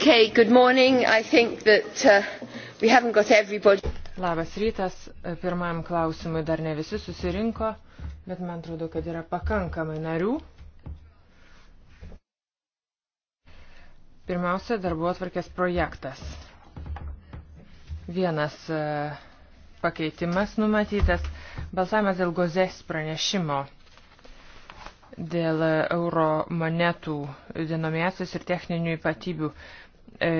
Okay, good morning. I think that uh, we haven't got everybody. Labas rytas. Pirmajam klausimui dar ne visi susirinko, bet man atrodo, kad yra pakankamai narių. Pirmiausia, darbo atvarkės projektas. Vienas uh, pakeitimas numatytas balsavimas dėl gozės pranešimo dėl euro monetų denominacijos ir techninių ypatybių E,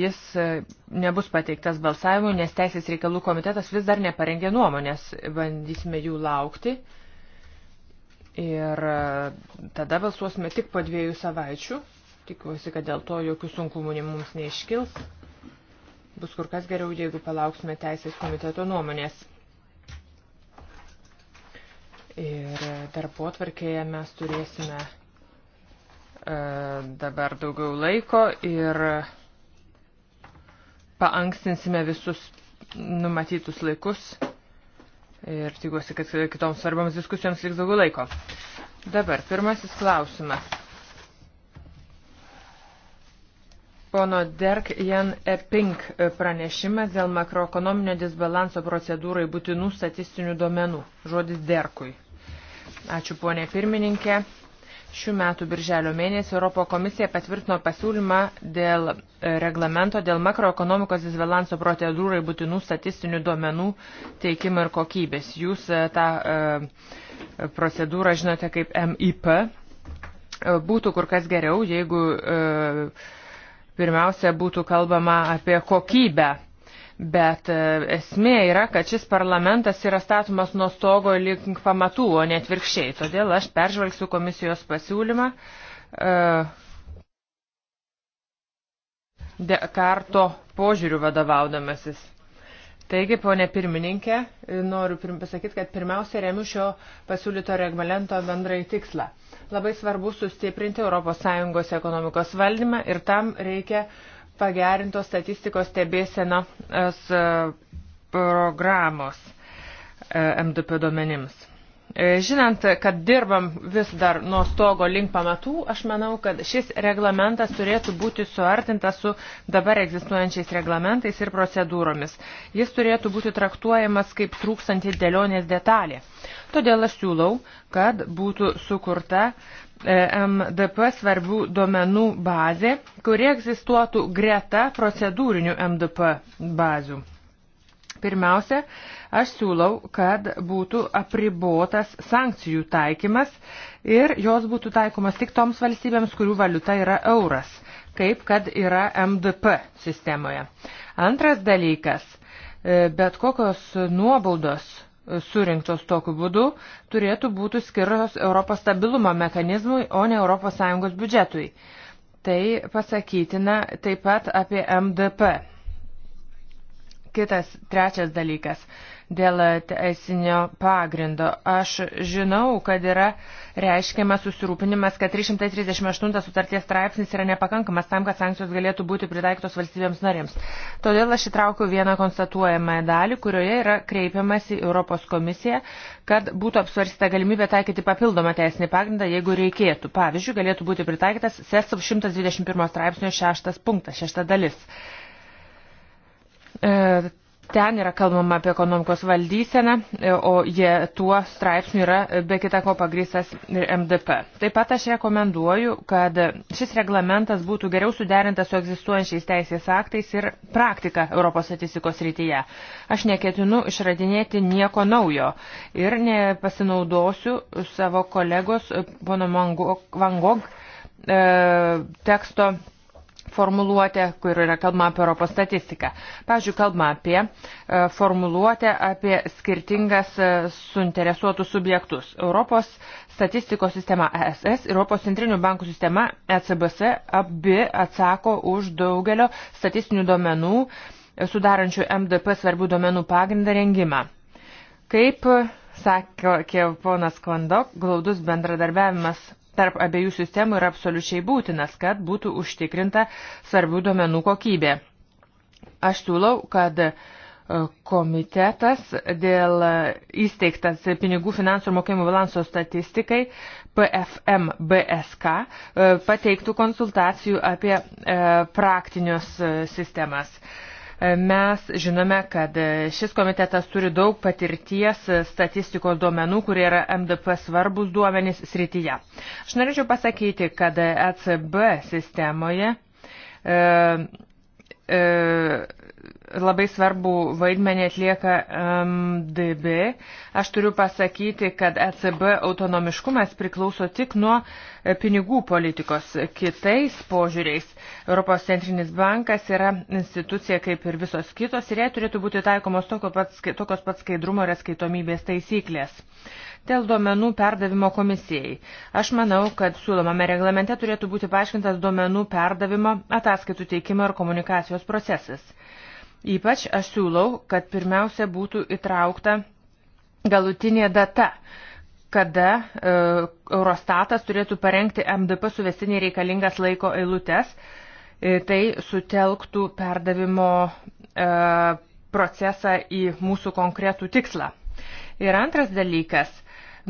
jis e, nebus pateiktas balsavimui, nes Teisės reikalų komitetas vis dar neparengė nuomonės, bandysime jų laukti. Ir e, tada balsuosime tik po dviejų savaičių. Tikiuosi, kad dėl to jokių sunkumų mums neiškils. Bus kur kas geriau, jeigu palauksime Teisės komiteto nuomonės. Ir darbo atvarkėje mes turėsime dabar daugiau laiko ir paankstinsime visus numatytus laikus ir tikiuosi, kad kitoms svarboms diskusijoms liks daugiau laiko. Dabar pirmasis klausimas. Pono Derk Jan Epink pranešimas dėl makroekonominio disbalanso procedūrai būtinų statistinių duomenų. Žodis Derkui. Ačiū ponė pirmininkė. Šių metų birželio mėnesį Europo komisija patvirtino pasiūlymą dėl e, reglamento dėl makroekonomikos disbalanso procedūrai būtinų statistinių duomenų teikimo ir kokybės. Jūs e, tą e, procedūrą žinote kaip MIP. Būtų kur kas geriau, jeigu pirmiausia būtų kalbama apie kokybę Bet e, esmė yra, kad šis parlamentas yra statomas nuo stogo link pamatų, o ne atvirkščiai. Todėl aš peržvelgsiu komisijos pasiūlymą e, Dekarto požiūrių vadovaudamasis. Taigi, ponė pirmininkė, noriu pasakyti, kad pirmiausia remiu šio pasiūlyto reglamento bendrai tikslą. Labai svarbu sustiprinti ES ekonomikos valdymą ir tam reikia uh, pagerintos statistikos stebėsenos e, programos e, MDP duomenims. E, žinant, kad dirbam vis dar nuo stogo link pamatų, aš manau, kad šis reglamentas turėtų būti suartintas su dabar egzistuojančiais reglamentais ir procedūromis. Jis turėtų būti traktuojamas kaip trūkstanti dėlionės detalė. Todėl aš siūlau, kad būtų sukurta MDP svarbių duomenų bazė, kuri egzistuotų greta procedūrinių MDP bazių. Pirmiausia, aš siūlau, kad būtų apribotas sankcijų taikymas ir jos būtų taikomas tik toms valstybėms, kurių valiuta yra euras, kaip kad yra MDP sistemoje. Antras dalykas, e, bet kokios nuobaudos surinktos tokiu būdu, turėtų būti skirtos Europos stabilumo mechanizmui, o ne ES biudžetui. Tai pasakytina taip pat apie MDP. Kitas trečias dalykas dėl teisinio pagrindo. Aš žinau, kad yra reiškiamas susirūpinimas, kad 338 sutarties straipsnis yra nepakankamas tam, kad sankcijos galėtų būti pritaiktos valstybėms narėms. Todėl aš įtraukiu vieną konstatuojamąją dalį, kurioje yra kreipiamasi Europos komisija, kad būtų apsvarstyta galimybė taikyti papildomą teisinį pagrindą, jeigu reikėtų. Pavyzdžiui, galėtų būti pritaikytas SES 121 straipsnio 6 punktas, 6 dalis. E, Ten yra kalbama apie ekonomikos valdyseną, e, o jie tuo straipsniu yra e, be kita ko pagrįstas ir MDP. Taip pat aš rekomenduoju, kad šis reglamentas būtų geriau suderintas su egzistuojančiais teisės aktais ir praktika Europos statistikos rytyje. Aš neketinu išradinėti nieko naujo ir nepasinaudosiu savo kolegos e, pono Van Gogh teksto formuluotę, kur yra kalbama apie Europos statistiką. Pavyzdžiui, kalbama apie e, formuluotę apie skirtingas e, suinteresuotus subjektus. Europos statistikos sistema ESS ir Europos centrinių bankų sistema ECBS abi atsako už daugelio statistinių duomenų e, sudarančių MDP svarbių duomenų pagrindą rengimą. Kaip sakė ponas Kvando, glaudus bendradarbiavimas tarp abiejų sistemų yra absoliučiai būtinas, kad būtų užtikrinta svarbių duomenų kokybė. Aš siūlau, kad e, komitetas dėl įsteigtas pinigų finansų ir mokėjimų balanso statistikai PFMBSK e, pateiktų konsultacijų apie e, praktinius sistemas. Mes žinome, kad šis komitetas turi daug patirties statistikos duomenų, kurie yra MDP svarbus duomenys srityje. Aš norėčiau pasakyti, kad ECB sistemoje e, E, labai svarbu vaidmenį atlieka MDB. Aš turiu pasakyti, kad ECB autonomiškumas priklauso tik nuo e, pinigų politikos. Kitais požiūriais Europos centrinis bankas yra institucija kaip ir visos kitos ir jai turėtų būti taikomos tokios pat skaidrumo ir atskaitomybės taisyklės. Dėl duomenų perdavimo komisijai. Aš manau, kad siūlomame reglamente turėtų būti paaiškintas duomenų perdavimo, ataskaitų teikimo ir komunikacijos procesas. Ypač aš siūlau, kad pirmiausia būtų įtraukta galutinė data, kada e, Eurostatas turėtų parengti MDP suvestinį reikalingas laiko eilutes. E, tai sutelktų perdavimo e, procesą į mūsų konkretų tikslą. Ir antras dalykas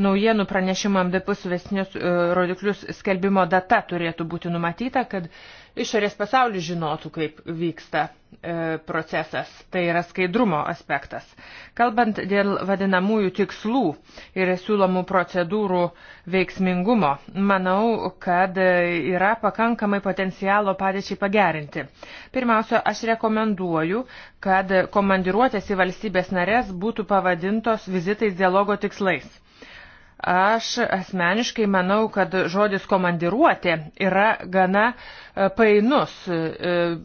naujienų pranešimo MDP suvesnius e, rodiklius skelbimo data turėtų būti numatyta, kad išorės pasaulis žinotų, kaip vyksta e, procesas. Tai yra skaidrumo aspektas. Kalbant dėl vadinamųjų tikslų ir siūlomų procedūrų veiksmingumo, manau, kad yra pakankamai potencialo padėčiai pagerinti. Pirmiausia, aš rekomenduoju, kad komandiruotės į valstybės narės būtų pavadintos vizitais dialogo tikslais. Aš asmeniškai manau, kad žodis komandiruotė yra gana e, painus. E, e,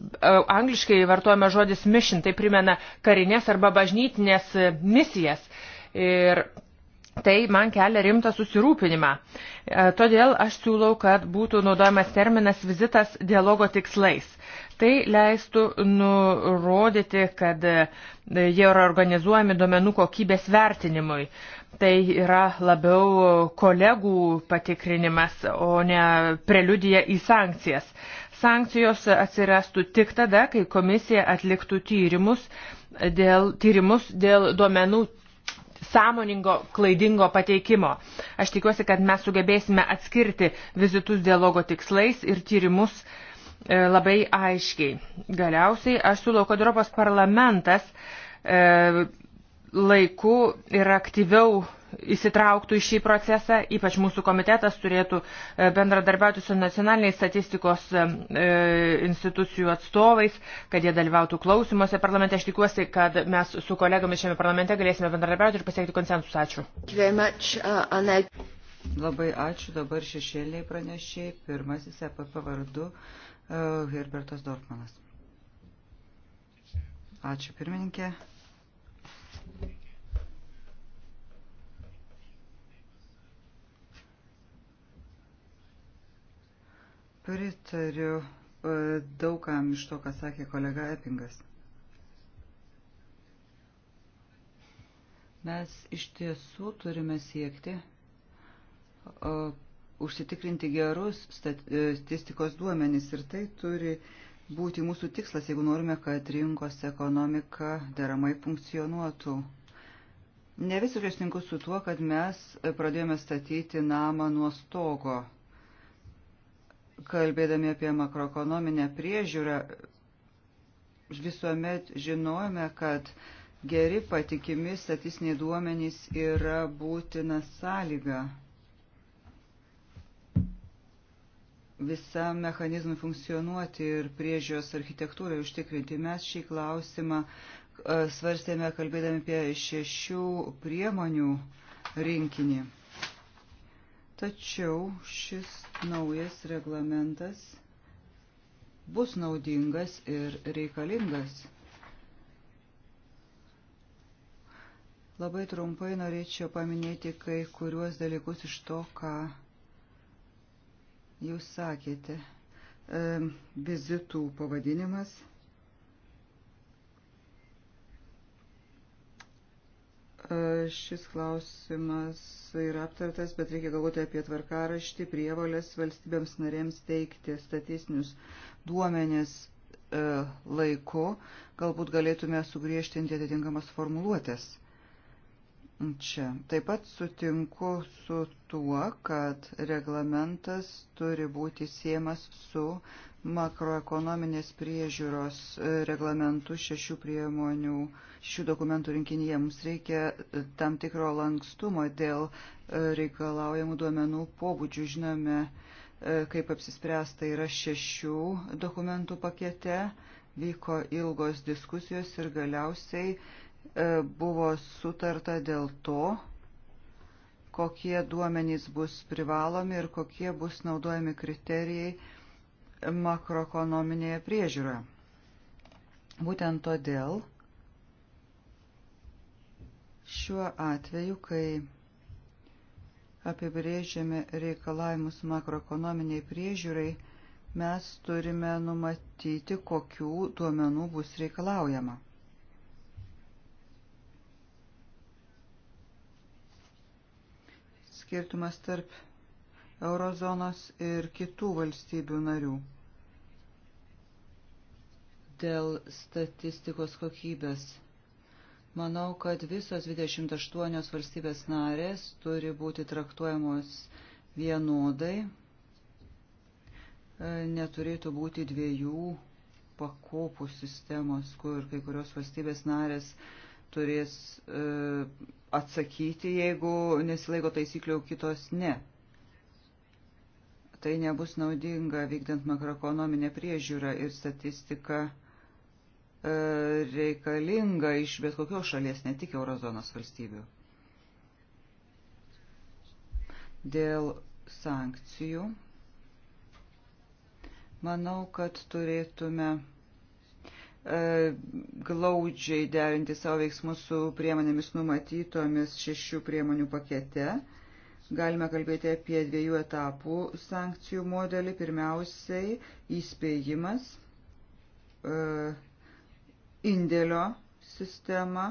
angliškai vartojama žodis mission, tai primena karinės arba bažnytinės misijas. Ir Tai man kelia rimtą susirūpinimą. Todėl aš siūlau, kad būtų naudojamas terminas vizitas dialogo tikslais. Tai leistų nurodyti, kad jie yra organizuojami duomenų kokybės vertinimui tai yra labiau kolegų patikrinimas, o ne preliudija į sankcijas. Sankcijos atsirastų tik tada, kai komisija atliktų tyrimus dėl, tyrimus dėl duomenų sąmoningo klaidingo pateikimo. Aš tikiuosi, kad mes sugebėsime atskirti vizitus dialogo tikslais ir tyrimus e, labai aiškiai. Galiausiai aš siūlau, kad Europos parlamentas e, laiku ir aktyviau įsitrauktų į šį procesą, ypač mūsų komitetas turėtų e, bendradarbiauti su nacionaliniais statistikos e, e, institucijų atstovais, kad jie dalyvautų klausimuose parlamente. Aš tikiuosi, kad mes su kolegomis šiame parlamente galėsime bendradarbiauti ir pasiekti konsensus. Ačiū. Uh, Labai ačiū dabar šešėliai pranešiai. Pirmasis EPP vardu uh, Herbertas Dorfmanas. Ačiū pirmininkė. Pritariu e, daugam iš to, ką sakė kolega Epingas. Mes iš tiesų turime siekti o, e, užsitikrinti gerus e, statistikos duomenys ir tai turi būti mūsų tikslas, jeigu norime, kad rinkos ekonomika deramai funkcionuotų. Ne visiškai sutinku su tuo, kad mes pradėjome statyti namą nuo stogo kalbėdami apie makroekonominę priežiūrą, visuomet žinojame, kad geri patikimi statistiniai duomenys yra būtina sąlyga visam mechanizmui funkcionuoti ir priežios architektūrai užtikrinti. Mes šį klausimą e, svarstėme kalbėdami apie šešių priemonių rinkinį. Tačiau šis naujas reglamentas bus naudingas ir reikalingas. Labai trumpai norėčiau paminėti kai kuriuos dalykus iš to, ką jūs sakėte. E, vizitų pavadinimas – Šis klausimas yra aptartas, bet reikia galvoti apie tvarkaraštį prievalės valstybėms narėms teikti statistinius duomenis e, laiku. Galbūt galėtume sugriežtinti atitinkamas formuluotės. Čia. Taip pat sutinku su tuo, kad reglamentas turi būti siemas su makroekonominės priežiūros e, reglamentų šešių priemonių, šešių dokumentų rinkinyje. Mums reikia e, tam tikro lankstumo dėl e, reikalaujamų duomenų pobūdžių. Žinome, kaip apsispręsta yra šešių dokumentų pakete, vyko ilgos diskusijos ir galiausiai buvo sutarta dėl to, kokie duomenys bus privalomi ir kokie bus naudojami kriterijai makroekonominėje priežiūroje. Būtent todėl šiuo atveju, kai apibrėžiame reikalavimus makroekonominiai priežiūrai, mes turime numatyti, kokių duomenų bus reikalaujama. Skirtumas tarp eurozonos ir kitų valstybių narių dėl statistikos kokybės. Manau, kad visos 28 valstybės narės turi būti traktuojamos vienodai. E, neturėtų būti dviejų pakopų sistemos, kur kai kurios valstybės narės turės e, atsakyti, jeigu nesilaiko taisyklių, kitos ne. Tai nebus naudinga vykdant makroekonominę priežiūrą ir statistiką E, reikalinga iš bet kokios šalies, ne tik eurozonos valstybių. Dėl sankcijų manau, kad turėtume e, glaudžiai derinti savo veiksmus su priemonėmis numatytomis šešių priemonių pakete. Galime kalbėti apie dviejų etapų sankcijų modelį. Pirmiausiai įspėjimas, e, indėlio sistemą,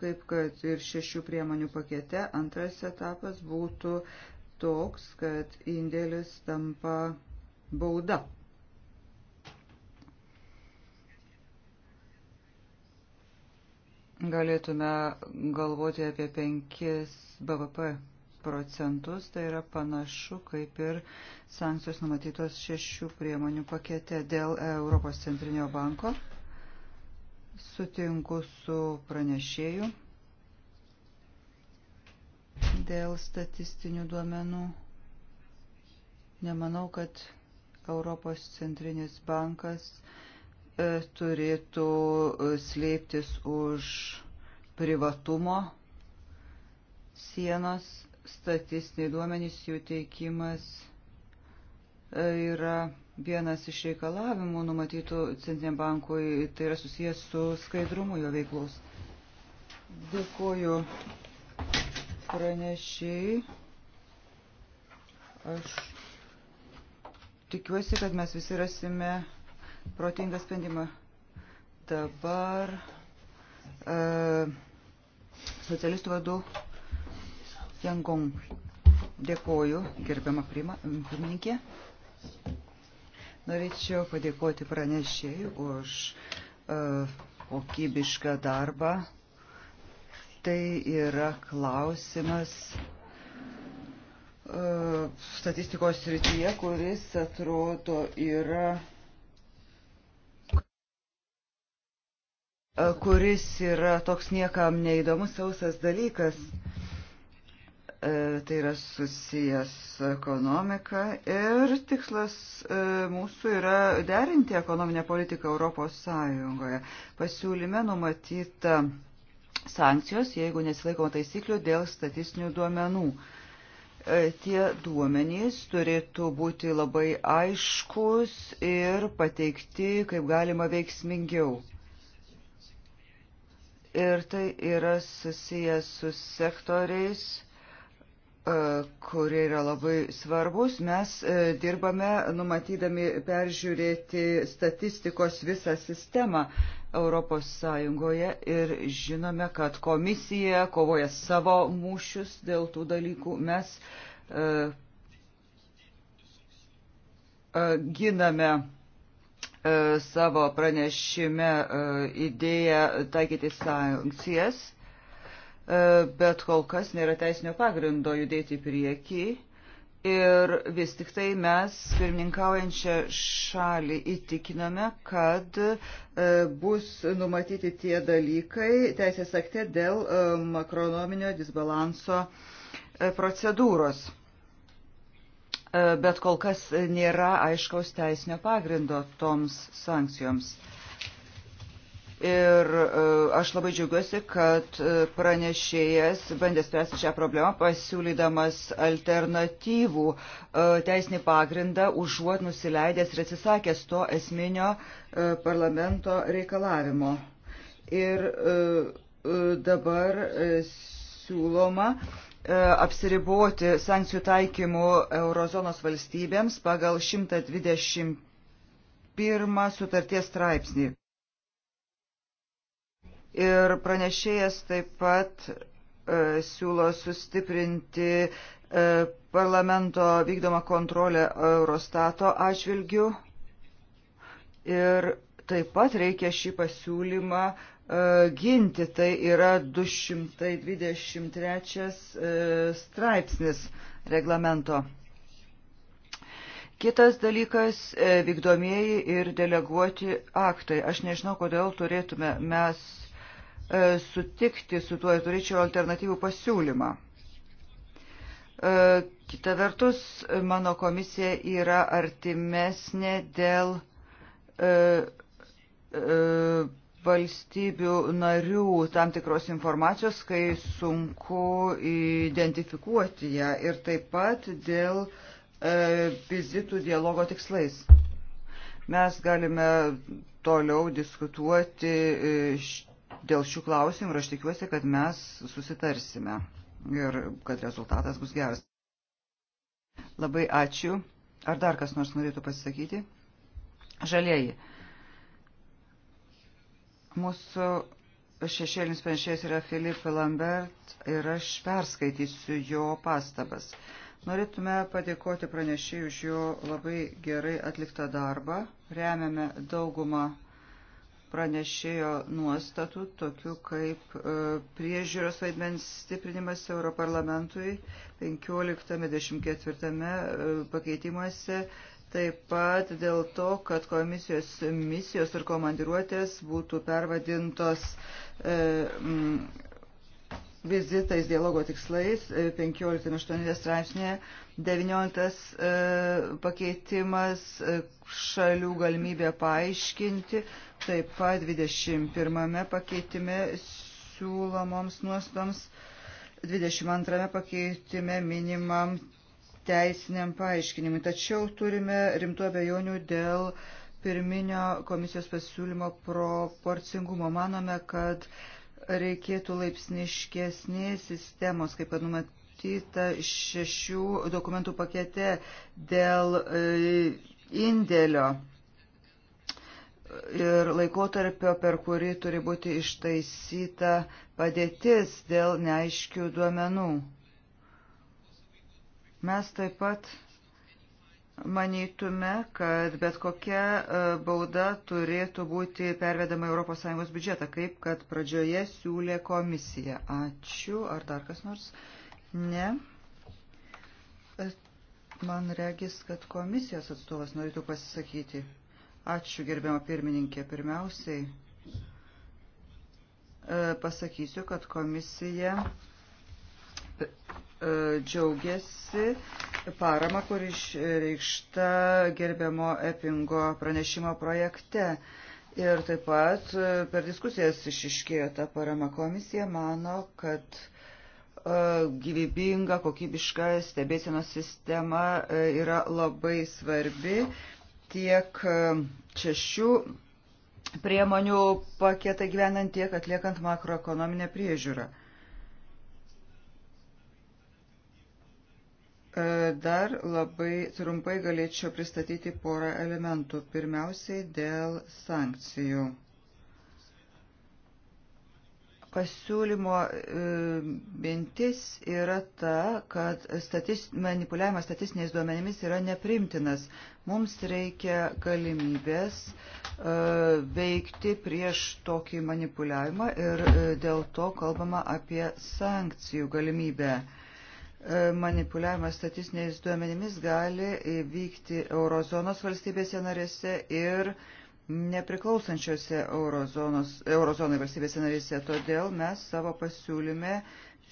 kaip kad ir šešių priemonių pakete. Antras etapas būtų toks, kad indėlis tampa bauda. Galėtume galvoti apie 5 BVP procentus, tai yra panašu kaip ir sankcijos numatytos šešių priemonių pakete dėl Europos centrinio banko. Sutinku su pranešėju dėl statistinių duomenų. Nemanau, kad Europos centrinis bankas e, turėtų e, slėptis už privatumo sienos. Statistiniai duomenys jų teikimas e, yra Vienas iš reikalavimų numatytų Centriniam bankui tai yra susijęs su skaidrumu jo veiklos. Dėkuoju pranešiai. Aš tikiuosi, kad mes visi rasime protingą sprendimą. Dabar e, socialistų vadu Jangong. Dėkuoju, gerbiama pirmininkė. Prima, Norėčiau padėkoti pranešėjai už uh, kokybišką darbą. Tai yra klausimas uh, statistikos srityje, kuris atrodo yra e, kuris yra toks niekam neįdomus sausas dalykas. Mm. E, tai yra susijęs ekonomika ir tikslas e, mūsų yra derinti ekonominę politiką Europos Sąjungoje. Pasiūlyme numatyta sankcijos, jeigu nesilaikoma taisyklių dėl statistinių duomenų. E, tie duomenys turėtų būti labai aiškus ir pateikti kaip galima veiksmingiau. Ir tai yra susijęs su sektoriais E, kurie yra labai svarbus. Mes e, dirbame numatydami peržiūrėti statistikos visą sistemą Europos Sąjungoje ir žinome, kad komisija kovoja savo mūšius dėl tų dalykų. Mes e, giname savo pranešime idėją taikyti sankcijas E, bet kol kas nėra teisinio pagrindo judėti į priekį. Ir vis tik tai mes pirmininkaujančią šalį įtikiname, kad e, bus numatyti tie dalykai teisės akte dėl e, makronominio disbalanso procedūros. Bet kol kas nėra aiškaus teisinio pagrindo toms sankcijoms. Ir e, aš labai džiaugiuosi, kad e, pranešėjas bandė spręsti šią problemą, pasiūlydamas alternatyvų e, teisinį pagrindą, užuot nusileidęs ir atsisakęs to esminio parlamento reikalavimo. Ir dabar siūloma apsiriboti sankcijų taikymų eurozonos valstybėms pagal 121 sutarties straipsnį Ir pranešėjas taip pat e, siūlo sustiprinti e, parlamento vykdomą kontrolę Eurostato atžvilgių. Ir taip pat reikia šį pasiūlymą e, ginti. Tai yra 223 e, straipsnis reglamento. Kitas dalykas e, - vykdomieji ir deleguoti aktai. Aš nežinau, kodėl turėtume mes E, sutikti su tuo ir turėčiau alternatyvų pasiūlymą. E, kita vertus, mano komisija yra artimesnė dėl e, valstybių narių tam tikros informacijos, kai sunku identifikuoti ją ir taip pat dėl vizitų dialogo tikslais. Mes galime toliau diskutuoti dėl šių klausimų ir aš tikiuosi, kad mes susitarsime ir kad rezultatas bus geras. Labai ačiū. Ar dar kas nors norėtų pasisakyti? Žalieji. Mūsų šešėlinis penšės yra Filip Lambert ir aš perskaitysiu jo pastabas. Norėtume padėkoti pranešėjui už jo labai gerai atliktą darbą. Remiame daugumą pranešėjo nuostatų, tokių kaip e, priežiūros vaidmens stiprinimas Europarlamentui 15-24 e, pakeitimuose, taip pat dėl to, kad komisijos misijos ir komandiruotės būtų pervadintos e, m, vizitais dialogo tikslais 15.8 e, straipsnėje 19 e, pakeitimas e, šalių galimybė paaiškinti, taip pat 21 pakeitime siūlomoms nuostoms, 22 pakeitime minimam teisiniam paaiškinimui. Tačiau turime rimtų abejonių dėl pirminio komisijos pasiūlymo proporcingumo. Manome, kad uh, reikėtų laipsniškesnės sistemos, kaip kad numatyta šešių dokumentų pakete dėl e, indėlio ir laikotarpio, per kurį turi būti ištaisyta padėtis dėl neaiškių duomenų. Mes taip pat manytume, kad bet kokia e, bauda turėtų būti pervedama ES biudžetą, kaip kad pradžioje siūlė komisija. Ačiū. Ar dar kas nors? Ne. E, man regis, kad komisijos atstovas norėtų pasisakyti. Ačiū, gerbiama pirmininkė. Pirmiausiai e, pasakysiu, kad komisija E, džiaugiasi parama, kur išreikšta gerbiamo Epingo pranešimo projekte. Ir taip pat e, per diskusijas išiškėjo ta parama komisija, mano, kad e, gyvybinga, kokybiška stebėsienos sistema yra labai svarbi tiek šešių priemonių paketą gyvenant, tiek atliekant makroekonominę priežiūrą. E, dar labai trumpai galėčiau pristatyti porą elementų. Pirmiausiai dėl sankcijų. Pasiūlymo e, mintis yra ta, kad statis, manipuliavimas statistiniais duomenimis yra neprimtinas. Mums reikia galimybės e, veikti prieš tokį manipuliavimą ir dėl to kalbama apie sankcijų galimybę E, manipuliavimas statistiniais duomenimis gali vykti eurozonos valstybėse narėse ir nepriklausančiose eurozonos, eurozonai valstybėse narėse. Todėl mes savo pasiūlyme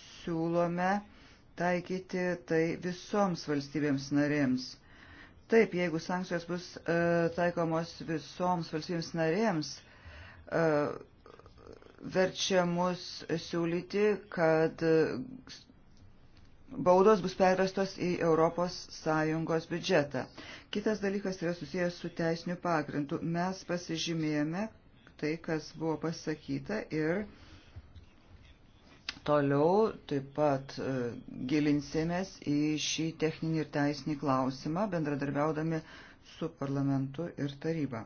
siūlome taikyti tai visoms valstybėms narėms. Taip, jeigu sankcijos bus e, taikomos visoms valstybėms narėms, e, verčia mus siūlyti, kad baudos bus pervestos į ES biudžetą. Kitas dalykas yra susijęs su teisiniu pagrindu. Mes pasižymėjome tai, kas buvo pasakyta ir toliau taip pat e, gilinsimės į šį techninį ir teisinį klausimą, bendradarbiaudami su parlamentu ir taryba.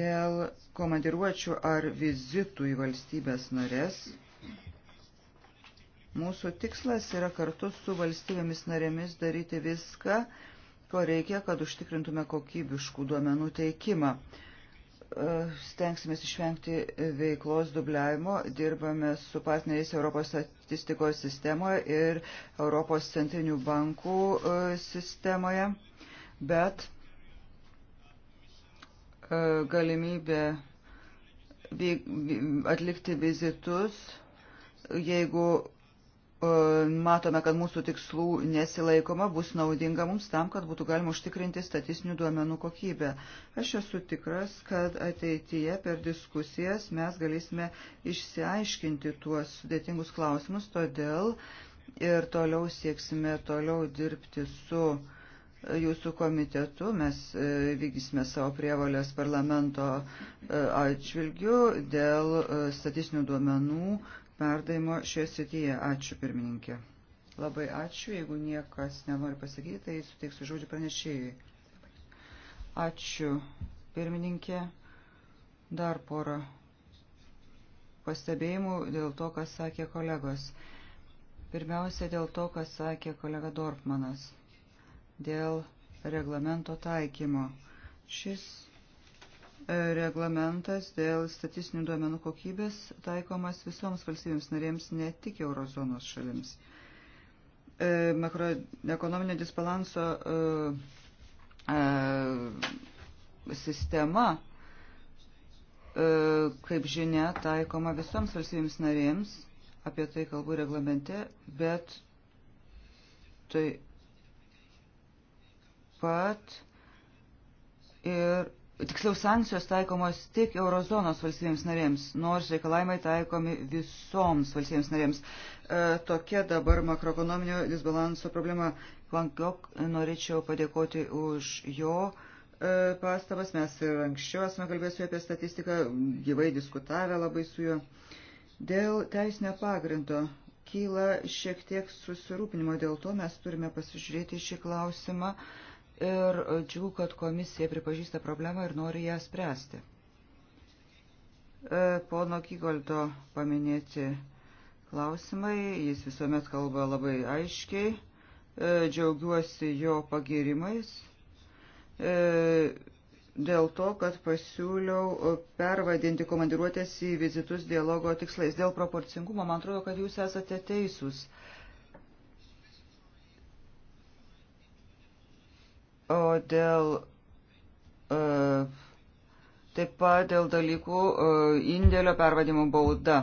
Dėl komandiruočių ar vizitų į valstybės narės Mūsų tikslas yra kartu su valstybėmis narėmis daryti viską, ko reikia, kad užtikrintume kokybiškų duomenų teikimą. E, stengsimės išvengti veiklos dubliavimo, dirbame su partneriais Europos statistikos sistemoje ir Europos centrinių bankų e, sistemoje, bet e, galimybė atlikti vizitus, jeigu E, matome, kad mūsų tikslų nesilaikoma, bus naudinga mums tam, kad būtų galima užtikrinti statistinių duomenų kokybę. Aš esu tikras, kad ateityje per diskusijas mes galėsime išsiaiškinti tuos sudėtingus klausimus, todėl ir toliau sieksime toliau dirbti su jūsų komitetu, mes e, vykdysime savo prievalės parlamento e, atšvilgių dėl statistinių duomenų perdavimo šioje srityje. Ačiū pirmininkė. Labai ačiū, jeigu niekas nenori pasakyti, tai suteiksiu žodžiu pranešėjui. Ačiū pirmininkė. Dar porą pastebėjimų dėl to, kas sakė kolegos. Pirmiausia, dėl to, kas sakė kolega Dorfmanas. Dėl reglamento taikymo. Šis reglamentas dėl statistinių duomenų kokybės taikomas visoms valstybėms narėms, ne tik eurozonos šalims. E, makroekonominio disbalanso e, e, sistema, kaip žinia, taikoma visoms valstybėms narėms, apie tai kalbu reglamente, bet tai pat ir tiksliau sankcijos taikomos tik eurozonos valstybėms narėms, nors reikalavimai taikomi visoms valstybėms narėms. E, tokia dabar makroekonominio disbalanso problema. Kvankiok norėčiau padėkoti už jo e, pastabas. Mes ir anksčiau esame kalbėję su juo apie statistiką, gyvai diskutavę labai su juo. Dėl teisinio pagrindo kyla šiek tiek susirūpinimo, dėl to mes turime pasižiūrėti šį klausimą. E, ir džiugu, kad komisija pripažįsta problemą ir nori ją spręsti. E, pono Kygoldo paminėti klausimai, jis visuomet kalba labai aiškiai, e, džiaugiuosi jo pagirimais e, dėl to, kad pasiūliau pervadinti komandiruotės į vizitus dialogo tikslais. Dėl proporcingumo, man atrodo, kad jūs esate teisūs. O dėl e, taip pat dėl dalykų e, indėlio pervadimų bauda.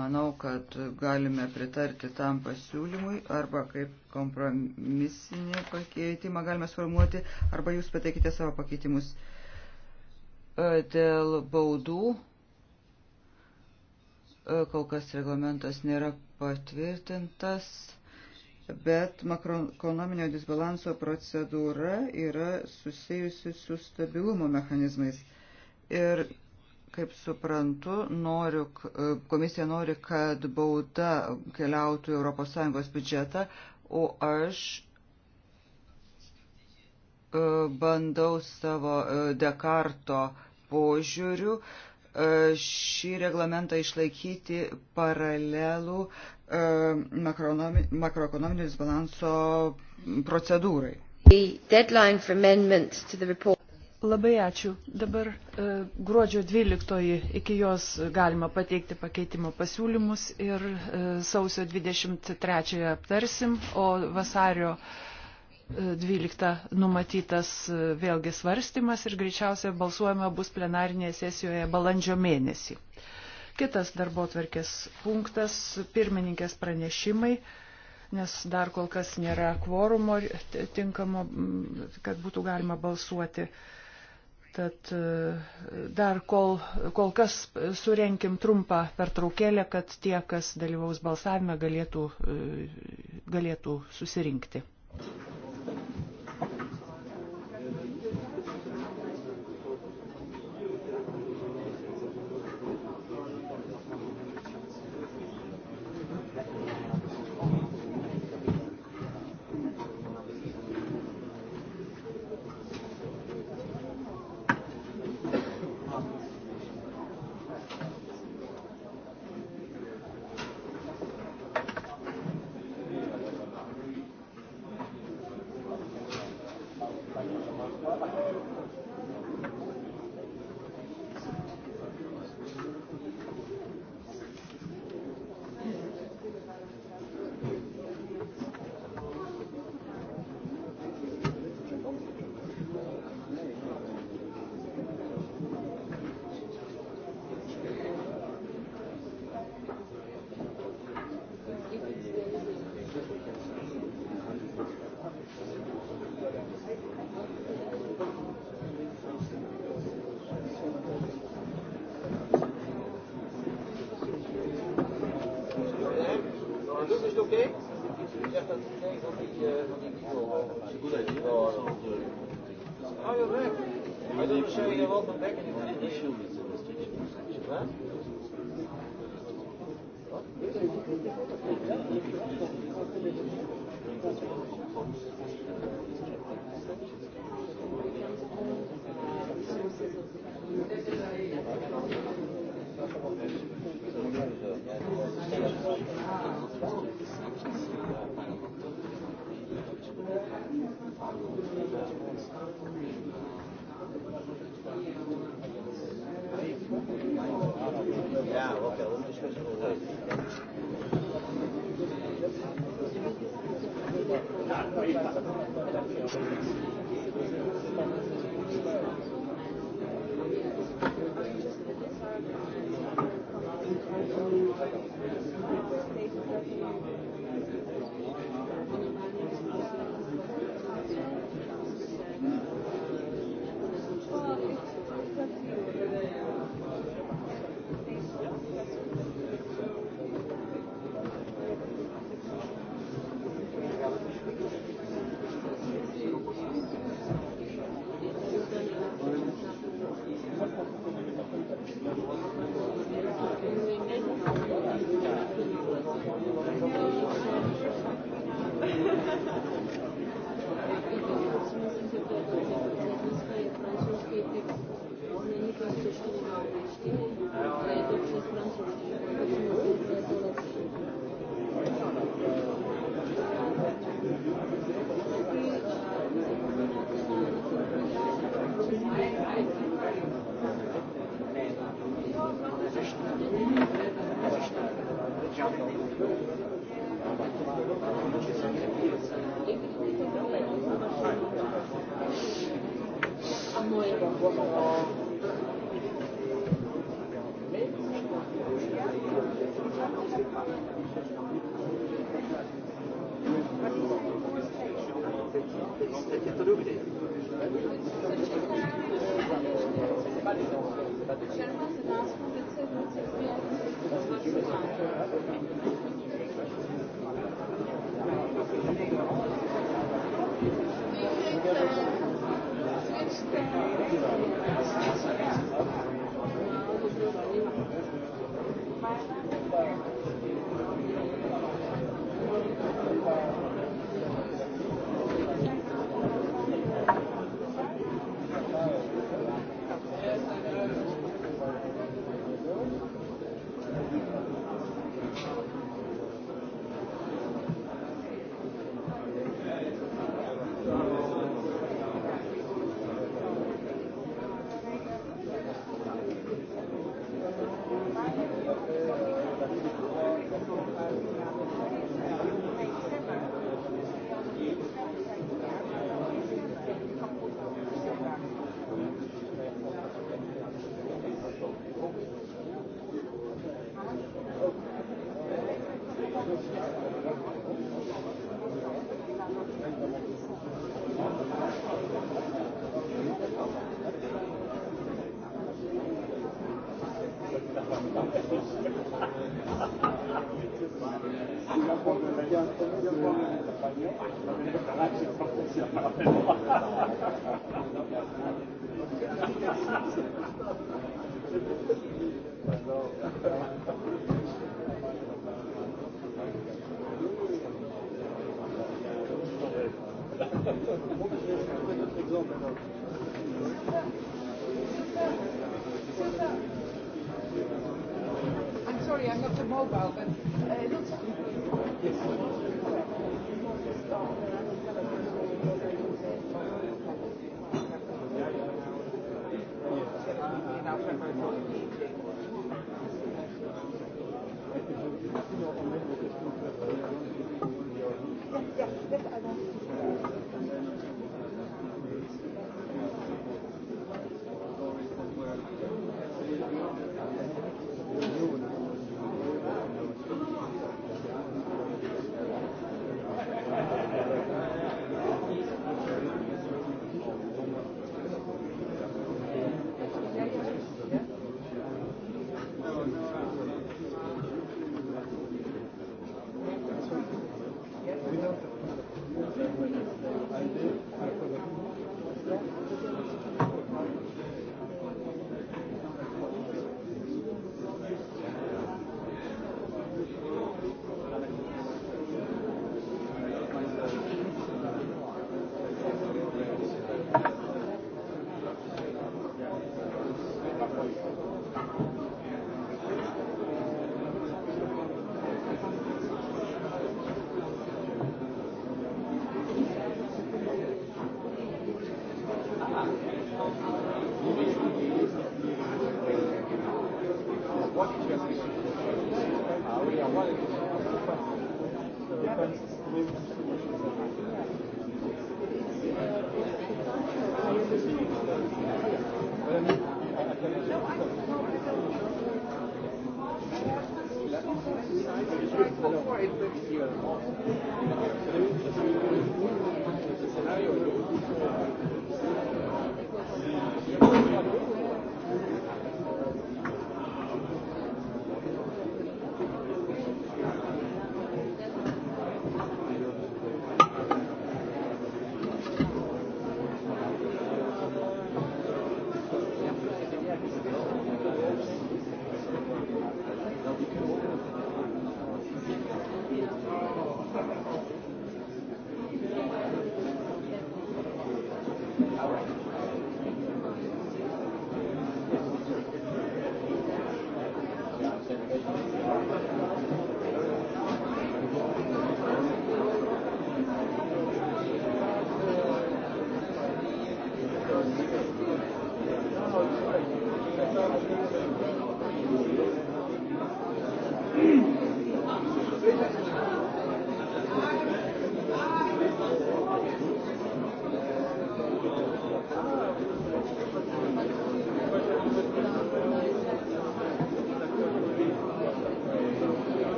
Manau, kad galime pritarti tam pasiūlymui arba kaip kompromisinį pakeitimą galime sformuoti arba jūs pateikite savo pakeitimus e, dėl baudų. Kol kas reglamentas nėra patvirtintas bet makroekonominio disbalanso procedūra yra susijusi su stabilumo mechanizmais. Ir kaip suprantu, noriu, e, komisija nori, kad bauda keliautų į ES biudžetą, o aš e, bandau savo e, Dekarto požiūrių šį reglamentą išlaikyti paralelų E, makroekonominio disbalanso procedūrai. Labai ačiū. Dabar e, gruodžio 12 iki jos galima pateikti pakeitimo pasiūlymus ir e, sausio 23 aptarsim, o vasario 12 numatytas vėlgi svarstymas ir greičiausiai balsuojama bus plenarinėje sesijoje balandžio mėnesį. Kitas darbo tvarkės punktas - pirmininkės pranešimai, nes dar kol kas nėra kvorumo tinkamo, mm, kad būtų galima balsuoti. Tad e, dar kol, kol kas surenkim trumpą pertraukėlę, kad tie, kas dalyvaus balsavime, galėtų, e, galėtų susirinkti.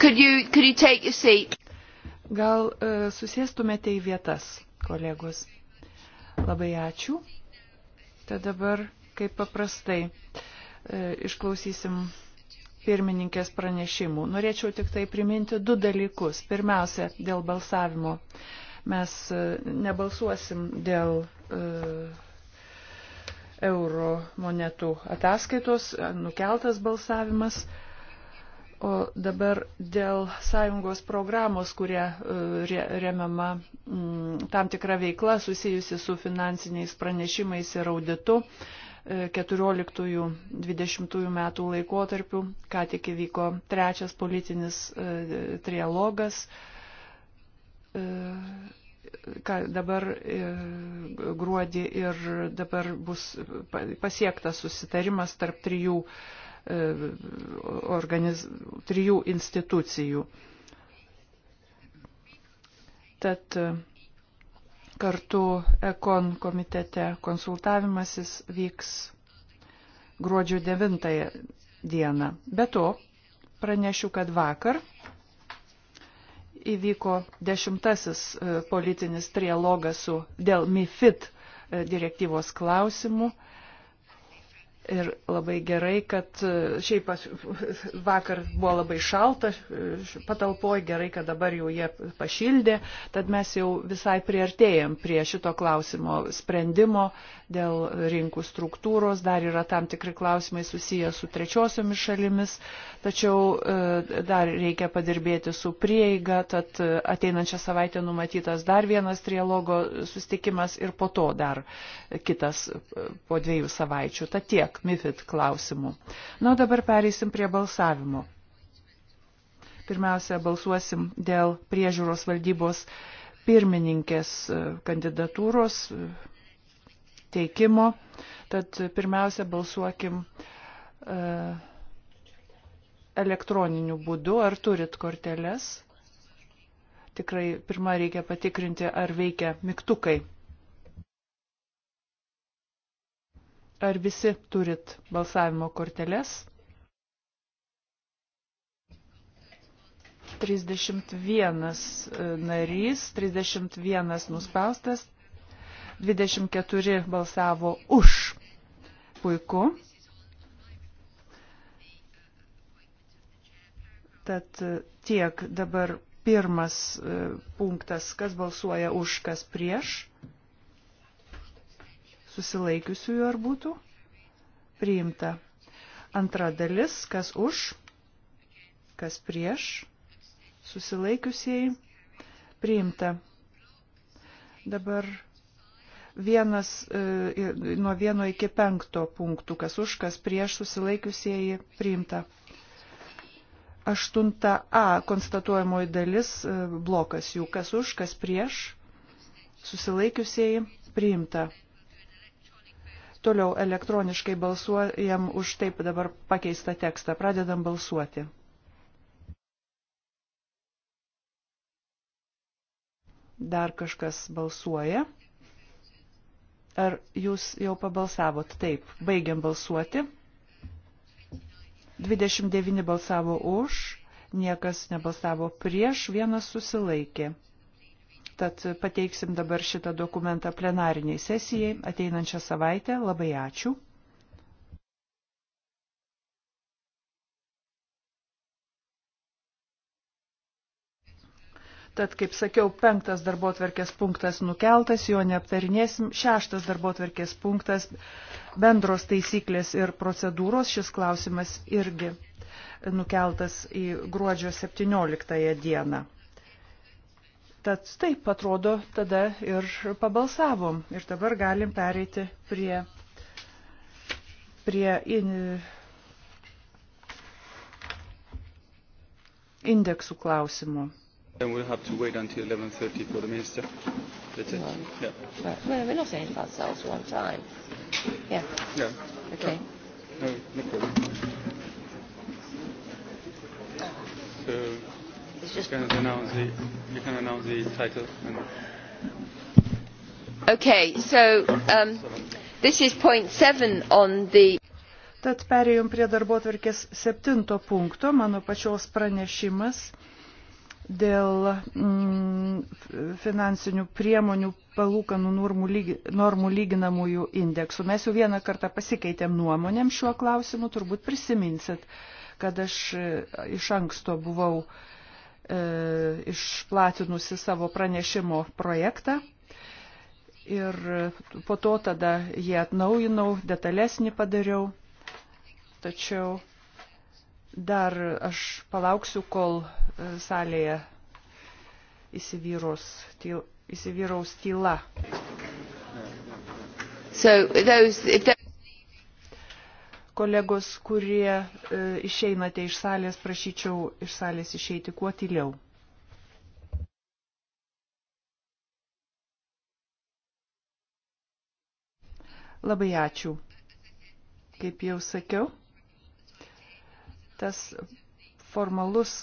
Could you, could you take your seat? Gal uh, susėstumėte į vietas, kolegos? Labai ačiū. Tad dabar, kaip paprastai, uh, išklausysim pirmininkės pranešimų. Norėčiau tik tai priminti du dalykus. Pirmiausia, dėl balsavimo. Mes e, nebalsuosim dėl e, euro monetų ataskaitos, nukeltas balsavimas. E, O dabar dėl sąjungos programos, kuria e, remiama mm, tam tikra veikla susijusi su finansiniais pranešimais ir auditu 14-20 e, metų laikotarpiu, ką tik įvyko trečias politinis e, trialogas ką dabar gruodį ir dabar bus pasiektas susitarimas tarp trijų E, organiz, trijų institucijų. Tad e, kartu Ekon komitete konsultavimasis vyks gruodžio 9 dieną. Be to, pranešiu, kad vakar įvyko dešimtasis e, politinis trialogas su, dėl MIFID direktyvos klausimų Ir labai gerai, kad e, šiaip vakar buvo labai šalta e, patalpoj, gerai, kad dabar jau jie pašildė, tad mes jau visai priartėjom prie šito klausimo sprendimo dėl rinkų struktūros, dar yra tam tikri klausimai susiję su trečiosiomis šalimis, tačiau e, dar reikia padirbėti su prieiga, tad ateinančią savaitę numatytas dar vienas trialogo sustikimas ir po to dar kitas po dviejų savaičių. Tad tiek MIFID, MIFID klausimų. Na, dabar pereisim prie balsavimo. Pirmiausia, balsuosim dėl priežiūros valdybos pirmininkės e, kandidatūros e, teikimo. Tad pirmiausia, balsuokim e, elektroniniu būdu. Ar turit korteles? Tikrai pirmą reikia patikrinti, ar veikia mygtukai. Ar visi turit balsavimo korteles? 31 e, narys, 31 nuspaustas, 24 balsavo už. Puiku. Tad e, tiek dabar pirmas e, punktas, kas balsuoja už, kas prieš susilaikiusiųjų ar būtų priimta. Antra dalis, kas už, kas prieš, susilaikiusieji, priimta. Dabar vienas, e, nuo vieno iki penkto punktų, kas už, kas prieš, susilaikiusieji, priimta. Aštunta A konstatuojamoji dalis, e, blokas jų, kas už, kas prieš, susilaikiusieji, priimta. Toliau elektroniškai balsuojam už taip dabar pakeistą tekstą. Pradedam balsuoti. Dar kažkas balsuoja. Ar jūs jau pabalsavot? Taip, baigiam balsuoti. 29 balsavo už, niekas nebalsavo prieš, vienas susilaikė. Tad pateiksim dabar šitą dokumentą plenariniai sesijai ateinančią savaitę. Labai ačiū. Tad, kaip sakiau, penktas darbo tvarkės punktas nukeltas, jo neaptarinėsim. Šeštas darbo tvarkės punktas - bendros taisyklės ir procedūros. Šis klausimas irgi nukeltas į gruodžio 17 dieną. Tad taip atrodo, tada ir pabalsavom. Ir dabar galim pereiti prie, prie in, indeksų klausimų. Then we'll have to wait until 11.30 for the minister. That's it. Right. Yeah. Right. Well, we're not saying ourselves one time. Yeah. Yeah. Okay. No, no problem. It's just you can announce the, you can announce the title. And... Okay, so um, this is point seven on the. Tad perėjom prie darbotvarkės septinto punkto, mano pačios pranešimas dėl mm, finansinių priemonių palūkanų normų, lygi, normų lyginamųjų indeksų. Mes jau vieną kartą pasikeitėm nuomonėm šiuo klausimu, turbūt prisiminsit, kad aš e, iš anksto buvau uh, E, išplatinusi savo pranešimo projektą. Ir po to tada jį atnaujinau, detalesnį padariau. Tačiau dar aš palauksiu, kol e, salėje įsivyros, tyl, įsivyraus tyla. So those, if there... Kolegos, kurie e, išeinate iš salės, prašyčiau iš salės išeiti kuo tyliau. Labai ačiū. Kaip jau sakiau, tas formalus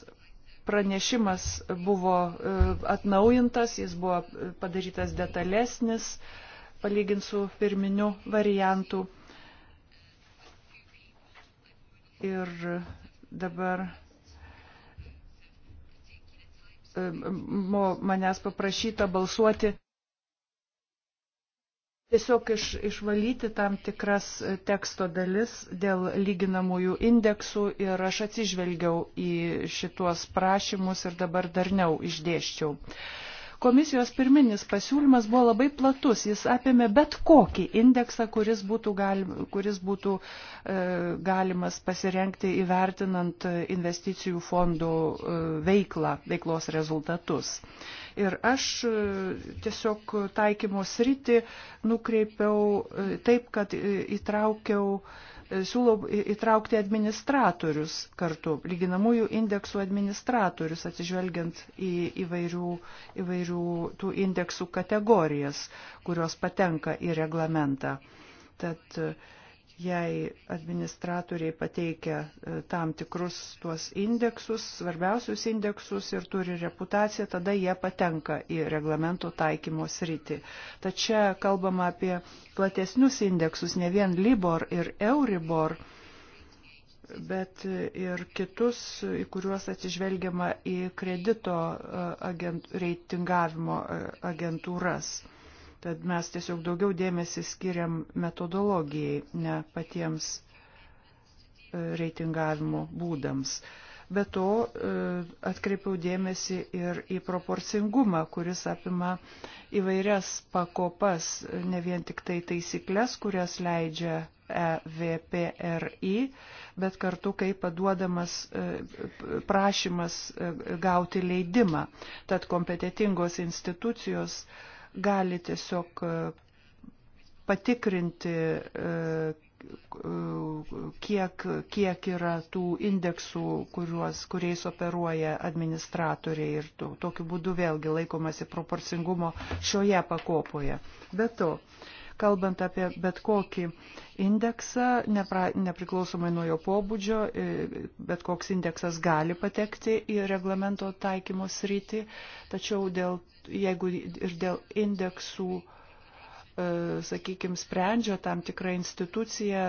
pranešimas buvo e, atnaujintas, jis buvo padarytas detalesnis, palygint su pirminiu variantu. Ir dabar manęs paprašyta balsuoti tiesiog iš, išvalyti tam tikras teksto dalis dėl lyginamųjų indeksų ir aš atsižvelgiau į šituos prašymus ir dabar darniau išdėščiau. Uh, komisijos pirminis pasiūlymas buvo labai platus, jis apėmė bet kokį indeksą, kuris būtų, galim, kuris būtų e, galimas pasirenkti įvertinant investicijų fondų e, veiklą, veiklos rezultatus. Ir aš e, tiesiog taikymo sritį nukreipiau e, taip, kad e, įtraukiau e, siūlau įtraukti administratorius kartu, lyginamųjų indeksų administratorius, atsižvelgiant į įvairių, įvairių tų indeksų kategorijas, kurios patenka į reglamentą. Tad, uh, jei administratoriai pateikia e, tam tikrus tuos indeksus, svarbiausius indeksus ir turi reputaciją, tada jie patenka į reglamento taikymo sritį. Tačiau kalbama apie platesnius indeksus, ne vien Libor ir Euribor bet ir kitus, į kuriuos atsižvelgiama į kredito e, agent, reitingavimo e, agentūras. Tad mes tiesiog daugiau dėmesį skiriam metodologijai, ne patiems e, reitingavimo būdams. Be to e, atkreipiau dėmesį ir į proporcingumą, kuris apima įvairias pakopas, ne vien tik tai taisyklės, kurias leidžia EVPRI, bet kartu kaip paduodamas e, prašymas gauti leidimą. Tad kompetitingos institucijos gali tiesiog e, patikrinti, e, e, kiek, kiek yra tų indeksų, kuriuos, kuriais operuoja administratoriai ir to, tokiu būdu vėlgi laikomasi proporcingumo šioje pakopoje. Be to, kalbant apie bet kokį indeksą, nepra, nepriklausomai nuo jo pobūdžio, e, bet koks indeksas gali patekti į reglamento taikymo sritį, tačiau dėl, jeigu ir dėl indeksų e, sakykime, sprendžia tam tikrą instituciją,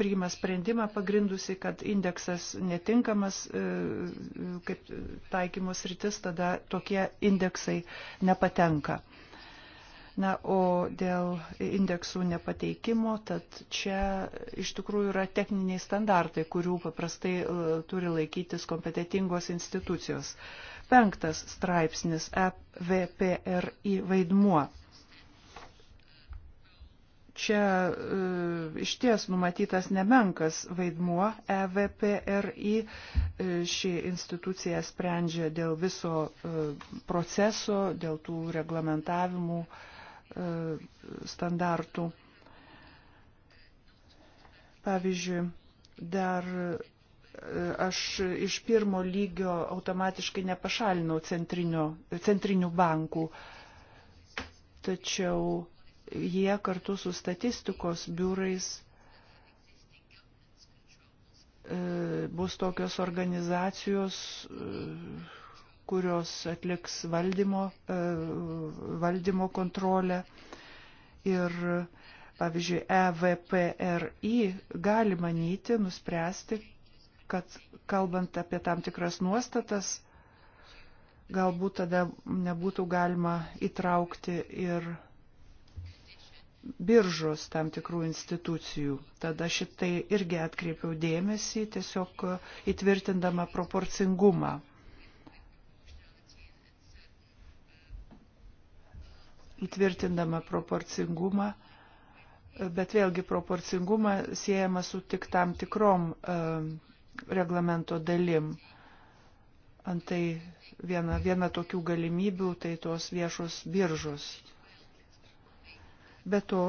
priima sprendimą pagrindusi, kad indeksas netinkamas e, kaip taikymos rytis, tada tokie indeksai nepatenka Na, o dėl indeksų nepateikimo, tad čia iš tikrųjų yra techniniai standartai, kurių paprastai e, turi laikytis kompetitingos institucijos. Penktas straipsnis EVPRI vaidmuo. Čia e, iš ties numatytas nemenkas vaidmuo EVPRI. E, ši institucija sprendžia dėl viso proceso, dėl tų reglamentavimų, uh, E, standartų. Pavyzdžiui, dar e, aš iš pirmo lygio automatiškai nepašalinau centrinių bankų, tačiau jie kartu su statistikos biurais e, bus tokios organizacijos, kurios atliks valdymo, e, valdymo kontrolę. Ir, pavyzdžiui, EVPRI gali manyti, nuspręsti, kad kalbant apie tam tikras nuostatas, galbūt tada nebūtų galima įtraukti ir biržos tam tikrų institucijų. Tada šitai irgi atkreipiau dėmesį, tiesiog įtvirtindama proporcingumą. įtvirtindama proporcingumą, bet vėlgi proporcingumą siejama su tik tam tikrom e, reglamento dalim. Antai viena, viena tokių galimybių tai tos viešos biržos. Be to,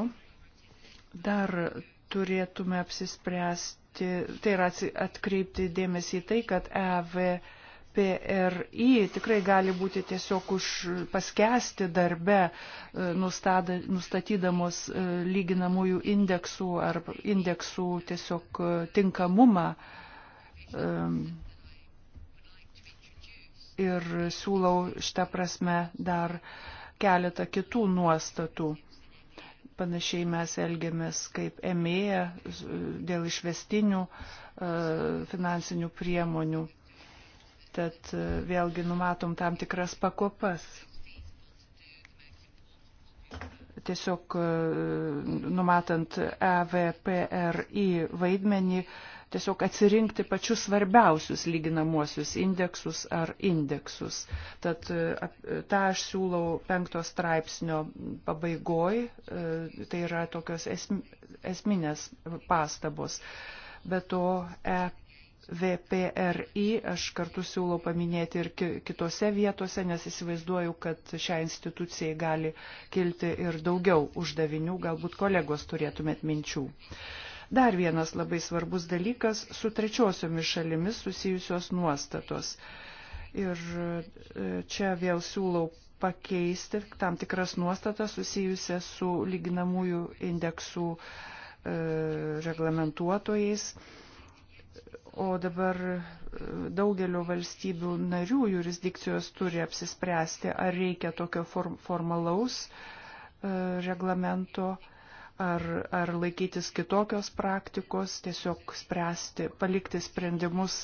dar turėtume apsispręsti, tai yra atkreipti dėmesį į tai, kad EVF PRI tikrai gali būti tiesiog už paskesti darbe, e, nustatydamos e, lyginamųjų indeksų ar indeksų tiesiog e, tinkamumą. Ir siūlau šitą prasme dar keletą kitų nuostatų. Panašiai mes elgiamės kaip emėja dėl išvestinių finansinių priemonių Tad e, vėlgi numatom tam tikras pakopas. Tiesiog e, numatant EVPRI vaidmenį, tiesiog atsirinkti pačius svarbiausius lyginamuosius indeksus ar indeksus. Tad e, tą aš siūlau penkto straipsnio pabaigoj, tai yra tokios esminės pastabos. Be to, EP VPRI, aš kartu siūlau paminėti ir kitose vietose, nes įsivaizduoju, kad šią instituciją gali kilti ir daugiau uždavinių, galbūt kolegos turėtumėt minčių. Dar vienas labai svarbus dalykas - su trečiosiomis šalimis susijusios nuostatos. Ir e, čia vėl siūlau pakeisti tam tikras nuostatas susijusias su lyginamųjų indeksų e, reglamentuotojais. E, O dabar e, daugelio valstybių narių jurisdikcijos turi apsispręsti, ar reikia tokio form formalaus e, reglamento, ar, ar laikytis kitokios praktikos, tiesiog spręsti, palikti sprendimus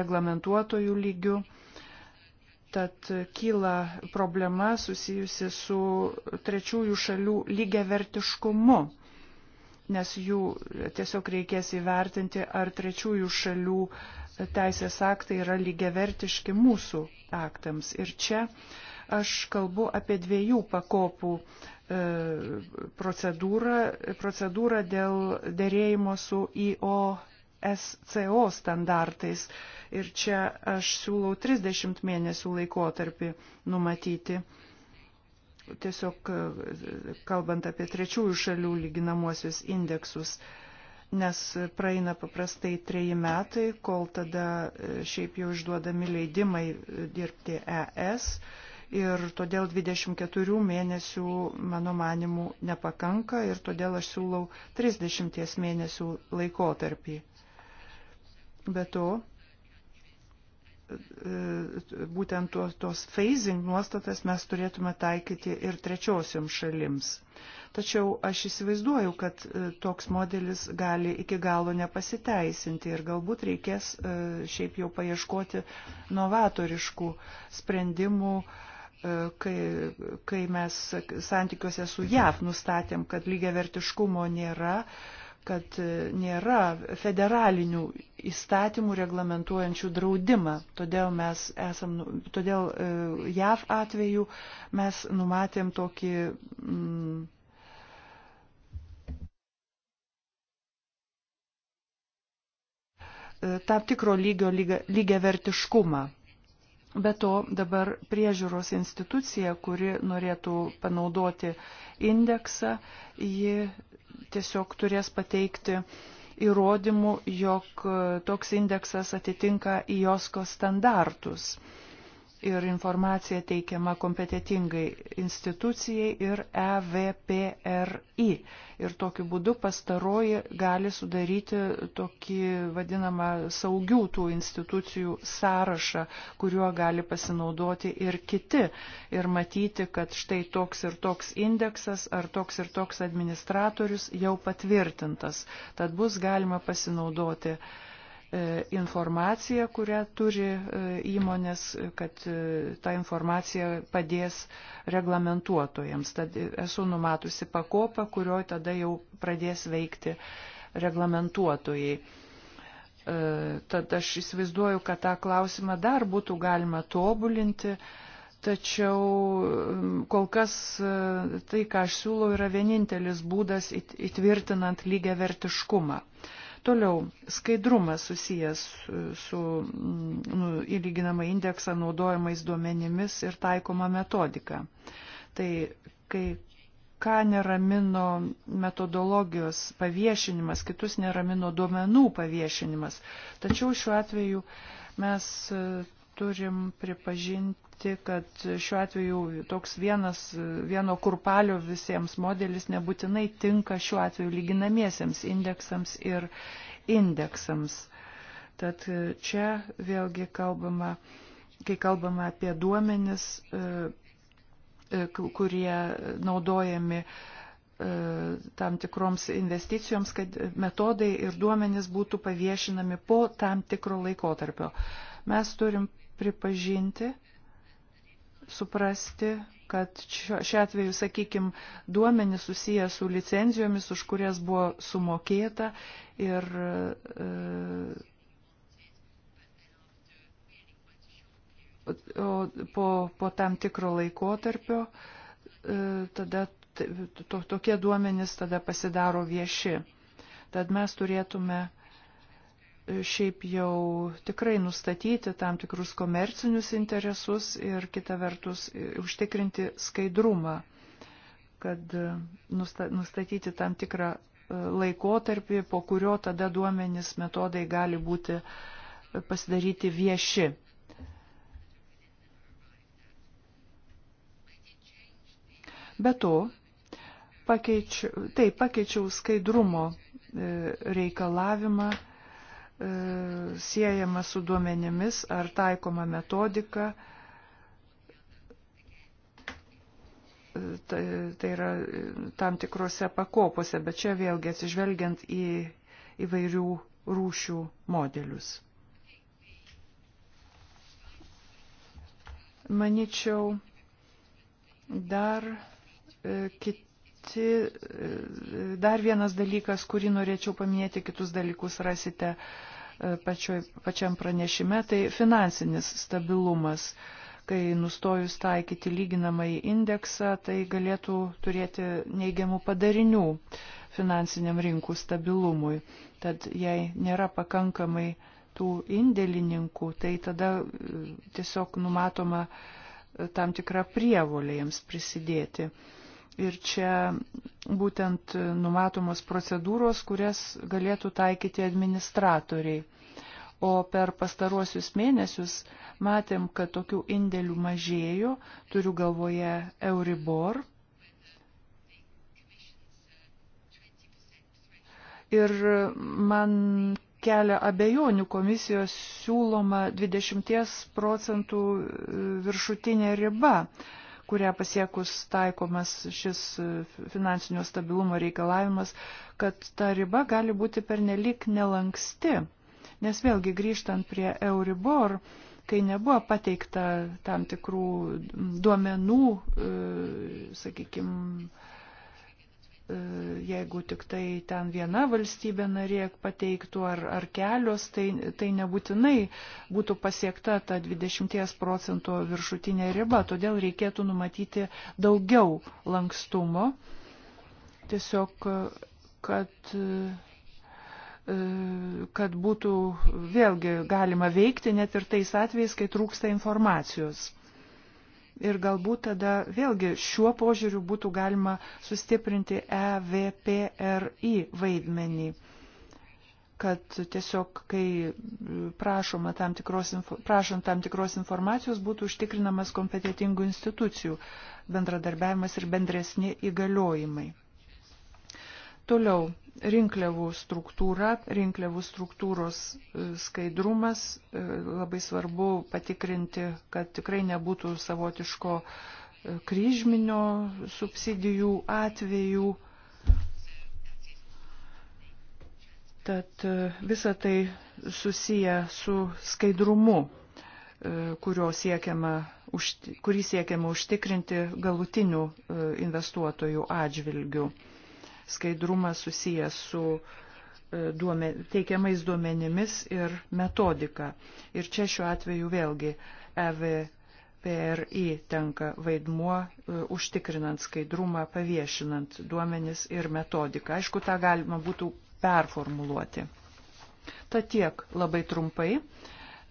reglamentuotojų lygių. Tad kyla problema susijusi su trečiųjų šalių lygiavertiškumu nes jų tiesiog reikės įvertinti, ar trečiųjų šalių teisės aktai yra lygiavertiški mūsų aktams. Ir čia aš kalbu apie dviejų pakopų e, procedūrą, procedūrą dėl dėrėjimo su IOSCO standartais. Ir čia aš siūlau 30 mėnesių laikotarpį numatyti tiesiog e, kalbant apie trečiųjų šalių lyginamuosius indeksus, nes praeina paprastai treji metai, kol tada e, šiaip jau išduodami leidimai e, dirbti ES ir todėl 24 mėnesių mano manimų nepakanka ir todėl aš siūlau 30 mėnesių laikotarpį. Be to, E, būtent tos, tos phasing nuostatas mes turėtume taikyti ir trečiosiam šalims. Tačiau aš įsivaizduoju, kad e, toks modelis gali iki galo nepasiteisinti ir galbūt reikės e, šiaip jau paieškoti novatoriškų sprendimų, kai, kai mes santykiuose su JAV nustatėm, kad lygiavertiškumo nėra kad e, nėra federalinių įstatymų reglamentuojančių draudimą. Todėl, mes esam, nu, todėl e, JAV atveju mes numatėm tokį. Mm, e, tam tikro lygio lygiavertiškumą. Lygia Be to, dabar priežiūros institucija, kuri norėtų panaudoti indeksą, ji tiesiog turės pateikti įrodymų, jog toks indeksas atitinka į josko standartus. Uh, ir informacija teikiama kompetitingai institucijai ir EVPRI. Ir tokiu būdu pastaroji gali sudaryti tokį vadinamą saugių tų institucijų sąrašą, kuriuo gali pasinaudoti ir kiti ir matyti, kad štai toks ir toks indeksas ar toks ir toks administratorius jau patvirtintas. Tad bus galima pasinaudoti uh, E, informaciją, kurią turi e, įmonės, kad e, ta informacija padės reglamentuotojams. Tad esu numatusi pakopą, kurioje tada jau pradės veikti reglamentuotojai. Tad aš įsivaizduoju, kad tą klausimą dar būtų galima tobulinti. Tačiau kol kas tai, ką aš siūlau, yra vienintelis būdas įtvirtinant lygiavertiškumą. vertiškumą. Toliau, skaidrumas susijęs su mm, nu, įlyginamą indeksą naudojamais duomenimis ir taikoma metodika. Tai kai ką neramino metodologijos paviešinimas, kitus neramino duomenų paviešinimas. Tačiau šiuo atveju mes e, turim pripažinti suprasti, kad šiuo atveju toks vienas, vieno kurpalio visiems modelis nebūtinai tinka šiuo atveju lyginamiesiems indeksams ir indeksams. Tad čia vėlgi kalbama, kai kalbama apie duomenis, e, e, kurie naudojami e, tam tikroms investicijoms, kad metodai ir duomenys būtų paviešinami po tam tikro laikotarpio. Mes turim pripažinti, suprasti, kad šiuo atveju, sakykime, duomenys susiję su licenzijomis, už kurias buvo sumokėta ir e, o po, po tam tikro laikotarpio e, tada to, tokie duomenys tada pasidaro vieši. Tad mes turėtume šiaip jau tikrai nustatyti tam tikrus komercinius interesus ir kita vertus e, užtikrinti skaidrumą, kad e, nustatyti tam tikrą e, laikotarpį, po kurio tada duomenys metodai gali būti pasidaryti vieši. Be to, pakeičiau, taip, pakeičiau skaidrumo reikalavimą E, siejama su duomenimis ar taikoma metodika. Tai, tai yra tam tikrose pakopose, bet čia vėlgi atsižvelgiant į įvairių rūšių modelius. Maničiau, dar e, kiti kiti, e, dar vienas dalykas, kurį norėčiau paminėti, kitus dalykus rasite pačioj, pačiam pranešime, tai finansinis stabilumas. Kai nustojus taikyti lyginamąjį indeksą, tai galėtų turėti neigiamų padarinių finansiniam rinkų stabilumui. Tad jei nėra pakankamai tų indėlininkų, tai tada e, tiesiog numatoma e, tam tikra prievolė jiems prisidėti. Ir čia būtent numatomos procedūros, kurias galėtų taikyti administratoriai. O per pastaruosius mėnesius matėm, kad tokių indėlių mažėjo, turiu galvoje Euribor. Ir man kelia abejonių komisijos siūloma 20 procentų viršutinė riba kurią pasiekus taikomas šis finansinio stabilumo reikalavimas, kad ta riba gali būti pernelik nelanksti. Nes vėlgi grįžtant prie Euribor, kai nebuvo pateikta tam tikrų duomenų, e, sakykime, E, jeigu tik tai ten viena valstybė narė pateiktų ar, ar kelios, tai, tai nebūtinai būtų pasiekta ta 20 procentų viršutinė riba, todėl reikėtų numatyti daugiau lankstumo. Tiesiog, kad e, kad būtų vėlgi galima veikti net ir tais atvejais, kai trūksta informacijos ir galbūt tada vėlgi šiuo požiūriu būtų galima sustiprinti EVPRI vaidmenį kad tiesiog, kai prašoma tam tikros, prašant tam tikros informacijos, būtų užtikrinamas kompetitingų institucijų bendradarbiavimas ir bendresni įgaliojimai. Toliau, rinkliavų struktūra, rinkliavų struktūros e, skaidrumas. E, labai svarbu patikrinti, kad tikrai nebūtų savotiško e, kryžminio subsidijų atvejų. Tad visa tai susiję su skaidrumu, siekiama, kurį siekiama užtikrinti galutinių investuotojų atžvilgių skaidrumas susijęs su e, duome, teikiamais duomenimis ir metodika. Ir čia šiuo atveju vėlgi EVPRI tenka vaidmuo e, užtikrinant skaidrumą, paviešinant duomenis ir metodiką. Aišku, tą galima būtų performuluoti. Ta tiek labai trumpai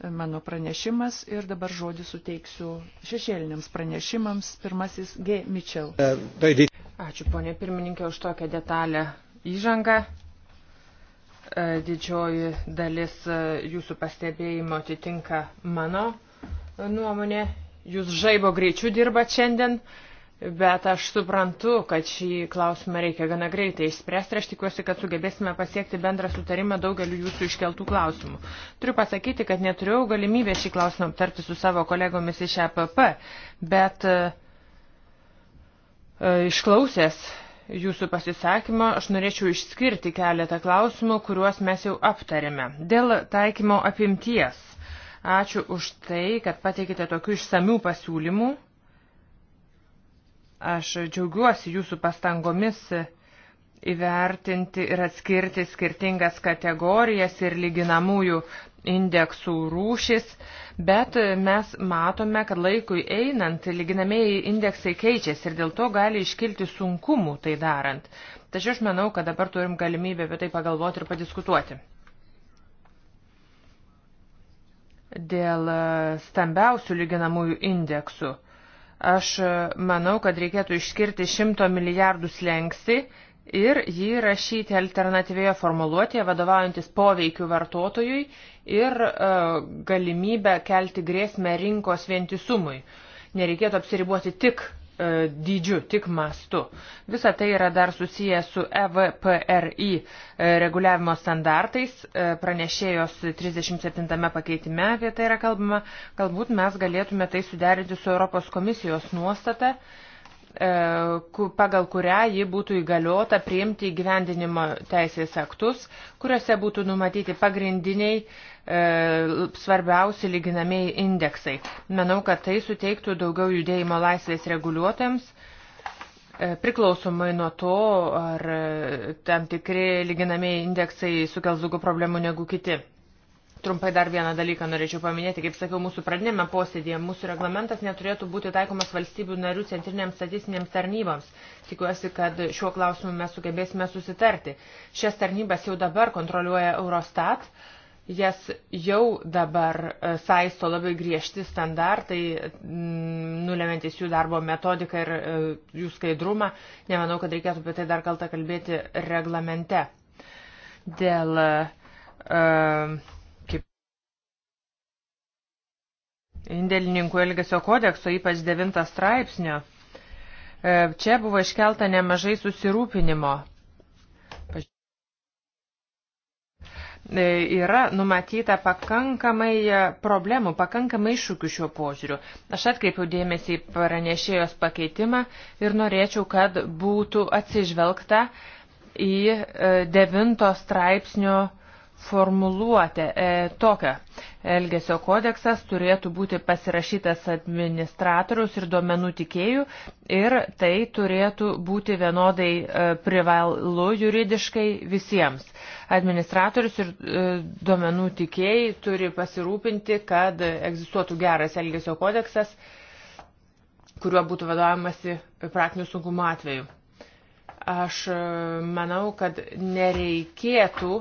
mano pranešimas ir dabar žodį suteiksiu šešėliniams pranešimams. Pirmasis G. Mitchell. Ačiū, ponė pirmininkė, už tokią detalę įžangą. E, didžioji dalis e, jūsų pastebėjimo atitinka mano e, nuomonė. Jūs žaibo greičiu dirbat šiandien. Uh, bet aš suprantu, kad šį klausimą reikia gana greitai išspręsti ir aš tikiuosi, kad sugebėsime pasiekti bendrą sutarimą daugeliu jūsų iškeltų klausimų. Turiu pasakyti, kad neturėjau galimybę šį klausimą aptarti su savo kolegomis iš EPP, bet e, e, išklausęs jūsų pasisakymą, aš norėčiau išskirti keletą klausimų, kuriuos mes jau aptarėme. Dėl taikymo apimties. Ačiū už tai, kad pateikite tokių išsamių pasiūlymų. Aš džiaugiuosi jūsų pastangomis įvertinti ir atskirti skirtingas kategorijas ir lyginamųjų indeksų rūšis, bet mes matome, kad laikui einant lyginamieji indeksai keičiasi ir dėl to gali iškilti sunkumų tai darant. Tačiau aš manau, kad dabar turim galimybę apie tai pagalvoti ir padiskutuoti. Dėl stambiausių lyginamųjų indeksų Aš e, manau, kad reikėtų išskirti 100 milijardų slengsti ir jį rašyti alternatyvėje formuluotėje, vadovaujantis poveikiu vartotojui ir e, galimybę kelti grėsmę rinkos vientisumui. Nereikėtų apsiribuoti tik E, dydžiu, tik mastu. Visa tai yra dar susiję su EVPRI e, reguliavimo standartais, e, pranešėjos 37 pakeitime apie tai yra kalbama, galbūt mes galėtume tai suderinti su Europos komisijos nuostata E, pagal kurią ji būtų įgaliota priimti įgyvendinimo teisės aktus, kuriuose būtų numatyti pagrindiniai e, svarbiausi lyginamieji indeksai. Manau, kad tai suteiktų daugiau judėjimo laisvės reguliuotojams, e, priklausomai nuo to, ar tam tikri lyginamieji indeksai sukels daugiau problemų negu kiti. Trumpai dar vieną dalyką norėčiau paminėti. Kaip sakiau, mūsų pradinėme posėdėje mūsų reglamentas neturėtų būti taikomas valstybių narių centrinėms statistinėms tarnyboms. Tikiuosi, kad šiuo klausimu mes sugebėsime susitarti. Šias tarnybas jau dabar kontroliuoja Eurostat. Jas jau dabar e, saisto labai griežti standartai, mm, nulemantis jų darbo metodiką ir e, jų skaidrumą. Nemanau, kad reikėtų apie tai dar kartą kalbėti reglamente. Dėl uh, indėlininkų elgesio kodekso, ypač 9 straipsnio, e, čia buvo iškelta nemažai susirūpinimo. E, yra numatyta pakankamai e, problemų, pakankamai iššūkių šiuo požiūriu. Aš atkreipiau dėmesį į pranešėjos pakeitimą ir norėčiau, kad būtų atsižvelgta į devinto straipsnio formuluotę e, tokią. Elgesio kodeksas turėtų būti pasirašytas administratorius ir duomenų tikėjų ir tai turėtų būti vienodai e, privalu juridiškai visiems. Administratorius ir e, duomenų tikėjai turi pasirūpinti, kad egzistuotų geras Elgesio kodeksas, kuriuo būtų vadovamasi praktinių sunkumų atveju. Aš e, manau, kad nereikėtų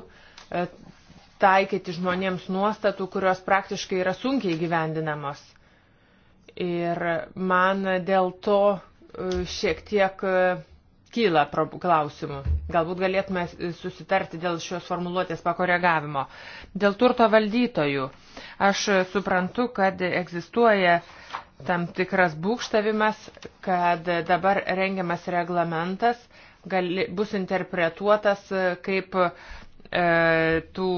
e, taikyti žmonėms nuostatų, kurios praktiškai yra sunkiai gyvendinamos. Ir man dėl to e, šiek tiek e, kyla klausimų. Galbūt galėtume susitarti dėl šios formuluotės pakoregavimo. Dėl turto valdytojų. Aš suprantu, kad egzistuoja tam tikras būkštavimas, kad dabar rengiamas reglamentas gali, bus interpretuotas kaip e, tų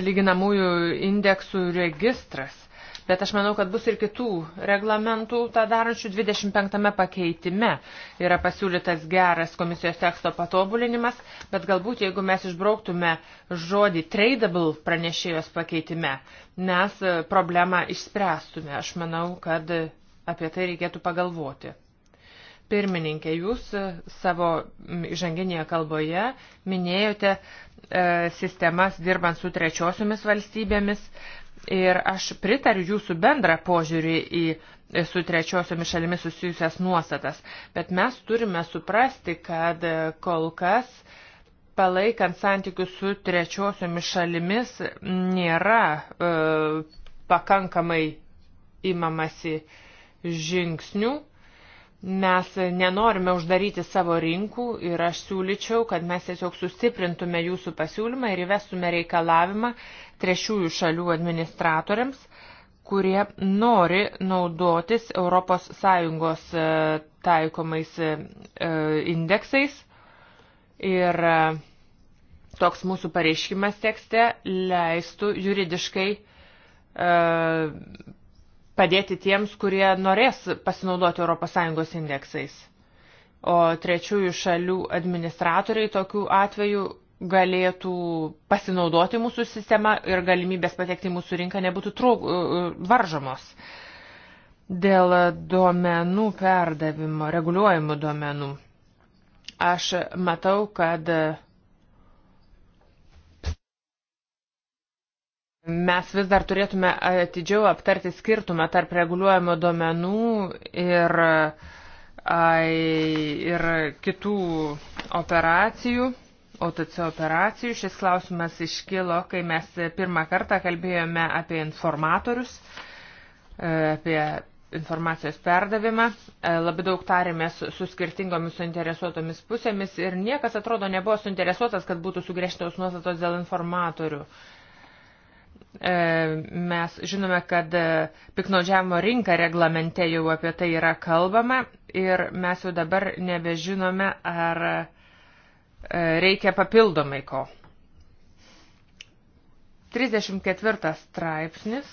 lyginamųjų indeksų registras. Bet aš manau, kad bus ir kitų reglamentų tą darančių 25 pakeitime. Yra pasiūlytas geras komisijos teksto patobulinimas, bet galbūt jeigu mes išbrauktume žodį tradable pranešėjos pakeitime, mes e, problemą išspręstume. Aš manau, kad apie tai reikėtų pagalvoti. Pirmininkė, jūs e, savo įžanginėje kalboje minėjote E, sistemas dirbant su trečiosiomis valstybėmis. Ir aš pritariu jūsų bendrą požiūrį į e, su trečiosiomis šalimis susijusias nuostatas. Bet mes turime suprasti, kad e, kol kas palaikant santykius su trečiosiomis šalimis nėra e, pakankamai imamasi žingsnių Mes nenorime uždaryti savo rinkų ir aš siūlyčiau, kad mes tiesiog sustiprintume jūsų pasiūlymą ir įvestume reikalavimą trešiųjų šalių administratoriams, kurie nori naudotis ES e, taikomais e, e, indeksais. Ir toks mūsų pareiškimas tekste leistų juridiškai padėti tiems, kurie norės pasinaudoti ES indeksais. O trečiųjų šalių administratoriai tokių atvejų galėtų pasinaudoti mūsų sistemą ir galimybės patekti į mūsų rinką nebūtų trūk, e, e, varžomos. Dėl duomenų perdavimo, reguliuojimų duomenų, aš matau, kad Mes vis dar turėtume atidžiau aptarti skirtumą tarp reguliuojamo duomenų ir, ir kitų operacijų, OTC operacijų. Šis klausimas iškilo, kai mes pirmą kartą kalbėjome apie informatorius, e, apie informacijos perdavimą. E, labai daug tarėmės su skirtingomis suinteresuotomis pusėmis ir niekas atrodo nebuvo suinteresuotas, kad būtų sugrėžtos nuostatos dėl informatorių. E, mes žinome, kad e, piknaudžiavimo rinka reglamente jau apie tai yra kalbama ir mes jau dabar nebežinome, ar e, reikia papildomai ko. 34 straipsnis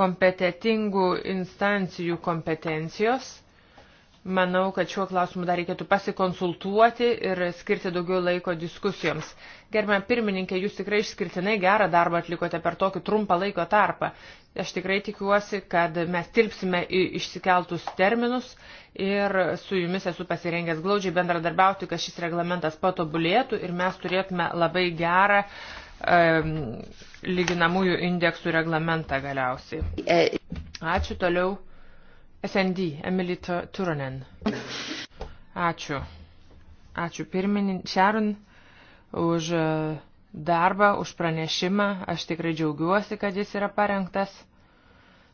kompetitingų instancijų kompetencijos Manau, kad šiuo klausimu dar reikėtų pasikonsultuoti ir skirti daugiau laiko diskusijoms. Gerbėm pirmininkė, jūs tikrai išskirtinai gerą darbą atlikote per tokį trumpą laiko tarpą. Aš tikrai tikiuosi, kad mes tilpsime į išsikeltus terminus ir su jumis esu pasirengęs glaudžiai bendradarbiauti, kad šis reglamentas patobulėtų ir mes turėtume labai gerą um, lyginamųjų indeksų reglamentą galiausiai. E- Ačiū toliau. SND, Emily Turonen. Ačiū. Ačiū pirminin Šerun už e, darbą, už pranešimą. Aš tikrai džiaugiuosi, kad jis yra parengtas.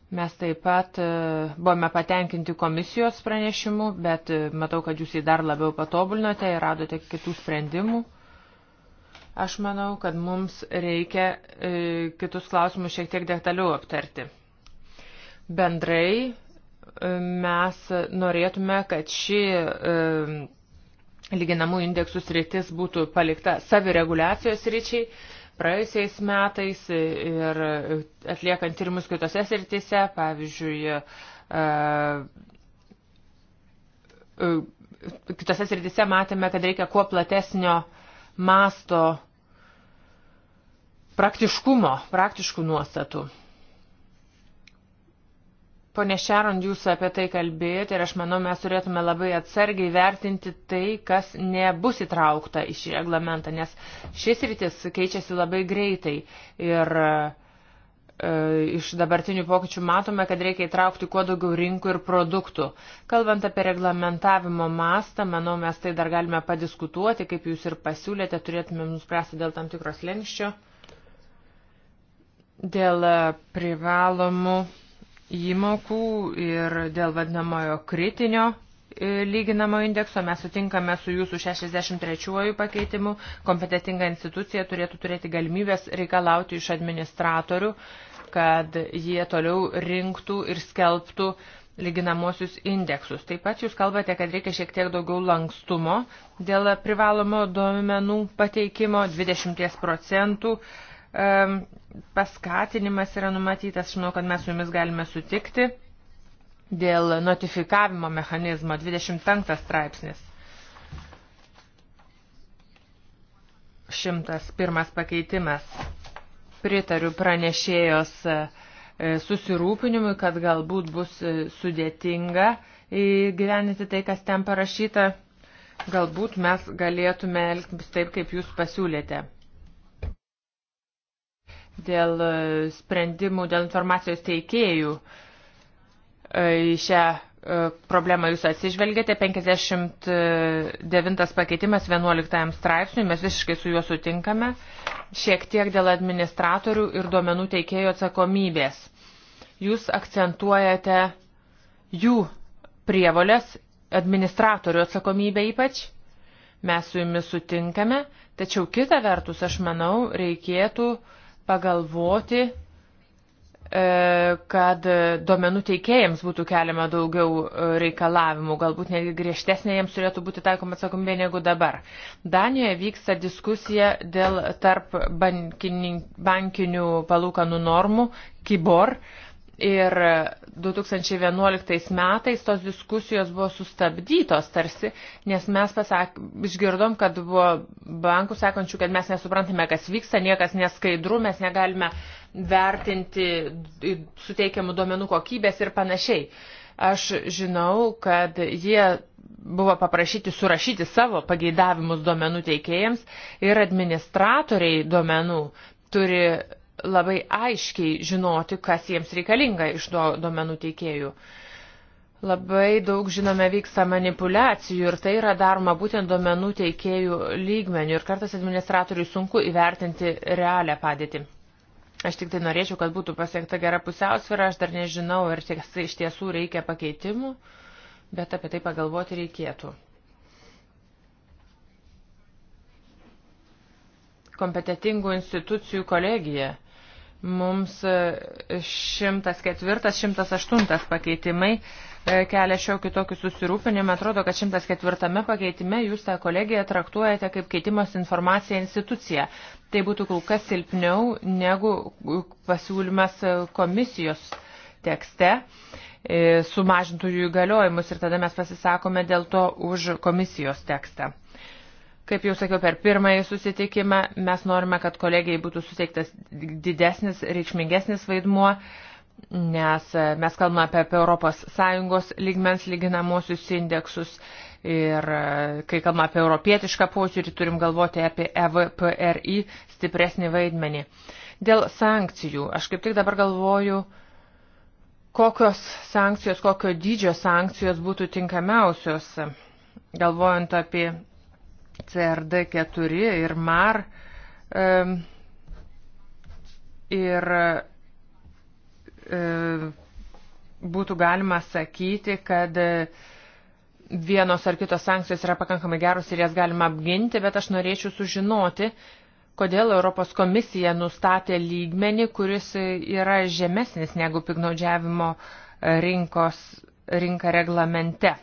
Mes taip pat e, buvome patenkinti komisijos pranešimu, bet e, matau, kad jūs jį dar labiau patobulinote ir radote kitų sprendimų. Aš manau, kad mums reikia kitus klausimus šiek tiek detaliau aptarti. Bendrai mes norėtume, kad ši e, lyginamų indeksų sritis būtų palikta savireguliacijos ryčiai praėjusiais metais ir atliekant tyrimus kitose sritise, pavyzdžiui, e, e, kitose sritise matėme, kad reikia kuo platesnio masto praktiškumo, praktiškų nuostatų. Pone Šeron, jūs apie tai kalbėjote ir aš manau, mes turėtume labai atsargiai vertinti tai, kas nebus įtraukta į šį reglamentą, nes šis rytis keičiasi labai greitai ir e, iš dabartinių pokyčių matome, kad reikia įtraukti kuo daugiau rinkų ir produktų. Kalbant apie reglamentavimo mastą, manau, mes tai dar galime padiskutuoti, kaip jūs ir pasiūlėte, turėtume nuspręsti dėl tam tikros lenkščio, dėl e, privalomų įmokų ir dėl vadinamojo kritinio e, lyginamo indekso. Mes sutinkame su jūsų 63 pakeitimu. Kompetitinga institucija turėtų turėti galimybės reikalauti iš administratorių, kad jie toliau rinktų ir skelbtų lyginamosius indeksus. Taip pat jūs kalbate, kad reikia šiek tiek daugiau lankstumo dėl privalomo duomenų pateikimo 20 procentų paskatinimas yra numatytas, aš manau, kad mes su jumis galime sutikti dėl notifikavimo mechanizmo 25 straipsnis. 101 pakeitimas. Pritariu pranešėjos e, susirūpinimui, kad galbūt bus e, sudėtinga gyveninti tai, kas ten parašyta. Galbūt mes galėtume elgtis taip, kaip jūs pasiūlėte dėl e, sprendimų, dėl informacijos teikėjų. E, į šią e, problemą jūs atsižvelgėte, 59 pakeitimas 11 straipsniui, mes visiškai su juo sutinkame, šiek tiek dėl administratorių ir duomenų teikėjų atsakomybės. Jūs akcentuojate jų prievolės, administratorių atsakomybę ypač, mes su jumis sutinkame, tačiau kitą vertus, aš manau, reikėtų uh, pagalvoti, e, kad duomenų teikėjams būtų keliama daugiau e, reikalavimų, galbūt netgi griežtesnė jiems turėtų būti taikoma atsakomybė negu dabar. Danijoje vyksta diskusija dėl tarp bankinių palūkanų normų, kibor, Ir 2011 metais tos diskusijos buvo sustabdytos tarsi, nes mes pasak, išgirdom, kad buvo bankų sakančių, kad mes nesuprantame, kas vyksta, niekas neskaidru, mes negalime vertinti suteikiamų duomenų kokybės ir panašiai. Aš žinau, kad jie buvo paprašyti surašyti savo pageidavimus duomenų teikėjams ir administratoriai duomenų turi labai aiškiai žinoti, kas jiems reikalinga iš do, domenų teikėjų. Labai daug, žinome, vyksta manipulacijų ir tai yra daroma būtent domenų teikėjų lygmenių ir kartais administratoriui sunku įvertinti realią padėtį. Aš tik tai norėčiau, kad būtų pasiekta gera pusiausvėra, aš dar nežinau, ar iš tiesų reikia pakeitimų, bet apie tai pagalvoti reikėtų. Kompetitingų institucijų kolegija Mums 104-108 e, pakeitimai e, kelia šiokį tokį susirūpinimą. Atrodo, kad 104 pakeitime jūs tą kolegiją traktuojate kaip keitimos informaciją instituciją. Tai būtų kol kas silpniau negu pasiūlymas e, komisijos tekste sumažintų jų įgaliojimus ir tada mes pasisakome dėl to už komisijos tekstą. Kaip jau sakiau, per pirmąjį susitikimą mes norime, kad kolegijai būtų suteiktas didesnis, reikšmingesnis vaidmuo, nes e, mes kalbame apie ES lygmens lyginamosius indeksus ir e, kai kalbame apie europietišką požiūrį, turim galvoti apie EVPRI stipresnį vaidmenį. Dėl sankcijų, aš kaip tik dabar galvoju, kokios sankcijos, kokio dydžio sankcijos būtų tinkamiausios, galvojant apie CRD4 ir MAR. Ir e, būtų galima sakyti, kad vienos ar kitos sankcijos yra pakankamai geros ir jas galima apginti, bet aš norėčiau sužinoti, kodėl Europos komisija nustatė lygmenį, kuris yra žemesnis negu pignaudžiavimo rinkos, rinka reglamente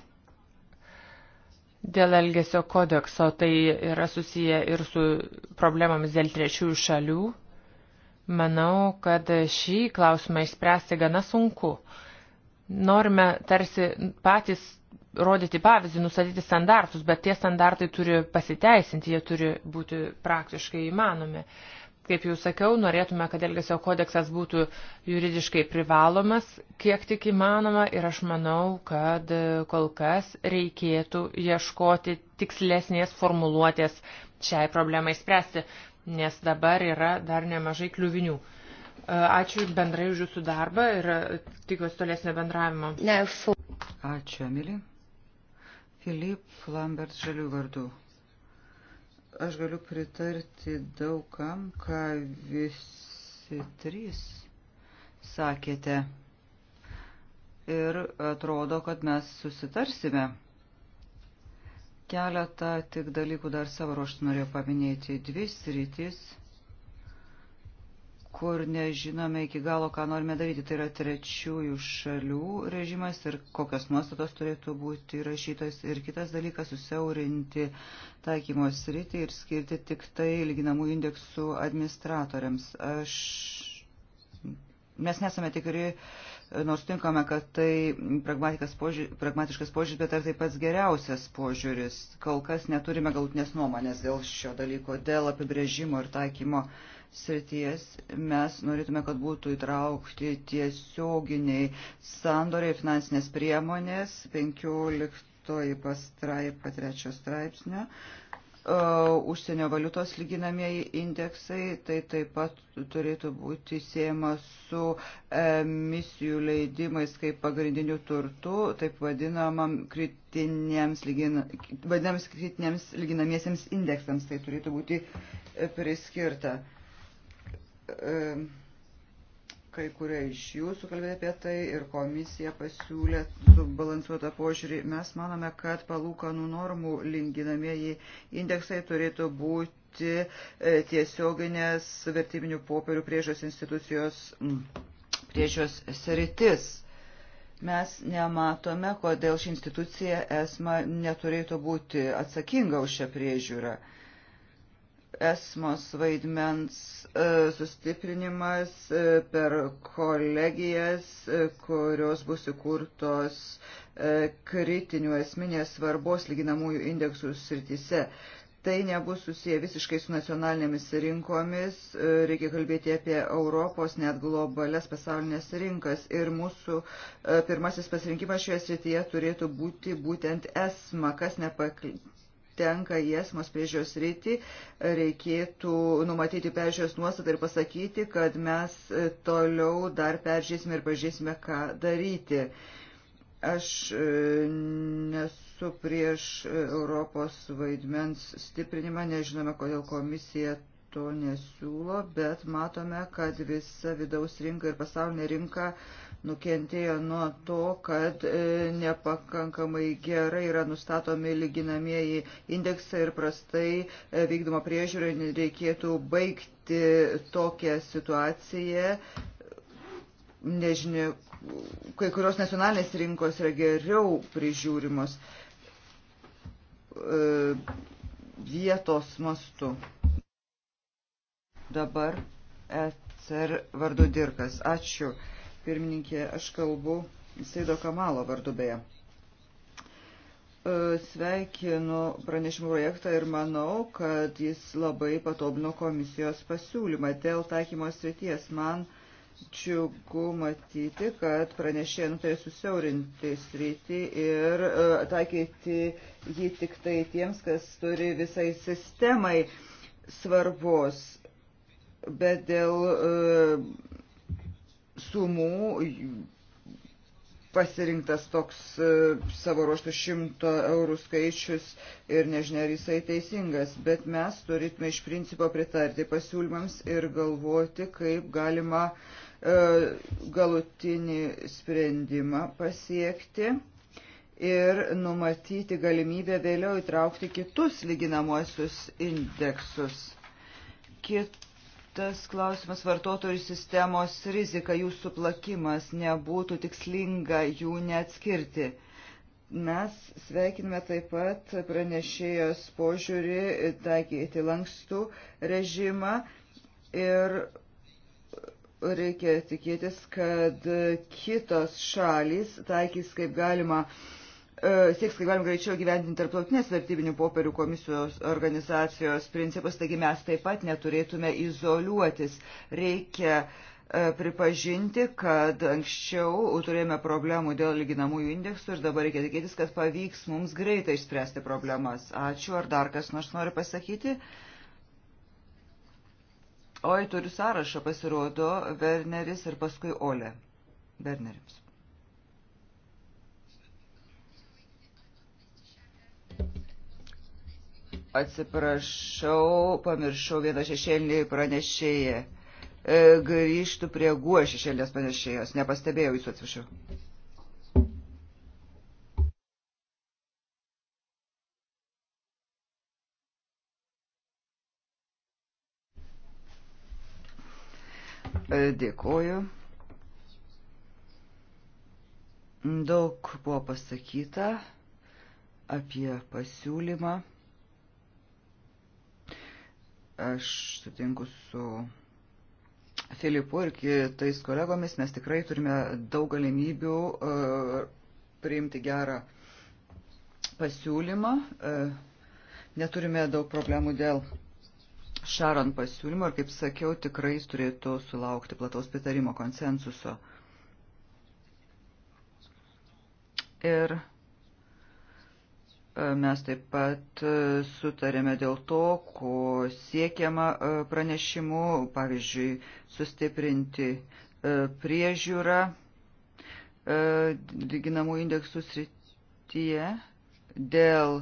dėl Elgesio kodekso, tai yra susiję ir su problemomis dėl trečiųjų šalių. Manau, kad šį klausimą išspręsti gana sunku. Norime tarsi patys rodyti pavyzdį, nustatyti standartus, bet tie standartai turi pasiteisinti, jie turi būti praktiškai įmanomi. Uh, Kaip jau sakiau, norėtume, kad Elgesio kodeksas būtų juridiškai privalomas, kiek tik įmanoma, ir aš manau, kad e, kol kas reikėtų ieškoti tikslesnės formuluotės šiai problemai spręsti, nes dabar yra dar nemažai kliuvinių. E, ačiū bendrai už jūsų darbą ir e, tikiuosi tolesnio bendravimo. Ačiū, Emilė. Filip Lambert žalių vardų. Aš galiu pritarti daugam, ką visi trys sakėte. Ir atrodo, kad mes susitarsime. Keletą tik dalykų dar savo ruoštų norėjau paminėti. Dvi sritis kur nežinome iki galo, ką norime daryti. Tai yra trečiųjų šalių režimas ir kokios nuostatos turėtų būti įrašytos. Ir kitas dalykas - susiaurinti taikymo sritį ir skirti tik tai lyginamų indeksų administratoriams. Aš... Mes nesame tikri, nors tinkame, kad tai požiūr, pragmatiškas požiūris, bet ar tai pats geriausias požiūris. Kol kas neturime galutinės nuomonės dėl šio dalyko, dėl apibrėžimo ir taikymo uh, srities mes norėtume, kad būtų įtraukti tiesioginiai sandoriai finansinės priemonės 15 pastraipa 3 straipsnio. E, užsienio valiutos lyginamieji indeksai, tai taip pat turėtų būti siejama su emisijų leidimais kaip pagrindiniu turtu, taip vadinamam kritiniams, lygina, vadinams kritiniams lyginamiesiems indeksams, tai turėtų būti priskirta. Uh, E, kai kurie iš jūsų kalbėjo apie tai ir komisija pasiūlė subalansuotą požiūrį. Mes manome, kad palūkanų normų linginamieji indeksai turėtų būti e, tiesioginės vertybinių popierių priežos institucijos priežios sritis. Mes nematome, kodėl ši institucija esma neturėtų būti atsakinga už šią priežiūrą. Uh, esmos vaidmens e, sustiprinimas e, per kolegijas, e, kurios bus įkurtos kritinių esminės svarbos lyginamųjų indeksų srityse. Tai nebus susiję visiškai su nacionalinėmis rinkomis, reikia kalbėti apie Europos, net globales pasaulinės rinkas ir mūsų pirmasis pasirinkimas šioje srityje turėtų būti būtent ESMA, kas nepak patenka į esmos priežios rytį, reikėtų numatyti peržiūros nuostatą ir pasakyti, kad mes toliau dar peržiūrėsime ir pažiūrėsime, ką daryti. Aš e, nesu prieš Europos vaidmens stiprinimą, nežinome, kodėl komisija to nesiūlo, bet matome, kad visa vidaus rinka ir pasaulinė rinka uh, nukentėjo nuo to, kad e, nepakankamai gerai yra nustatomi lyginamieji indeksai ir prastai e, vykdomo priežiūrą reikėtų baigti tokią situaciją. Nežinia, kai kurios nacionalinės rinkos yra geriau prižiūrimos e, vietos mastu. Dabar ECR vardu Dirkas. Ačiū pirmininkė, aš kalbu Seido Kamalo vardu beje. E, sveikinu pranešimų projektą ir manau, kad jis labai patobino komisijos pasiūlymą dėl taikymo srities. Man džiugu matyti, kad pranešė nutarė susiaurinti sritį ir e, taikyti jį tik tai tiems, kas turi visai sistemai svarbos. Bet dėl e, sumų pasirinktas toks e, savo ruoštų šimto eurų skaičius ir nežinia, ar jisai teisingas, bet mes turėtume iš principo pritarti pasiūlymams ir galvoti, kaip galima e, galutinį sprendimą pasiekti ir numatyti galimybę vėliau įtraukti kitus lyginamosius indeksus. Kit Kitas klausimas - vartotojų sistemos rizika, jų suplakimas nebūtų tikslinga jų neatskirti. Mes sveikiname taip pat pranešėjos požiūrį taikyti lankstų režimą ir reikia tikėtis, kad kitos šalys taikys kaip galima uh, sieks, kaip galim greičiau gyvendinti tarptautinės vertybinių popierių komisijos organizacijos principus, taigi mes taip pat neturėtume izoliuotis. Reikia e, pripažinti, kad anksčiau turėjome problemų dėl lyginamųjų indeksų ir dabar reikia tikėtis, kad pavyks mums greitai išspręsti problemas. Ačiū, ar dar kas nors nori pasakyti? Oi, turiu sąrašą, pasirodo, Werneris ir paskui Ole. Wernerims. Atsiprašau, pamiršau vieną šešėlinį pranešėją. E, grįžtų prie guo e šešėlinės pranešėjos. Nepastebėjau jūsų, atsiprašau. E, dėkoju. Daug buvo pasakyta apie pasiūlymą. Aš sutinku su Filipu ir kitais kolegomis, mes tikrai turime daug galimybių e, priimti gerą pasiūlymą. E, neturime daug problemų dėl Šaron pasiūlymo ir, kaip sakiau, tikrai jis turėtų sulaukti plataus pritarimo konsensuso. Ir Mes taip pat e, sutarėme dėl to, ko siekiama e, pranešimu, pavyzdžiui, sustiprinti e, priežiūrą lyginamų indeksų srityje dėl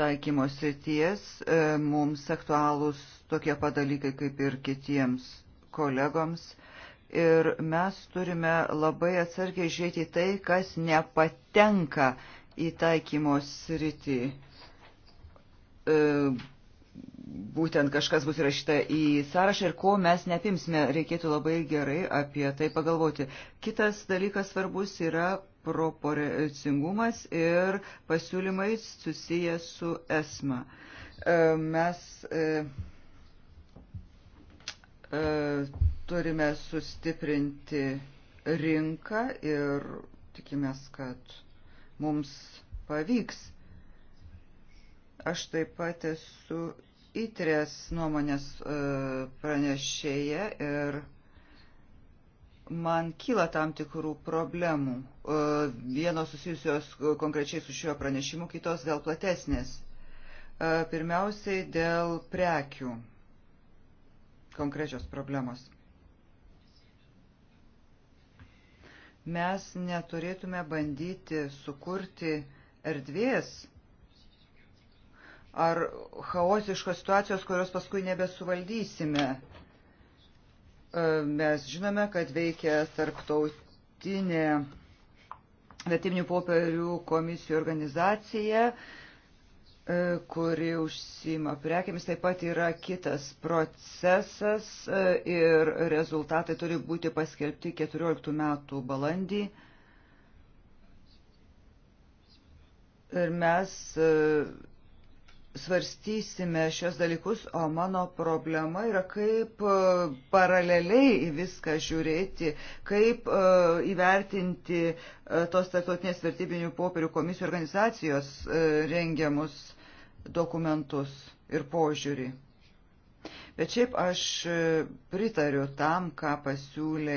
taikymo srities mums aktualūs tokie padalykai kaip ir kitiems kolegoms. Ir mes turime labai atsargiai žiūrėti tai, kas nepatenka įtaikymo sritį. E, būtent kažkas bus įrašyta į sąrašą ir ko mes nepimsime, reikėtų labai gerai apie tai pagalvoti. Kitas dalykas svarbus yra proporcingumas ir pasiūlymai susiję su esma. E, mes e, e, turime sustiprinti rinką ir tikimės, kad mums pavyks. Aš taip pat esu įtrės nuomonės e, pranešėja ir man kyla tam tikrų problemų. E, vienos susijusios konkrečiai su šiuo pranešimu, kitos gal platesnės. E, pirmiausiai dėl prekių konkrečios problemos. mes neturėtume bandyti sukurti erdvės ar chaosiškos situacijos, kurios paskui nebesuvaldysime. E, mes žinome, kad veikia tarptautinė vertiminių popierių komisijų organizacija, E, kuri užsima prekiamis, taip pat yra kitas procesas e, ir rezultatai turi būti paskelbti 14 metų balandį. Ir mes e, svarstysime šios dalykus, o mano problema yra kaip paraleliai į viską žiūrėti, kaip įvertinti tos tarptautinės vertybinių popierių komisijų organizacijos rengiamus dokumentus ir požiūrį. Bet šiaip aš e, pritariu tam, ką pasiūlė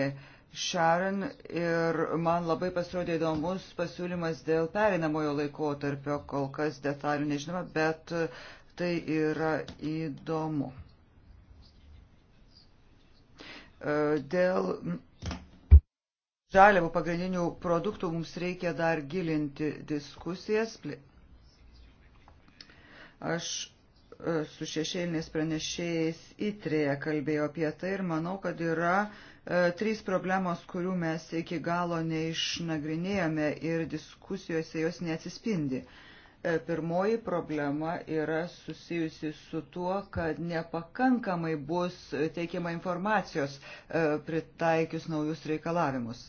Sharon ir man labai pasirodė įdomus pasiūlymas dėl perinamojo laikotarpio, kol kas detalių nežinoma, bet e, tai yra įdomu. E, dėl žaliavų pagrindinių produktų mums reikia dar gilinti diskusijas, Aš e, su šešėliniais pranešėjais įtrėje kalbėjau apie tai ir manau, kad yra e, trys problemos, kurių mes iki galo neišnagrinėjome ir diskusijose jos neatsispindi. E, pirmoji problema yra susijusi su tuo, kad nepakankamai bus teikiama informacijos e, pritaikius naujus reikalavimus.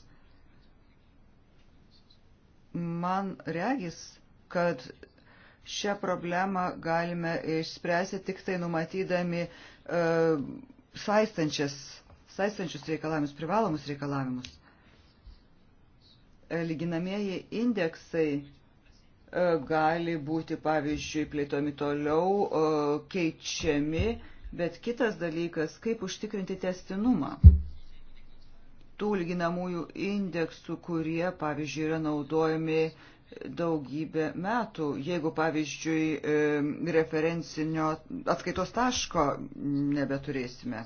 Man regis, kad šią problemą galime išspręsti tik tai numatydami uh, saistančias, saistančius reikalavimus, privalomus reikalavimus. E, lyginamieji indeksai uh, gali būti, pavyzdžiui, plėtomi toliau, uh, keičiami, bet kitas dalykas, kaip užtikrinti testinumą tų lyginamųjų indeksų, kurie, pavyzdžiui, yra naudojami uh, daugybę metų. Jeigu, pavyzdžiui, referencinio atskaitos taško nebeturėsime.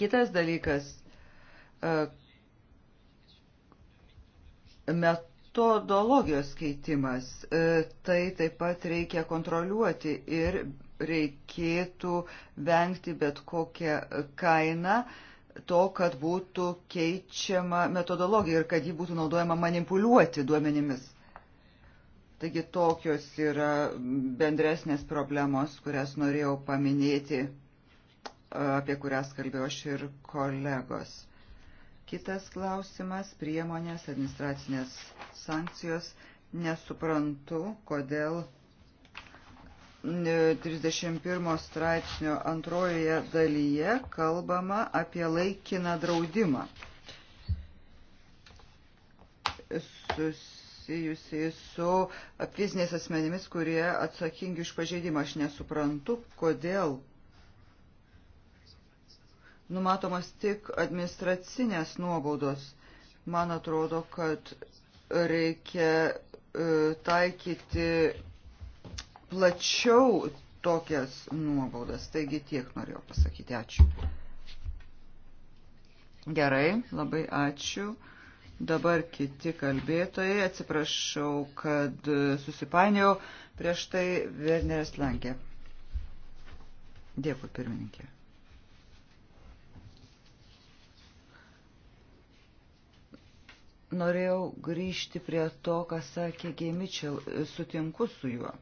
Kitas dalykas, e, metodologijos keitimas, e, tai taip pat reikia kontroliuoti ir reikėtų vengti bet kokią kainą, to, kad būtų keičiama metodologija ir kad ji būtų naudojama manipuliuoti duomenimis. Taigi tokios yra bendresnės problemos, kurias norėjau paminėti, apie kurias kalbėjau aš ir kolegos. Kitas klausimas - priemonės, administracinės sankcijos. Nesuprantu, kodėl 31 straipsnio antrojoje dalyje kalbama apie laikiną draudimą susijusiai su fiziniais asmenimis, kurie atsakingi už pažeidimą. Aš nesuprantu, kodėl numatomas tik administracinės nuobaudos. Man atrodo, kad reikia e, taikyti plačiau tokias nuobaudas. Taigi tiek norėjau pasakyti. Ačiū. Gerai, labai ačiū. Dabar kiti kalbėtojai. Atsiprašau, kad susipainiau. Prieš tai Werneris Lankė. Dėkui, pirmininkė. Norėjau grįžti prie to, ką sakė Gemičiau. Sutinku su juo.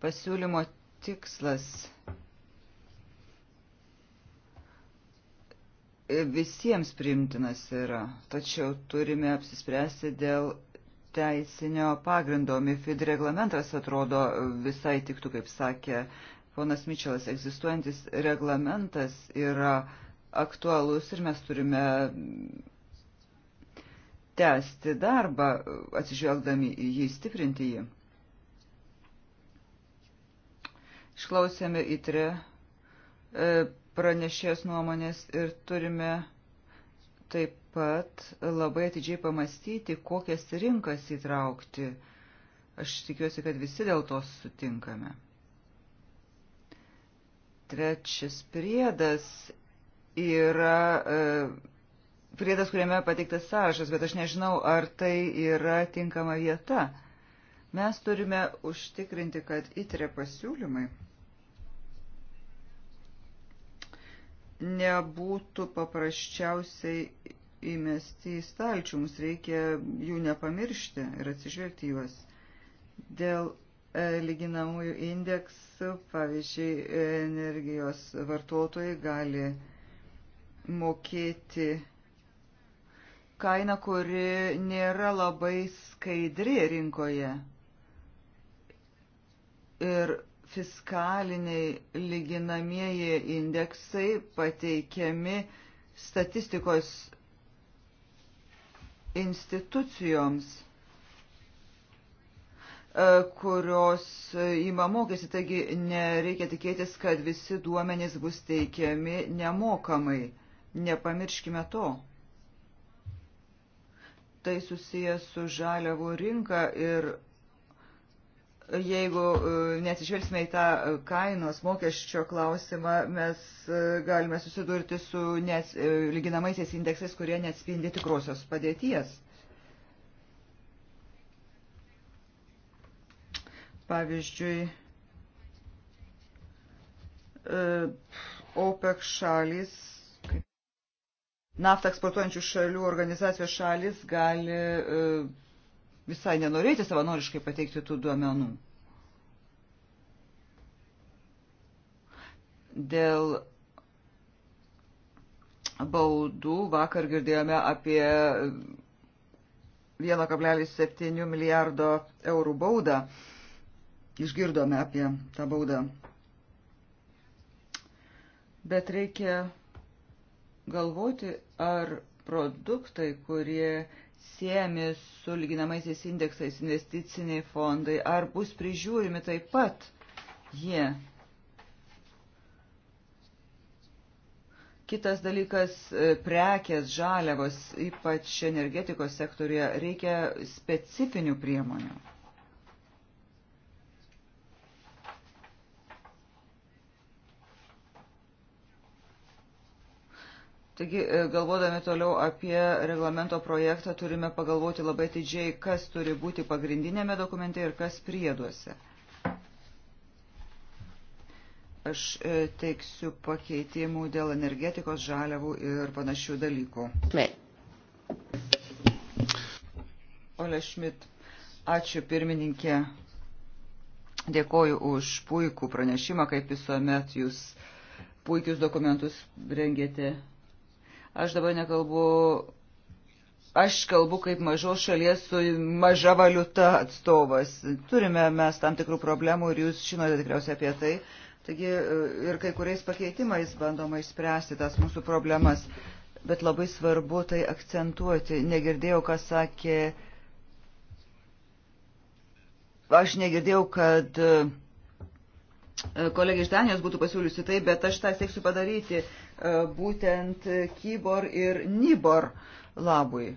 Pasiūlymo tikslas visiems priimtinas yra, tačiau turime apsispręsti dėl teisinio pagrindo. MIFID reglamentas atrodo visai tiktų, kaip sakė ponas Mičelas, egzistuojantis reglamentas yra aktualus ir mes turime tęsti darbą, atsižvelgdami į jį, stiprinti jį. Išklausėme įtrę e, pranešės nuomonės ir turime taip pat labai atidžiai pamastyti, kokias rinkas įtraukti. Aš tikiuosi, kad visi dėl to sutinkame. Trečias priedas yra e, priedas, kuriame pateiktas sąrašas, bet aš nežinau, ar tai yra tinkama vieta. Mes turime užtikrinti, kad įtrė pasiūlymai nebūtų paprasčiausiai įmesti į stalčių. Mums reikia jų nepamiršti ir atsižvelgti juos. Dėl e, lyginamųjų indeksų, pavyzdžiui, energijos vartotojai gali mokėti kainą, kuri nėra labai skaidri rinkoje. Ir fiskaliniai lyginamieji indeksai pateikiami statistikos institucijoms e, kurios ima mokėsi, taigi nereikia tikėtis, kad visi duomenys bus teikiami nemokamai. Nepamirškime to. Tai susijęs su žaliavų rinka ir Jeigu e, nesižvelgsime į tą e, kainos mokesčio klausimą, mes e, galime susidurti su nes, lyginamaisiais indeksais, kurie neatspindi tikrosios padėties. Pavyzdžiui, OPEC šalis, naftą eksportuojančių šalių organizacijos šalis gali visai nenorėti savanoriškai pateikti tų duomenų. Dėl baudų vakar girdėjome apie 1,7 milijardo eurų baudą. Išgirdome apie tą baudą. Bet reikia galvoti, ar produktai, kurie siejami su lyginamaisiais indeksais investiciniai fondai, ar bus prižiūrimi taip pat jie. Yeah. Kitas dalykas e, - prekės, žaliavos, ypač energetikos sektorija, reikia specifinių priemonių. Taigi, e, galvodami toliau apie reglamento projektą, turime pagalvoti labai atidžiai, kas turi būti pagrindinėme dokumente ir kas prieduose. Aš e, teiksiu pakeitimų dėl energetikos žaliavų ir panašių dalykų. Ole Šmit, ačiū pirmininkė. Dėkoju už puikų pranešimą, kaip visuomet jūs puikius dokumentus rengėte Aš dabar nekalbu, aš kalbu kaip mažos šalies su maža valiuta atstovas. Turime mes tam tikrų problemų ir jūs žinote tikriausiai apie tai. Taigi e, ir kai kuriais pakeitimais bandoma išspręsti tas mūsų problemas. Bet labai svarbu tai akcentuoti. Negirdėjau, ką sakė. Aš negirdėjau, kad e, kolegė iš Danijos būtų pasiūliusi tai, bet aš tą sėksiu padaryti. E, būtent Kybor ir Nibor labui.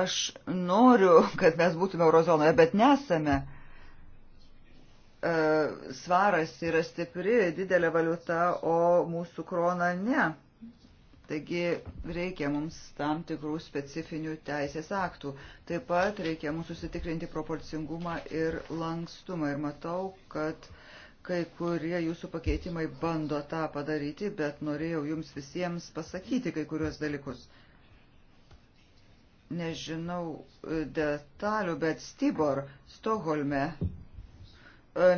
Aš noriu, kad mes būtume eurozonoje, bet nesame e, svaras yra stipri, didelė valiuta, o mūsų krona ne. Taigi reikia mums tam tikrų specifinių teisės aktų. Taip pat reikia mums susitikrinti proporcingumą ir lankstumą. Ir matau, kad kai kurie jūsų pakeitimai bando tą padaryti, bet norėjau jums visiems pasakyti kai kurios dalykus. Nežinau e, detalių, bet Stibor Stokholme e,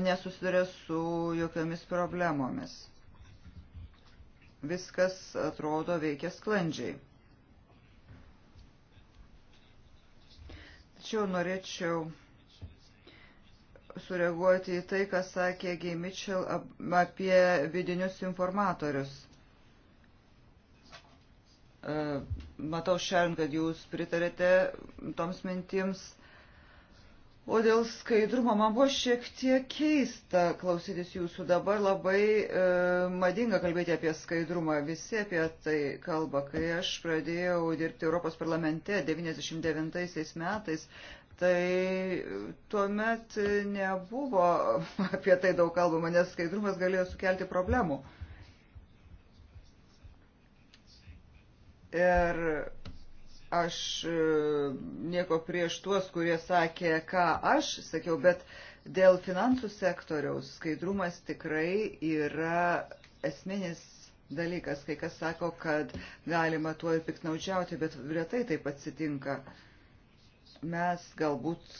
nesusiduria su jokiomis problemomis viskas atrodo veikia sklandžiai. Tačiau norėčiau sureaguoti į tai, ką sakė Gay Mitchell apie vidinius informatorius. E, matau šiandien, kad jūs pritarėte toms mintims. O dėl skaidrumo man buvo šiek tiek keista klausytis jūsų. Dabar labai e, madinga kalbėti apie skaidrumą. Visi apie tai kalba. Kai aš pradėjau dirbti Europos parlamente 99 metais, tai tuomet nebuvo apie tai daug kalbama, nes skaidrumas galėjo sukelti problemų. Ir Aš e, nieko prieš tuos, kurie sakė, ką aš sakiau, bet dėl finansų sektoriaus skaidrumas tikrai yra esminis dalykas. Kai kas sako, kad galima tuo ir piknaudžiauti, bet retai taip atsitinka. Mes galbūt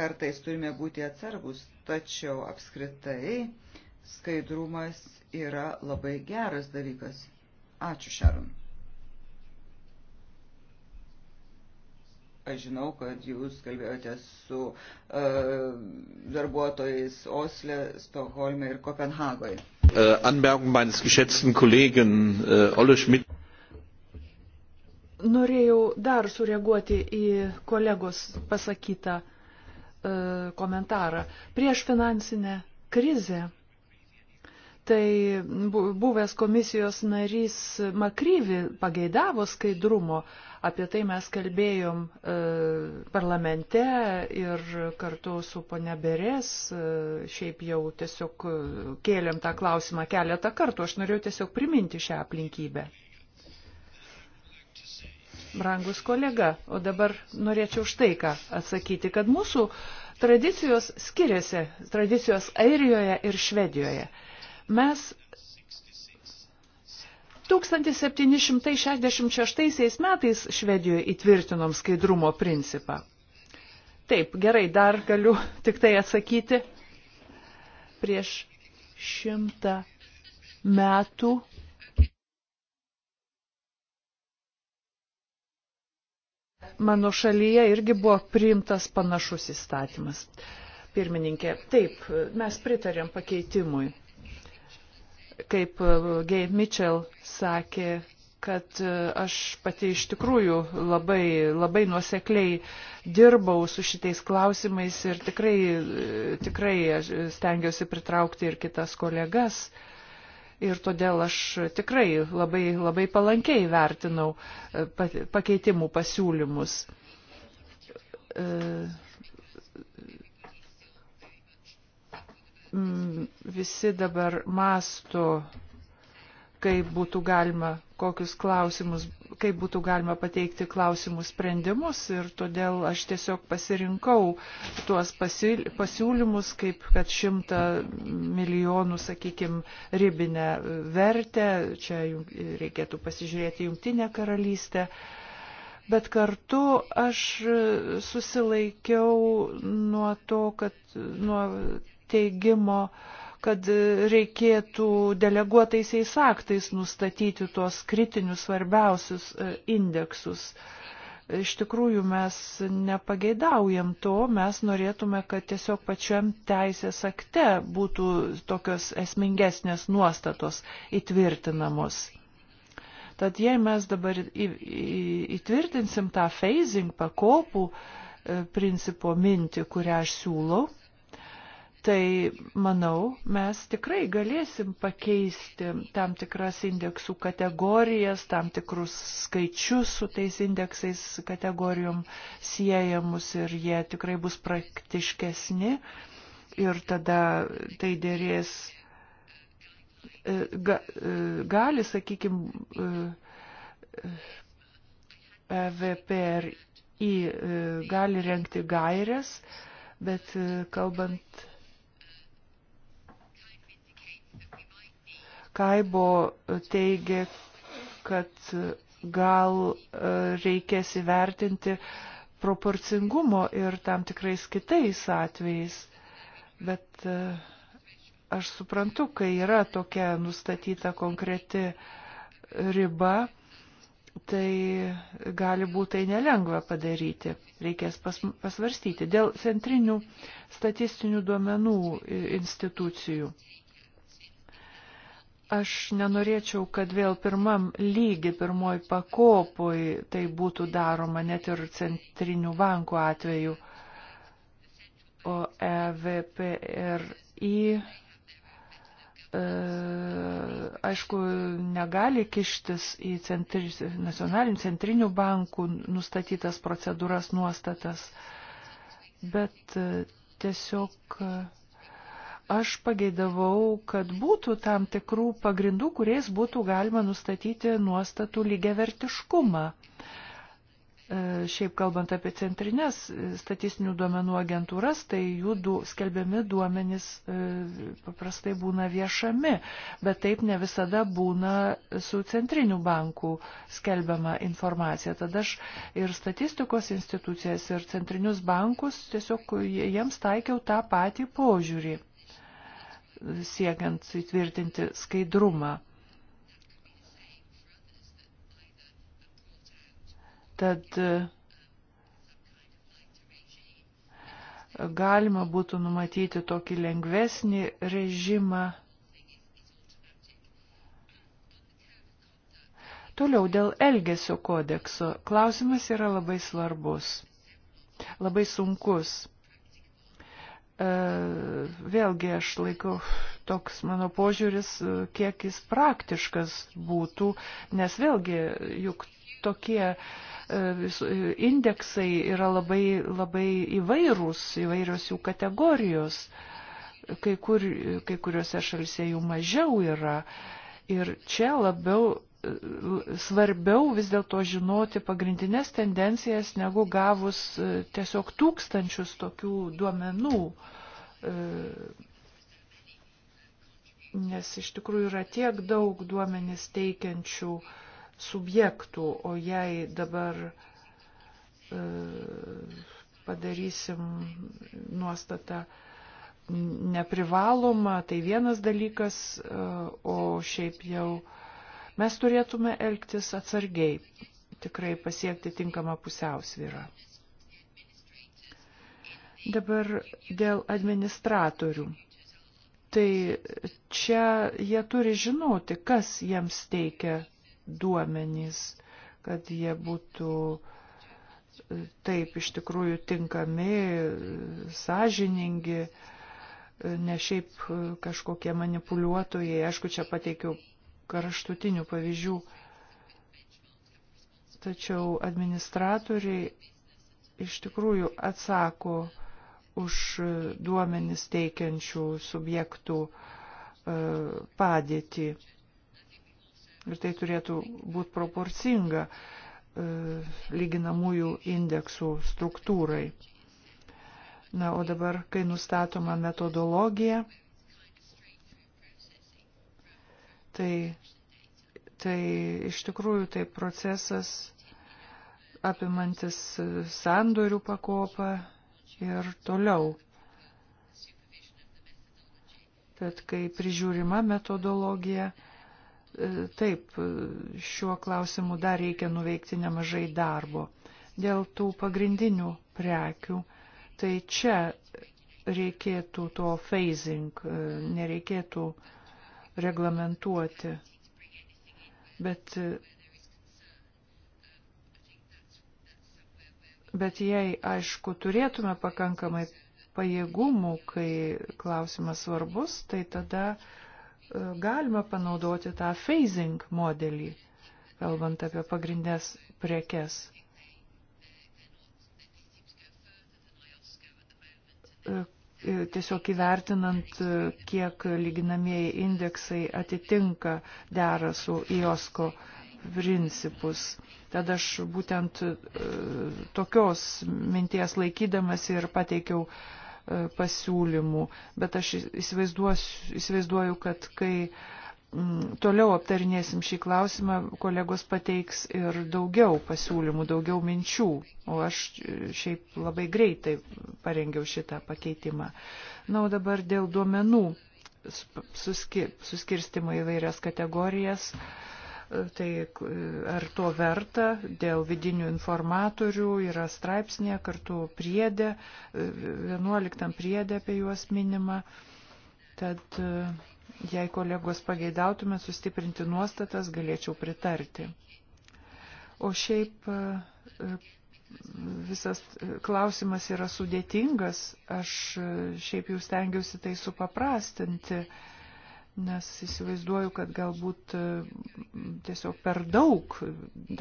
kartais turime būti atsargus, tačiau apskritai skaidrumas yra labai geras dalykas. Ačiū, Šaron. Aš žinau, kad jūs kalbėjote su uh, darbuotojais Osle, Stokholme ir Kopenhagoje. Uh, Anmerkung meines geschätzten Kollegen uh, Olle Schmidt. Norėjau dar sureaguoti į kolegos pasakytą uh, komentarą. Prieš finansinę krizę tai buvęs komisijos narys Makryvi pageidavo skaidrumo, apie tai mes kalbėjom e, parlamente ir kartu su ponia Berės, e, šiaip jau tiesiog e, kėlėm tą klausimą keletą kartų, aš norėjau tiesiog priminti šią aplinkybę. Brangus kolega, o dabar norėčiau štai ką atsakyti, kad mūsų tradicijos skiriasi, tradicijos Airijoje ir Švedijoje. Mes 1766 metais Švedijoje įtvirtinom skaidrumo principą. Taip, gerai, dar galiu tik tai atsakyti. Prieš šimtą metų mano šalyje irgi buvo priimtas panašus įstatymas. Pirmininkė, taip, mes pritarėm pakeitimui kaip e, Gay Mitchell sakė, kad e, aš pati iš tikrųjų labai, labai nuosekliai dirbau su šitais klausimais ir tikrai, e, tikrai stengiausi pritraukti ir kitas kolegas. Ir todėl aš tikrai labai, labai palankiai vertinau pakeitimų pasiūlymus. E Mm, visi dabar masto, kaip būtų galima, kokius klausimus, kaip būtų galima pateikti klausimų sprendimus ir todėl aš tiesiog pasirinkau tuos pasiūlymus, kaip kad šimta milijonų, sakykime, ribinę vertę, čia reikėtų pasižiūrėti jungtinę karalystę bet kartu aš susilaikiau nuo to, kad nuo teigimo, kad reikėtų deleguotaisiais aktais nustatyti tuos kritinius svarbiausius e, indeksus. Iš tikrųjų mes nepageidaujam to, mes norėtume, kad tiesiog pačiam teisės akte būtų tokios esmingesnės nuostatos įtvirtinamos. Tad jei mes dabar įtvirtinsim tą phasing pakopų e, principo mintį, kurią aš siūlau, tai manau, mes tikrai galėsim pakeisti tam tikras indeksų kategorijas, tam tikrus skaičius su tais indeksais kategorijom siejamus ir jie tikrai bus praktiškesni ir tada tai dėrės, e, ga, e, gali, sakykime, e, VPRI gali renkti gairias, bet kalbant Kaibo teigia, kad gal e, reikės įvertinti proporcingumo ir tam tikrais kitais atvejais. Bet e, aš suprantu, kai yra tokia nustatyta konkreti riba, tai gali būti tai nelengva padaryti. Reikės pas, pasvarstyti dėl centrinių statistinių duomenų institucijų. Aš nenorėčiau, kad vėl pirmam lygi, pirmoj pakopoj tai būtų daroma net ir centrinių bankų atveju. O EVPRI, e, aišku, negali kištis į centri, nacionalinių centrinių bankų nustatytas procedūras, nuostatas, bet e, tiesiog. E, aš pageidavau, kad būtų tam tikrų pagrindų, kuriais būtų galima nustatyti nuostatų lygiavertiškumą. E, šiaip kalbant apie centrinės e, statistinių duomenų agentūras, tai jų du, skelbiami duomenys e, paprastai būna viešami, bet taip ne visada būna su centrinių bankų skelbiama informacija. Tada aš ir statistikos institucijas, ir centrinius bankus tiesiog jiems taikiau tą patį požiūrį siekiant įtvirtinti skaidrumą. Tad galima būtų numatyti tokį lengvesnį režimą. Toliau dėl elgesio kodekso. Klausimas yra labai svarbus, labai sunkus. E, vėlgi aš laikau toks mano požiūris, e, kiek jis praktiškas būtų, nes vėlgi juk tokie e, indeksai yra labai, labai įvairūs, įvairios jų kategorijos. Kai, kur, kai kuriuose šalise jų mažiau yra. Ir čia labiau svarbiau vis dėlto žinoti pagrindinės tendencijas, negu gavus e, tiesiog tūkstančius tokių duomenų. E, nes iš tikrųjų yra tiek daug duomenis teikiančių subjektų, o jei dabar e, padarysim nuostatą neprivaloma, tai vienas dalykas, o šiaip jau Mes turėtume elgtis atsargiai, tikrai pasiekti tinkamą pusiausvyrą. Dabar dėl administratorių. Tai čia jie turi žinoti, kas jiems teikia duomenys, kad jie būtų e, taip iš tikrųjų tinkami, sąžiningi, e, ne šiaip e, kažkokie manipuliuotojai. Aišku, čia pateikiau kraštutinių pavyzdžių. Tačiau administratoriai iš tikrųjų atsako už duomenis teikiančių subjektų e, padėtį. Ir tai turėtų būti proporcinga e, lyginamųjų indeksų struktūrai. Na, o dabar, kai nustatoma metodologija, Tai, tai iš tikrųjų tai procesas apimantis sandorių pakopą ir toliau. Bet kai prižiūrima metodologija, e, taip, šiuo klausimu dar reikia nuveikti nemažai darbo. Dėl tų pagrindinių prekių, tai čia reikėtų to phasing, e, nereikėtų uh, reglamentuoti. Bet, bet jei, aišku, turėtume pakankamai pajėgumų, kai klausimas svarbus, tai tada e, galima panaudoti tą phasing modelį, kalbant apie pagrindės prekes. E, E, tiesiog įvertinant, e, kiek lyginamieji indeksai atitinka dera su IOSCO principus. Tad aš būtent e, tokios minties laikydamas ir pateikiau pasiūlymų, bet aš įsivaizduoju, kad kai uh, Mm, toliau aptarinėsim šį klausimą, kolegos pateiks ir daugiau pasiūlymų, daugiau minčių, o aš e, šiaip labai greitai parengiau šitą pakeitimą. Na, o dabar dėl duomenų suskirstimo į vairias kategorijas, e, tai e, ar to verta dėl vidinių informatorių, yra straipsnė kartu priedė, 11 priedė apie juos minima. Tad Jei kolegos pageidautume sustiprinti nuostatas, galėčiau pritarti. O šiaip e, e, visas e, klausimas yra sudėtingas, aš šiaip jau stengiausi tai supaprastinti, nes įsivaizduoju, kad galbūt tiesiog per daug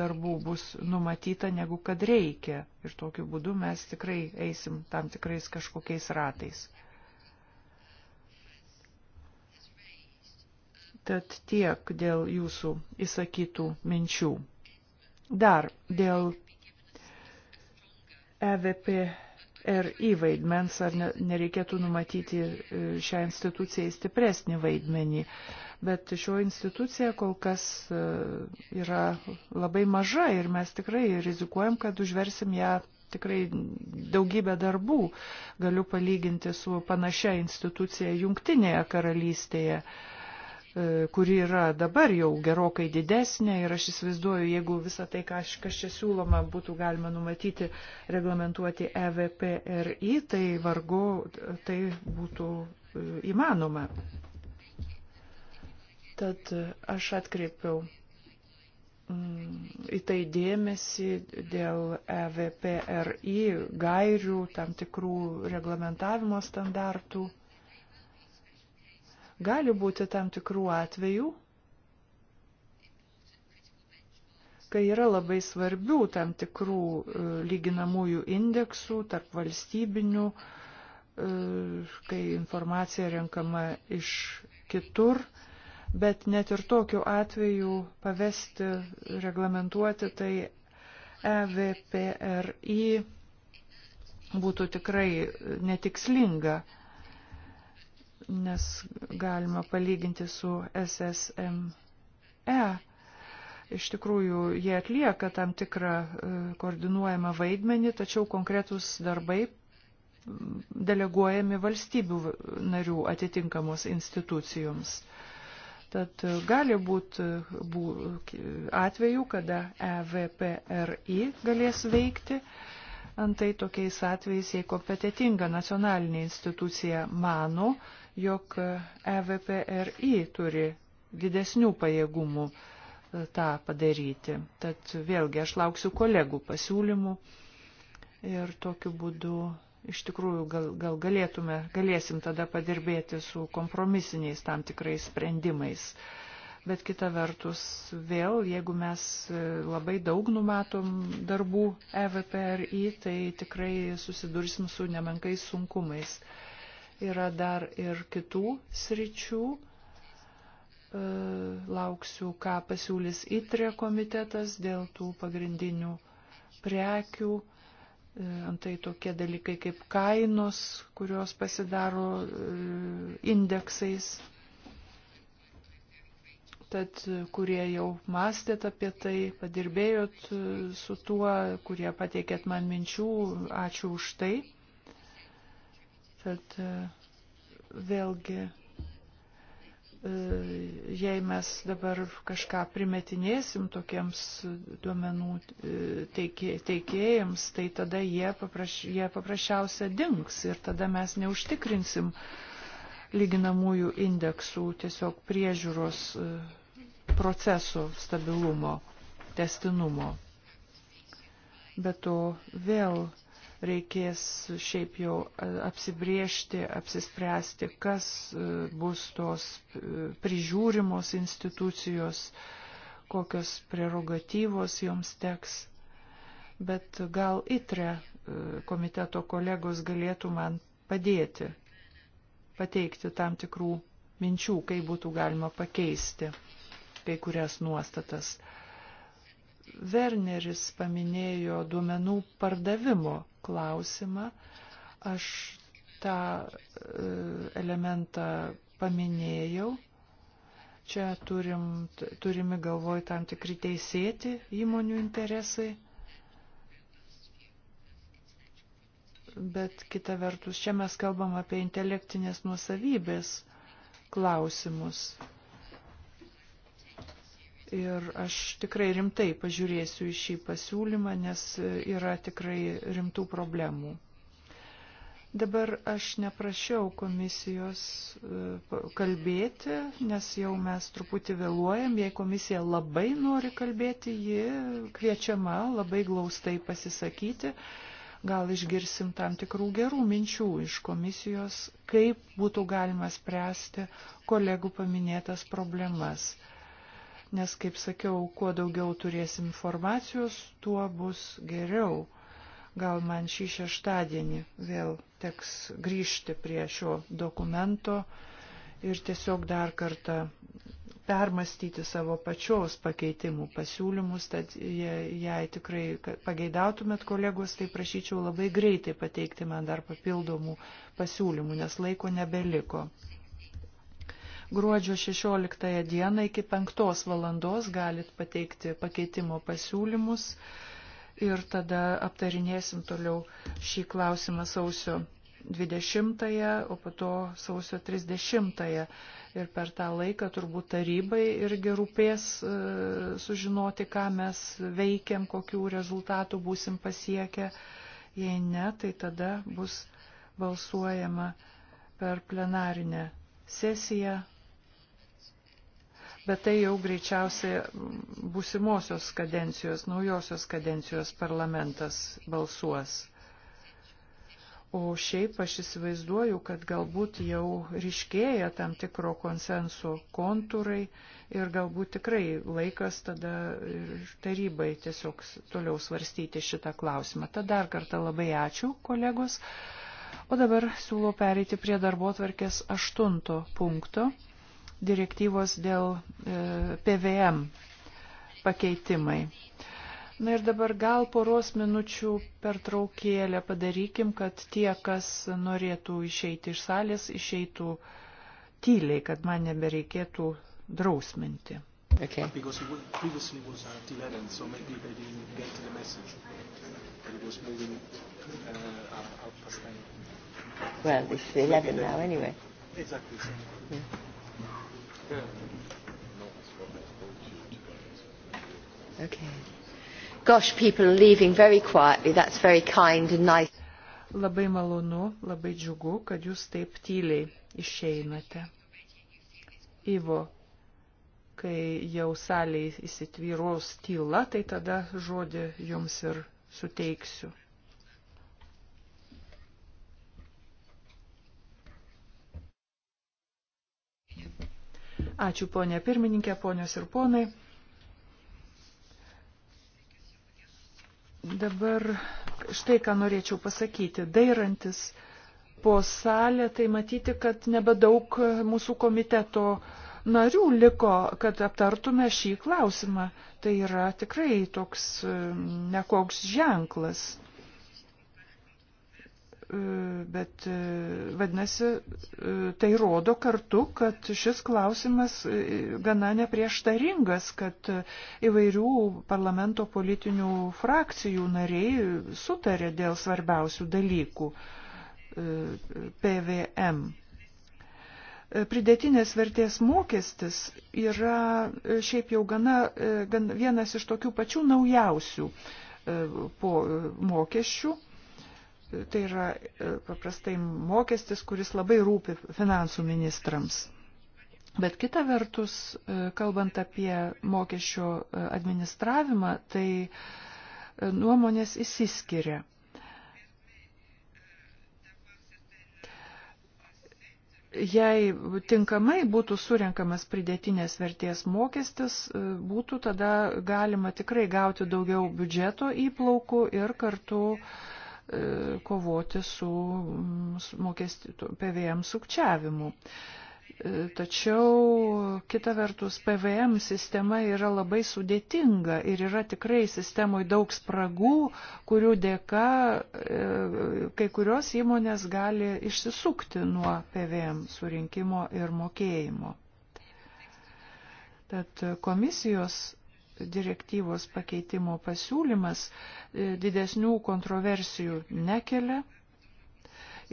darbų bus numatyta, negu kad reikia. Ir tokiu būdu mes tikrai eisim tam tikrais kažkokiais ratais. Tad tiek dėl jūsų įsakytų minčių. Dar dėl EVPRI vaidmens, ar nereikėtų numatyti e, šią instituciją į stipresnį vaidmenį. Bet šio institucija kol kas e, yra labai maža ir mes tikrai rizikuojam, kad užversim ją tikrai daugybę darbų. Galiu palyginti su panašia institucija Jungtinėje karalystėje. Uh, E, kuri yra dabar jau gerokai didesnė ir aš įsivaizduoju, jeigu visą tai, kas čia siūloma, būtų galima numatyti, reglamentuoti EVPRI, tai vargu tai būtų e, įmanoma. Tad aš atkreipiau mm, į tai dėmesį dėl EVPRI gairių, tam tikrų reglamentavimo standartų. Gali būti tam tikrų atvejų, kai yra labai svarbių tam tikrų e, lyginamųjų indeksų, tarp valstybinių, e, kai informacija renkama iš kitur, bet net ir tokiu atveju pavesti, reglamentuoti tai EVPRI būtų tikrai e, netikslinga nes galima palyginti su SSME. Iš tikrųjų, jie atlieka tam tikrą e, koordinuojamą vaidmenį, tačiau konkretus darbai deleguojami valstybių narių atitinkamos institucijoms. Tad e, gali būti e, bū, atveju, kada EVPRI galės veikti. Antai tokiais atvejais, jei kompetitinga nacionalinė institucija mano, jog EVPRI turi didesnių pajėgumų e, tą padaryti. Tad vėlgi aš lauksiu kolegų pasiūlymų ir tokiu būdu iš tikrųjų gal, gal galėtume, galėsim tada padirbėti su kompromisiniais tam tikrais sprendimais. Bet kita vertus, vėl, jeigu mes e, labai daug numatom darbų EVPRI, tai tikrai susidursim su nemenkais sunkumais. Uh, yra dar ir kitų sričių. E, lauksiu, ką pasiūlys ITRE komitetas dėl tų pagrindinių prekių. E, antai tokie dalykai kaip kainos, kurios pasidaro e, indeksais. Tad kurie jau mąstėt apie tai, padirbėjot su tuo, kurie pateikėt man minčių, ačiū už tai. Tad e, vėlgi, e, jei mes dabar kažką primetinėsim tokiems duomenų e, teikėjams, tai tada jie, papraš, jie paprasčiausia dinks ir tada mes neužtikrinsim lyginamųjų indeksų tiesiog priežiūros procesų stabilumo, testinumo. Bet to vėl reikės šiaip jau e, apsibriežti, apsispręsti, kas e, bus tos e, prižiūrimos institucijos, kokios prerogatyvos joms teks. Bet gal ITRE komiteto kolegos galėtų man padėti, pateikti tam tikrų minčių, kaip būtų galima pakeisti kai kurias nuostatas. Werneris paminėjo duomenų pardavimo klausimą. Aš tą e, elementą paminėjau. Čia turim, turimi galvoj tam tikri teisėti įmonių interesai. Bet kita vertus, čia mes kalbam apie intelektinės nuosavybės klausimus. Ir aš tikrai rimtai pažiūrėsiu į šį pasiūlymą, nes yra tikrai rimtų problemų. Dabar aš neprašiau komisijos e, kalbėti, nes jau mes truputį vėluojam. Jei komisija labai nori kalbėti, ji kviečiama labai glaustai pasisakyti. Gal išgirsim tam tikrų gerų minčių iš komisijos, kaip būtų galima spręsti kolegų paminėtas problemas nes, kaip sakiau, kuo daugiau turės informacijos, tuo bus geriau. Gal man šį šeštadienį vėl teks grįžti prie šio dokumento ir tiesiog dar kartą permastyti savo pačios pakeitimų pasiūlymus, tad jei tikrai pageidautumėt kolegos, tai prašyčiau labai greitai pateikti man dar papildomų pasiūlymų, nes laiko nebeliko. Gruodžio 16 dieną iki 5 valandos galit pateikti pakeitimo pasiūlymus ir tada aptarinėsim toliau šį klausimą sausio 20, o po to sausio 30. Ir per tą laiką turbūt tarybai irgi rūpės e, sužinoti, ką mes veikiam, kokių rezultatų būsim pasiekę. Jei ne, tai tada bus balsuojama per plenarinę sesiją bet tai jau greičiausiai būsimosios kadencijos, naujosios kadencijos parlamentas balsuos. O šiaip aš įsivaizduoju, kad galbūt jau ryškėja tam tikro konsenso kontūrai ir galbūt tikrai laikas tada tarybai tiesiog toliau svarstyti šitą klausimą. Tad dar kartą labai ačiū, kolegos. O dabar siūlau pereiti prie darbo tvarkės aštunto punkto direktyvos dėl e, PVM pakeitimai. Na ir dabar gal poros minučių pertraukėlę padarykim, kad tie, kas norėtų išeiti iš salės, išeitų tyliai, kad man nebereikėtų drausminti. Okay. Because it was, previously was uh, at 11, so maybe they didn't get the message. And it was moving uh, up, up past 10. Well, it's 11 now anyway. Exactly. So. Yeah. Okay. Gosh, people are leaving very quietly. That's very kind and nice. Labai malonu, labai džiugu, kad jūs taip tyliai išeinate. Ivo, kai jau saliai įsitvyros tyla, tai tada žodį jums ir suteiksiu. Ačiū ponė pirmininkė, ponios ir ponai. Dabar štai ką norėčiau pasakyti. Dairantis po salę, tai matyti, kad nebedaug mūsų komiteto narių liko, kad aptartume šį klausimą. Tai yra tikrai toks nekoks ženklas. E, bet e, vadinasi, e, tai rodo kartu, kad šis klausimas gana neprieštaringas, kad įvairių parlamento politinių frakcijų nariai sutarė dėl svarbiausių dalykų PVM. Pridėtinės vertės mokestis yra šiaip jau gana, gan vienas iš tokių pačių naujausių po mokesčių tai yra e, paprastai mokestis, kuris labai rūpi finansų ministrams. Bet kita vertus, e, kalbant apie mokesčio e, administravimą, tai nuomonės įsiskiria. jei tinkamai būtų surenkamas pridėtinės vertės mokestis, būtų tada galima tikrai gauti daugiau biudžeto įplaukų ir kartu E, kovoti su mm, mokestitu PVM sukčiavimu. E, tačiau kita vertus PVM sistema yra labai sudėtinga ir yra tikrai sistemoje daug spragų, kurių dėka e, kai kurios įmonės gali išsisukti nuo PVM surinkimo ir mokėjimo. Tad komisijos direktyvos pakeitimo pasiūlymas e, didesnių kontroversijų nekelia.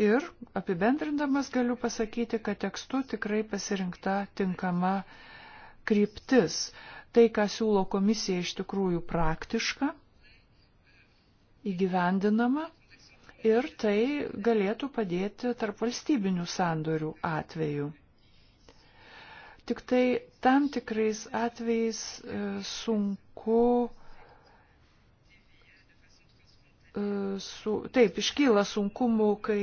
Ir apibendrindamas galiu pasakyti, kad tekstu tikrai pasirinkta tinkama kryptis. Tai, ką siūlo komisija, iš tikrųjų praktiška, įgyvendinama ir tai galėtų padėti tarp valstybinių sandorių atveju. Tik tai tam tikrais atvejais e, sunku e, su, taip, iškyla sunkumų, kai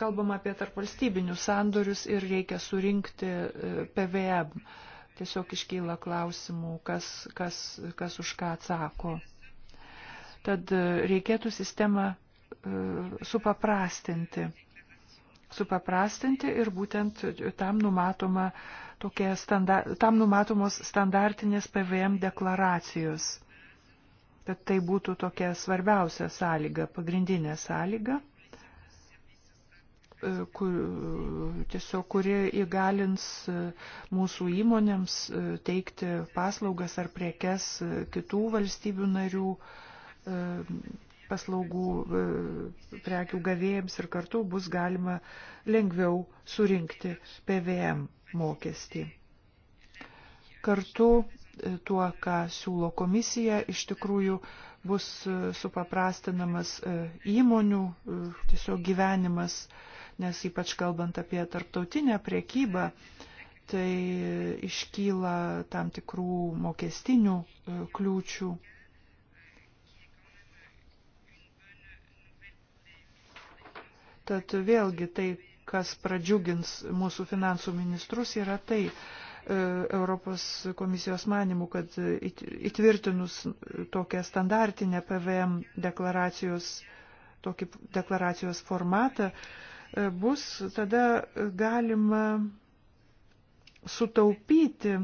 kalbam apie tarpvalstybinius sandorius ir reikia surinkti e, PVM. Tiesiog iškyla klausimų, kas, kas, kas už ką atsako. Tad reikėtų sistemą supaprastinti supaprastinti ir būtent tam, numatoma standa, tam numatomos standartinės PVM deklaracijos. Tad tai būtų tokia svarbiausia sąlyga, pagrindinė sąlyga, e, kur, tiesiog kuri įgalins e, mūsų įmonėms e, teikti paslaugas ar priekes kitų valstybių narių paslaugų e, prekių gavėjams ir kartu bus galima lengviau surinkti PVM mokestį. Kartu e, tuo, ką siūlo komisija, iš tikrųjų bus e, supaprastinamas įmonių tiesiog gyvenimas, nes ypač kalbant apie tarptautinę priekybą, tai iškyla tam tikrų mokestinių kliūčių Tad vėlgi tai, kas pradžiugins mūsų finansų ministrus, yra tai, e, Europos komisijos manimų, kad įtvirtinus tokią standartinę PVM deklaracijos, tokį deklaracijos formatą, e, bus tada galima sutaupyti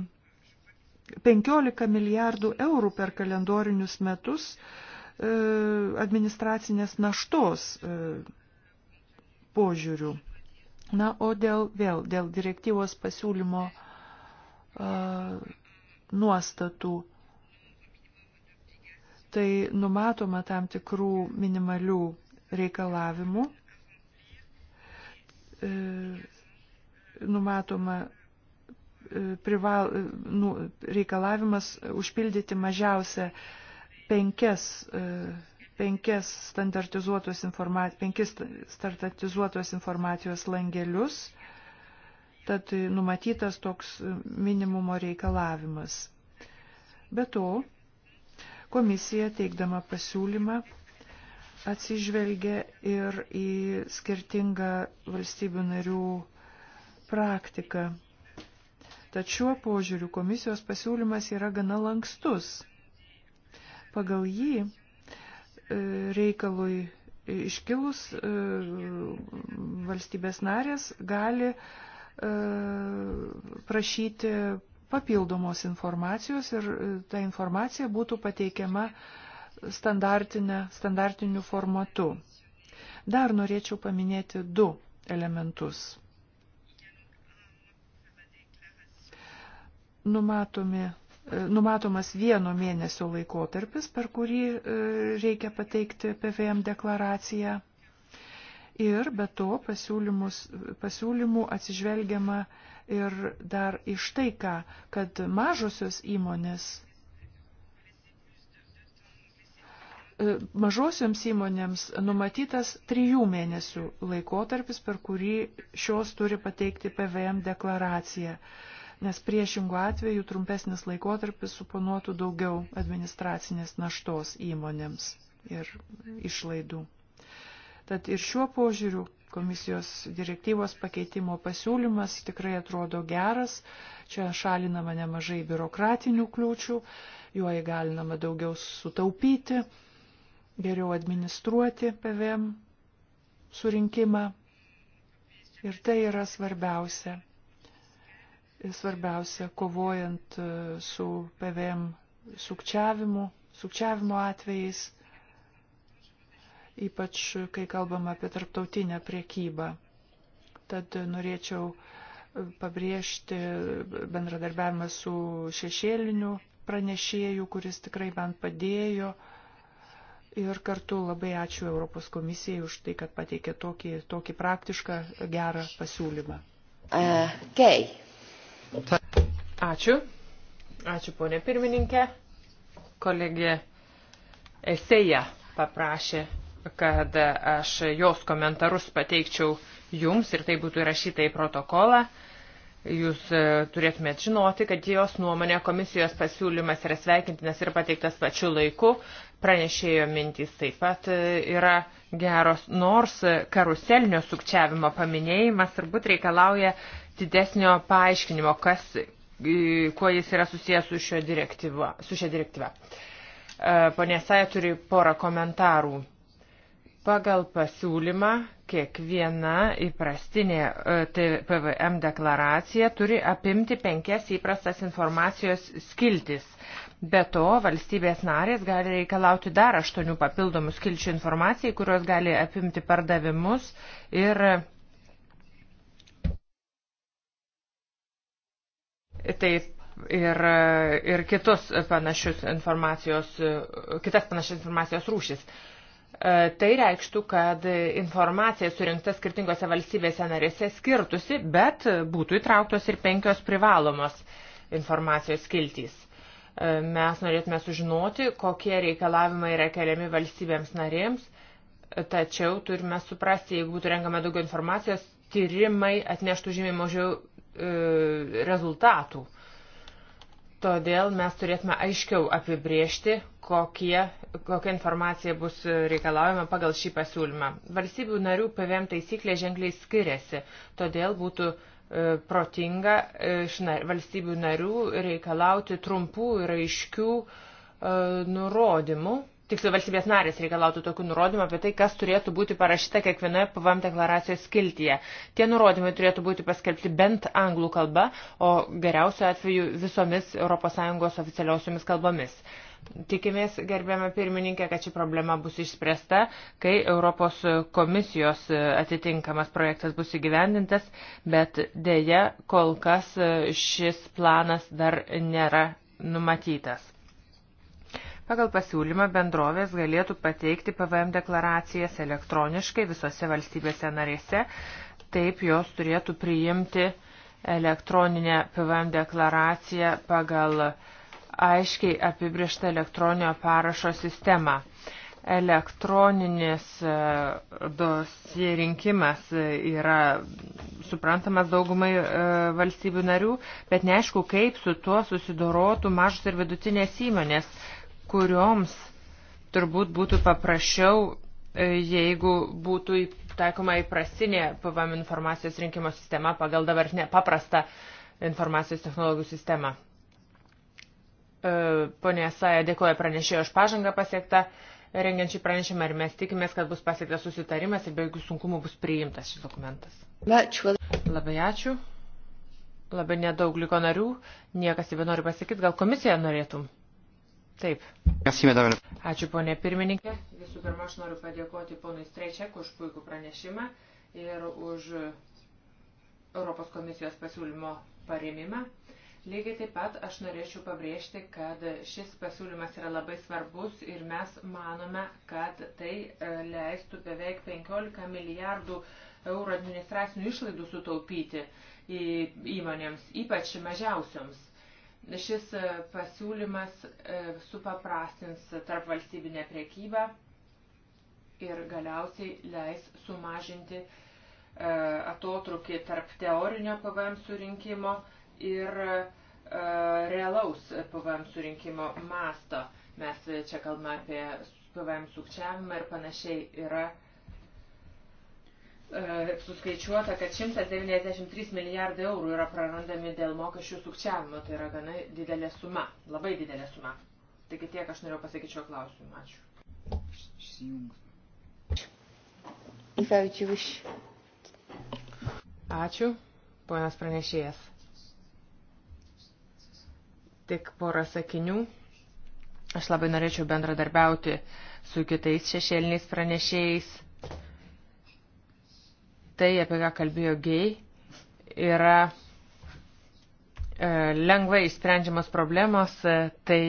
15 milijardų eurų per kalendorinius metus e, administracinės naštos požiūrių. Na, o dėl vėl, dėl direktyvos pasiūlymo uh, nuostatų, tai numatoma tam tikrų minimalių reikalavimų, uh, numatoma e, prival, nu, reikalavimas užpildyti mažiausia penkias uh, penkias standartizuotos informa penkis standartizuotos informacijos langelius, tad numatytas toks minimumo reikalavimas. Be to, komisija teikdama pasiūlymą atsižvelgia ir į skirtingą valstybių narių praktiką. Tad šiuo požiūriu komisijos pasiūlymas yra gana lankstus. Pagal jį reikalui iškilus e, valstybės narės gali e, prašyti papildomos informacijos ir e, ta informacija būtų pateikiama standartiniu formatu. Dar norėčiau paminėti du elementus. Numatomi numatomas vieno mėnesio laikotarpis, per kurį e, reikia pateikti PVM deklaraciją. Ir be to pasiūlymų atsižvelgiama ir dar iš tai, ką, kad mažosios įmonės, e, mažosioms įmonėms numatytas trijų mėnesių laikotarpis, per kurį šios turi pateikti PVM deklaraciją nes priešingų atveju trumpesnis laikotarpis suponuotų daugiau administracinės naštos įmonėms ir išlaidų. Tad ir šiuo požiūriu komisijos direktyvos pakeitimo pasiūlymas tikrai atrodo geras. Čia šalinama nemažai biurokratinių kliūčių, juo įgalinama daugiau sutaupyti, geriau administruoti PVM surinkimą. Ir tai yra svarbiausia svarbiausia, kovojant e, su PVM sukčiavimu, sukčiavimo atvejais, ypač kai kalbam apie tarptautinę priekybą. Tad norėčiau e, pabrėžti bendradarbiavimą su šešėliniu pranešėju, kuris tikrai man padėjo. Ir kartu labai ačiū Europos komisijai už tai, kad pateikė tokį, tokį praktišką gerą pasiūlymą. Uh, okay. Ačiū. Ačiū, ponė pirmininkė. Kolegė Eseja paprašė, kad aš jos komentarus pateikčiau jums ir tai būtų įrašyta į protokolą. Jūs e, turėtumėt žinoti, kad jos nuomonė komisijos pasiūlymas yra sveikintinas ir pateiktas pačiu laiku. Pranešėjo mintys taip pat e, yra geros, nors karuselinio sukčiavimo paminėjimas turbūt reikalauja didesnio paaiškinimo, kas, e, kuo jis yra susijęs su, šio direktyva, su šia direktyva. Pane Saja turi porą komentarų. Pagal pasiūlymą kiekviena įprastinė e, PVM deklaracija turi apimti penkias įprastas informacijos skiltis. Be to, valstybės narės gali reikalauti dar aštuonių papildomų skilčių informacijai, kurios gali apimti pardavimus ir taip ir, ir kitus panašius informacijos, kitas panašias informacijos rūšis. E, tai reikštų, kad informacija surinkta skirtingose valstybėse narėse skirtusi, bet būtų įtrauktos ir penkios privalomos informacijos skiltys. E, mes norėtume sužinoti, kokie reikalavimai yra keliami valstybėms narėms, tačiau turime suprasti, jeigu būtų rengama daugiau informacijos, tyrimai atneštų žymiai mažiau E, rezultatų. Todėl mes turėtume aiškiau apibriežti, kokie, kokia informacija bus reikalaujama pagal šį pasiūlymą. Valstybių narių PVM taisyklė ženkliai skiriasi, todėl būtų e, protinga e, iš valstybių narių reikalauti trumpų ir aiškių nurodymų tiksliau valstybės narės reikalautų tokių nurodymų apie tai, kas turėtų būti parašyta kiekvienoje PVM deklaracijos skiltyje. Tie nurodymai turėtų būti paskelbti bent anglų kalba, o geriausiu atveju visomis ES oficialiosiomis kalbomis. Tikimės, gerbėme pirmininkė, kad ši problema bus išspręsta, kai Europos komisijos atitinkamas projektas bus įgyvendintas, bet dėja kol kas šis planas dar nėra numatytas. Pagal pasiūlymą bendrovės galėtų pateikti PVM deklaracijas elektroniškai visose valstybėse narėse, taip jos turėtų priimti elektroninę PVM deklaraciją pagal aiškiai apibrieštą elektroninio parašo sistemą. Elektroninis e, dosie rinkimas e, yra suprantamas daugumai e, valstybių narių, bet neaišku, kaip su tuo susidorotų mažos ir vidutinės įmonės kurioms turbūt būtų paprasčiau, e, jeigu būtų taikoma įprastinė PVM informacijos rinkimo sistema pagal dabartinę paprastą informacijos technologijų sistemą. E, Pone Saja dėkoja pranešėjo už pažangą pasiektą rengiant šį pranešimą ir mes tikimės, kad bus pasiektas susitarimas ir be jokių sunkumų bus priimtas šis dokumentas. Labai ačiū. Labai nedaug liko narių. Niekas jau nori pasakyti. Gal komisija norėtum? Taip. Ačiū, ponė pirmininkė. Visų pirma, aš noriu padėkoti ponui Streičiak už puikų pranešimą ir už Europos komisijos pasiūlymo paremimą. Lygiai taip pat aš norėčiau pabrėžti, kad šis pasiūlymas yra labai svarbus ir mes manome, kad tai e, leistų beveik 15 milijardų eurų administracinių išlaidų sutaupyti įmonėms, ypač mažiausioms. Šis e, pasiūlymas e, supaprastins tarp valstybinę priekybą ir galiausiai leis sumažinti e, atotrukį tarp teorinio PVM surinkimo ir realaus PVM surinkimo masto. Mes čia kalbame apie PVM sukčiavimą ir panašiai yra uh, E, suskaičiuota, kad 193 milijardai eurų yra prarandami dėl mokesčių sukčiavimo. Tai yra gana didelė suma, labai didelė suma. Taigi tiek aš norėjau pasakyti šio klausimu. Ačiū. Ačiū, ponas pranešėjas. Tik porą sakinių. Aš labai norėčiau bendradarbiauti su kitais šešėliniais pranešėjais tai, apie ką kalbėjo gei, yra e, lengvai išsprendžiamas problemos, e, tai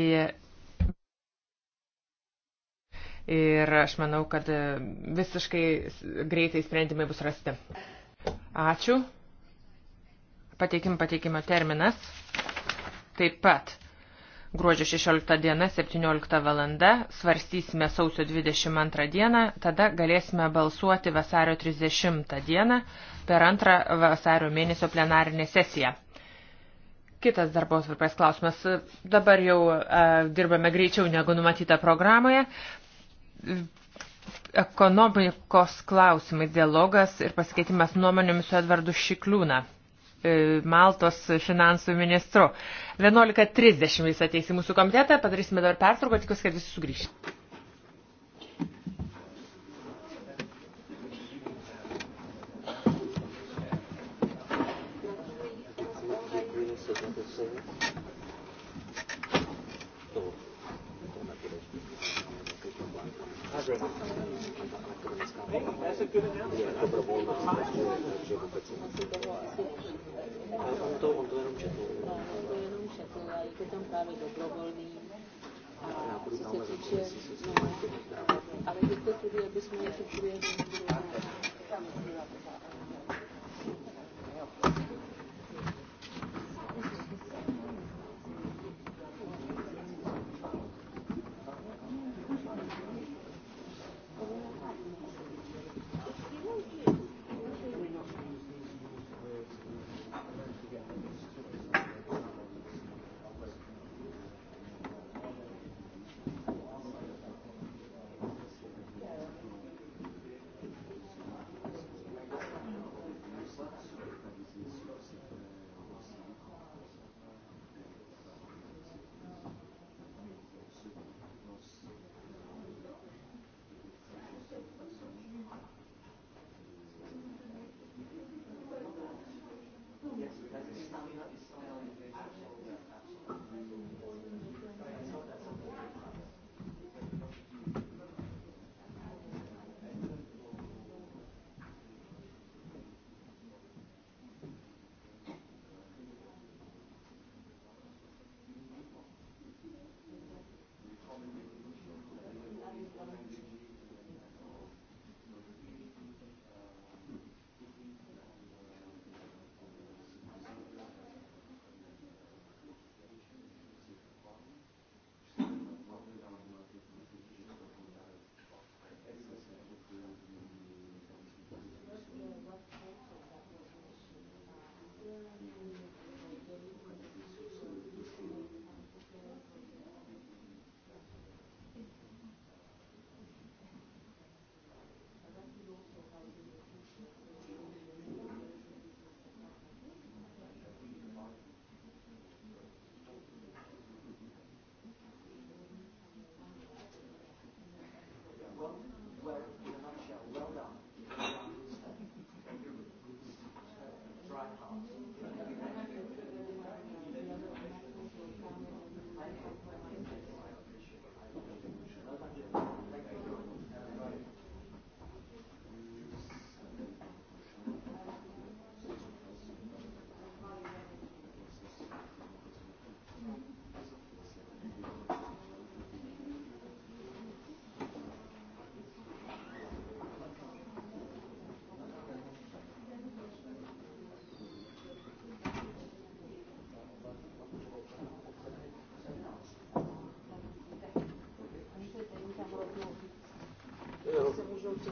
ir aš manau, kad e, visiškai greitai sprendimai bus rasti. Ačiū. Pateikim pateikimo terminas. Taip pat Gruodžio 16 diena, 17 valanda, svarstysime sausio 22 dieną, tada galėsime balsuoti vasario 30 dieną per antrą vasario mėnesio plenarinę sesiją. Kitas darbos varpės klausimas. Dabar jau e, dirbame greičiau negu numatyta programoje ekonomikos klausimais dialogas ir pasikeitimas nuomonėmis su Edvardu Šikliūna. E, Maltos finansų ministru. 11.30 jis ateis į mūsų komitetą, padarysime dar pertrauką, tikiuosi, kad visi sugrįžtų.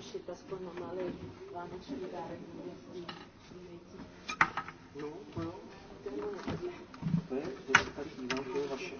šitas ponomale vanaš udaren No, no. To je, to je starý dívan, to je vaše.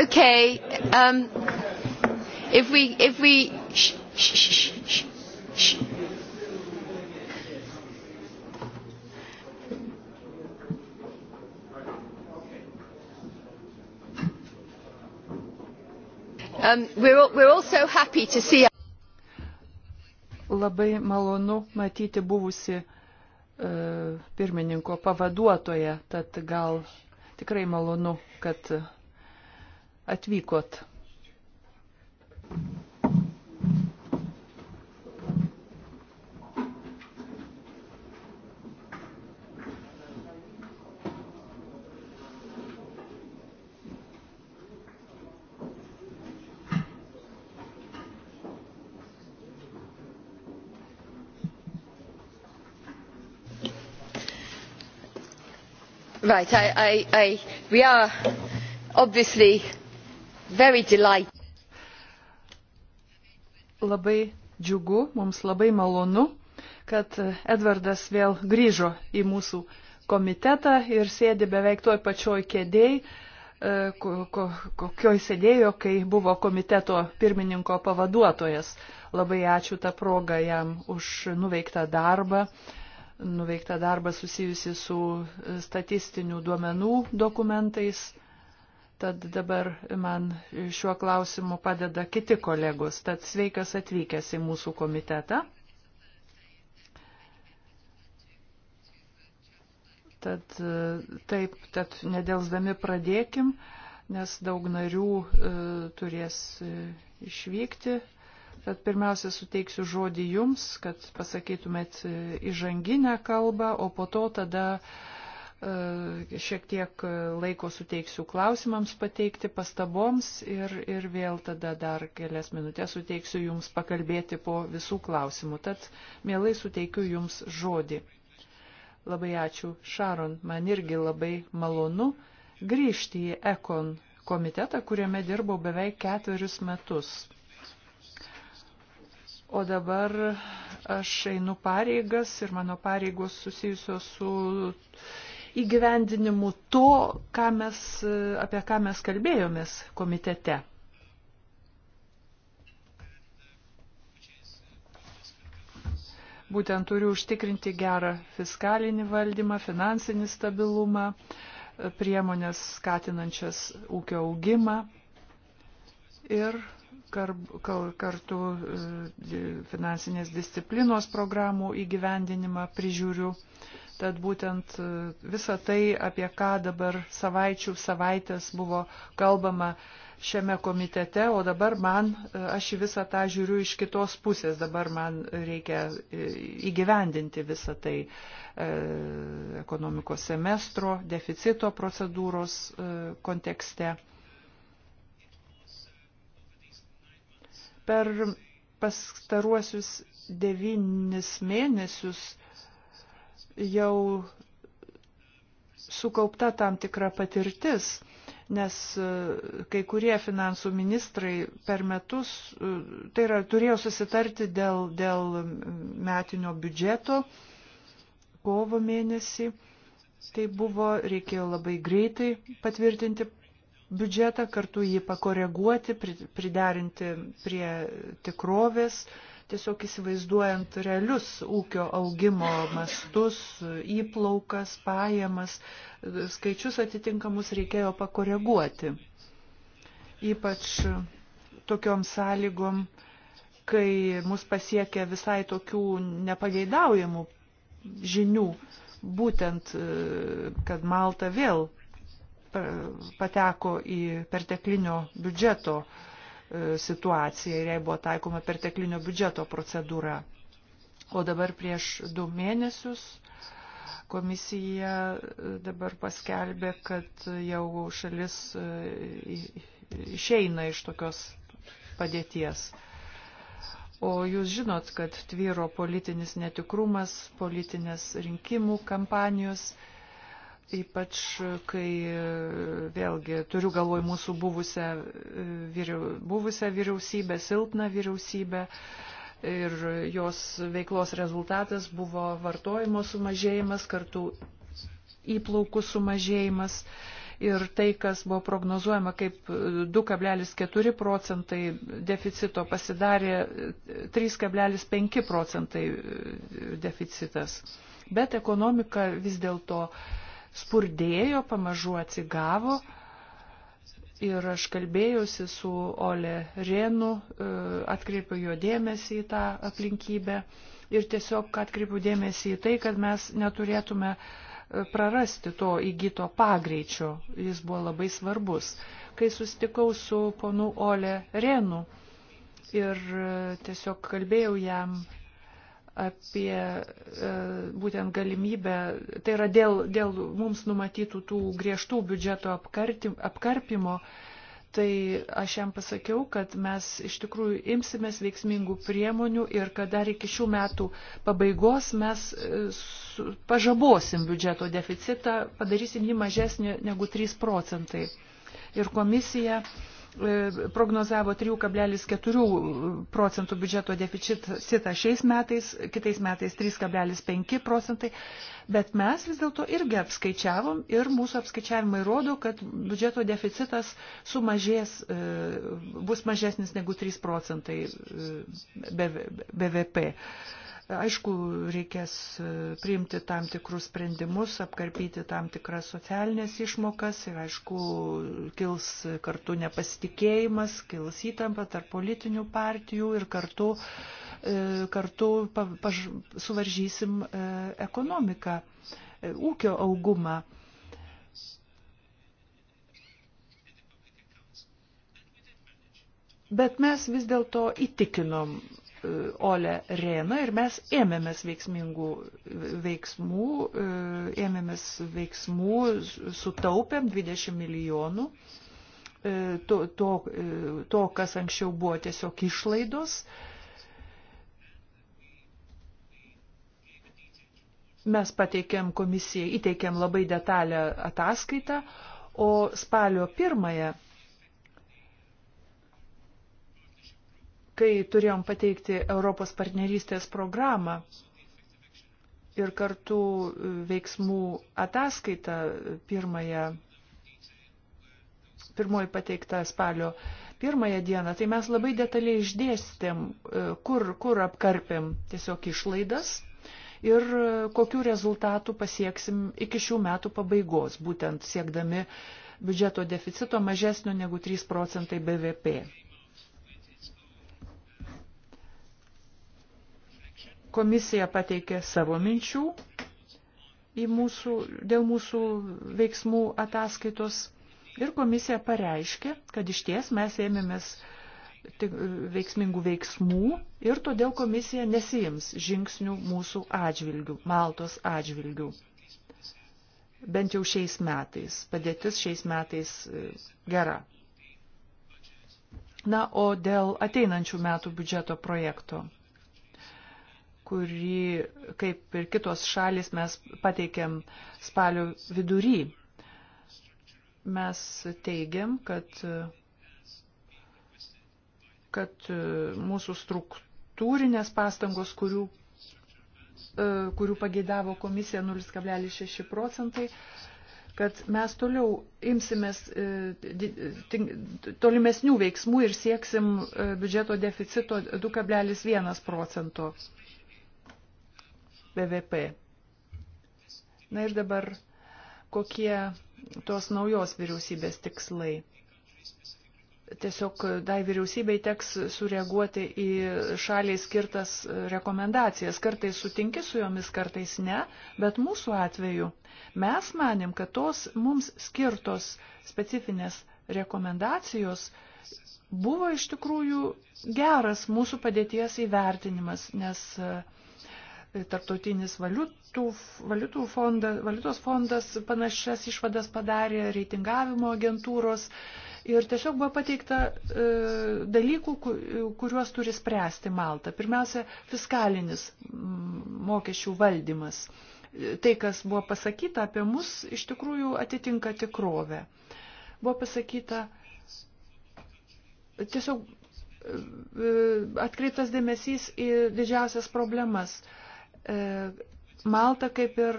Okay. Um, if we, if we, shh, shh, shh, shh, shh. Um, we're, we're also happy to see. Labai malonu matyti buvusi uh, pirmininko pavaduotoje, tad gal tikrai malonu, kad uh, atvykot. right we are obviously Labai džiugu, mums labai malonu, kad Edvardas vėl grįžo į mūsų komitetą ir sėdi beveik toj pačioj kėdėjai, e, kokioj sėdėjo, kai buvo komiteto pirmininko pavaduotojas. Labai ačiū tą progą jam už nuveiktą darbą, nuveiktą darbą susijusi su statistinių duomenų dokumentais Tad dabar man šiuo klausimu padeda kiti kolegos. Tad sveikas atvykęs į mūsų komitetą. Tad e, taip, tad nedelsdami pradėkim, nes daug narių e, turės e, išvykti. Tad pirmiausia, suteiksiu žodį jums, kad pasakytumėt e, įžanginę kalbą, o po to tada e, E, šiek tiek laiko suteiksiu klausimams pateikti, pastaboms ir, ir vėl tada dar kelias minutės suteiksiu Jums pakalbėti po visų klausimų. Tad mielai suteikiu Jums žodį. Labai ačiū, Šaron. Man irgi labai malonu grįžti į Ekon komitetą, kuriame dirbau beveik ketverius metus. O dabar aš einu pareigas ir mano pareigos susijusios su įgyvendinimu to, ką mes, apie ką mes kalbėjomės komitete. Būtent turiu užtikrinti gerą fiskalinį valdymą, finansinį stabilumą, priemonės skatinančias ūkio augimą ir kartu e, finansinės disciplinos programų įgyvendinimą prižiūriu Tad būtent e, visa tai, apie ką dabar savaičių, savaitės buvo kalbama šiame komitete, o dabar man, e, aš į visą tą žiūriu iš kitos pusės, dabar man reikia e, įgyvendinti visą tai ekonomikos semestro, deficito procedūros kontekste. Per pastaruosius devynis mėnesius jau sukaupta tam tikra patirtis, nes e, kai kurie finansų ministrai per metus, e, tai yra, turėjo susitarti dėl, dėl metinio biudžeto kovo mėnesį. Tai buvo, reikėjo labai greitai patvirtinti biudžetą, kartu jį pakoreguoti, priderinti prie tikrovės, tiesiog įsivaizduojant realius ūkio augimo mastus, įplaukas, pajamas, skaičius atitinkamus reikėjo pakoreguoti. Ypač tokiom sąlygom, kai mus pasiekia visai tokių nepageidaujamų žinių, būtent, e, kad Malta vėl pateko į perteklinio biudžeto uh, situaciją ir jai buvo taikoma perteklinio biudžeto procedūra. O dabar prieš du mėnesius komisija e, dabar paskelbė, kad jau šalis e, išeina iš tokios padėties. O jūs žinot, kad tvyro politinis netikrumas, politinės rinkimų kampanijos Ypač, kai vėlgi turiu galvoj mūsų buvusią, e, vyriau, buvusią vyriausybę, silpną vyriausybę ir jos veiklos rezultatas buvo vartojimo sumažėjimas, kartu įplaukų sumažėjimas. Ir tai, kas buvo prognozuojama kaip 2,4 procentai deficito, pasidarė 3,5 procentai deficitas. Bet ekonomika vis dėlto to spurdėjo, pamažu atsigavo. Ir aš kalbėjausi su Ole Renu, e, atkreipiu jo dėmesį į tą aplinkybę ir tiesiog atkreipiu dėmesį į tai, kad mes neturėtume e, prarasti to įgyto pagreičio. Jis buvo labai svarbus. Kai sustikau su ponu Ole Renu ir e, tiesiog kalbėjau jam apie e, būtent galimybę, tai yra dėl, dėl mums numatytų tų griežtų biudžeto apkartim, apkarpimo, tai aš jam pasakiau, kad mes iš tikrųjų imsimės veiksmingų priemonių ir kad dar iki šių metų pabaigos mes e, pažabosim biudžeto deficitą, padarysim jį mažesnį negu 3 procentai. Ir komisija uh, E, prognozavo 3,4 procentų biudžeto deficitą šiais metais, kitais metais 3,5 procentai, bet mes vis dėlto irgi apskaičiavom ir mūsų apskaičiavimai rodo, kad biudžeto deficitas sumažės, e, bus mažesnis negu 3 procentai BVP. Be, be, Aišku, reikės e, priimti tam tikrus sprendimus, apkarpyti tam tikras socialinės išmokas ir, aišku, kils kartu nepasitikėjimas, kils įtampa tarp politinių partijų ir kartu, e, kartu pa, pa, suvaržysim e, ekonomiką, ūkio augumą. Bet mes vis dėlto įtikinom E, Ole Rena ir mes ėmėmės veiksmingų veiksmų, e, ėmėmės veiksmų, sutaupėm 20 milijonų e, to, to, to kas anksčiau buvo tiesiog išlaidos. Mes pateikėm komisijai, įteikėm labai detalę ataskaitą, o spalio pirmąją kai turėjom pateikti Europos partnerystės programą ir kartu veiksmų ataskaitą pirmąją, pirmoji pateiktą spalio pirmąją dieną, tai mes labai detaliai išdėstėm, e, kur, kur apkarpėm tiesiog išlaidas ir e, kokiu rezultatu pasieksim iki šių metų pabaigos, būtent siekdami biudžeto deficito mažesnio negu 3 procentai BVP. Komisija pateikė savo minčių mūsų, dėl mūsų veiksmų ataskaitos ir komisija pareiškė, kad iš ties mes ėmėmės veiksmingų veiksmų ir todėl komisija nesijims žingsnių mūsų atžvilgių, Maltos atžvilgių. Bent jau šiais metais. Padėtis šiais metais e, gera. Na, o dėl ateinančių metų biudžeto projekto kurį, kaip ir kitos šalis, mes pateikėm spalio vidury. Mes teigiam, kad, kad mūsų struktūrinės pastangos, kurių, e, kurių pageidavo komisija 0,6 procentai, kad mes toliau imsimės e, tolimesnių veiksmų ir sieksim e, biudžeto deficito 2,1 procento BVP. Na ir dabar kokie tos naujos vyriausybės tikslai tiesiog tai vyriausybei teks sureaguoti į šaliai skirtas rekomendacijas. Kartais sutinki su jomis, kartais ne, bet mūsų atveju mes manim, kad tos mums skirtos specifinės rekomendacijos buvo iš tikrųjų geras mūsų padėties įvertinimas, nes uh, Tarptautinis valiutų, valiutų fonda, valiutos fondas panašias išvadas padarė, reitingavimo agentūros. Ir tiesiog buvo pateikta e, dalykų, kuriuos turi spręsti Malta. Pirmiausia, fiskalinis mm, mokesčių valdymas. Tai, kas buvo pasakyta apie mus, iš tikrųjų atitinka tikrovę. Buvo pasakyta tiesiog e, e, atkreiptas dėmesys į didžiausias problemas. E, E, Malta kaip ir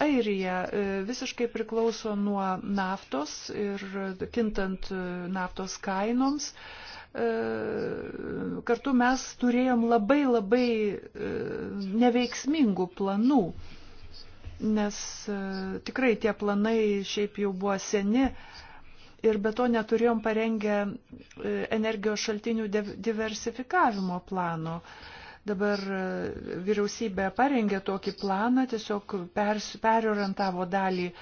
Airija e, visiškai priklauso nuo naftos ir kintant e, naftos kainoms. Kartu mes turėjom labai labai neveiksmingų planų, nes tikrai tie planai šiaip jau buvo seni ir be to neturėjom parengę energijos šaltinių diversifikavimo plano. E, Dabar e, vyriausybė parengė tokį planą, tiesiog pers, periorientavo dalį e,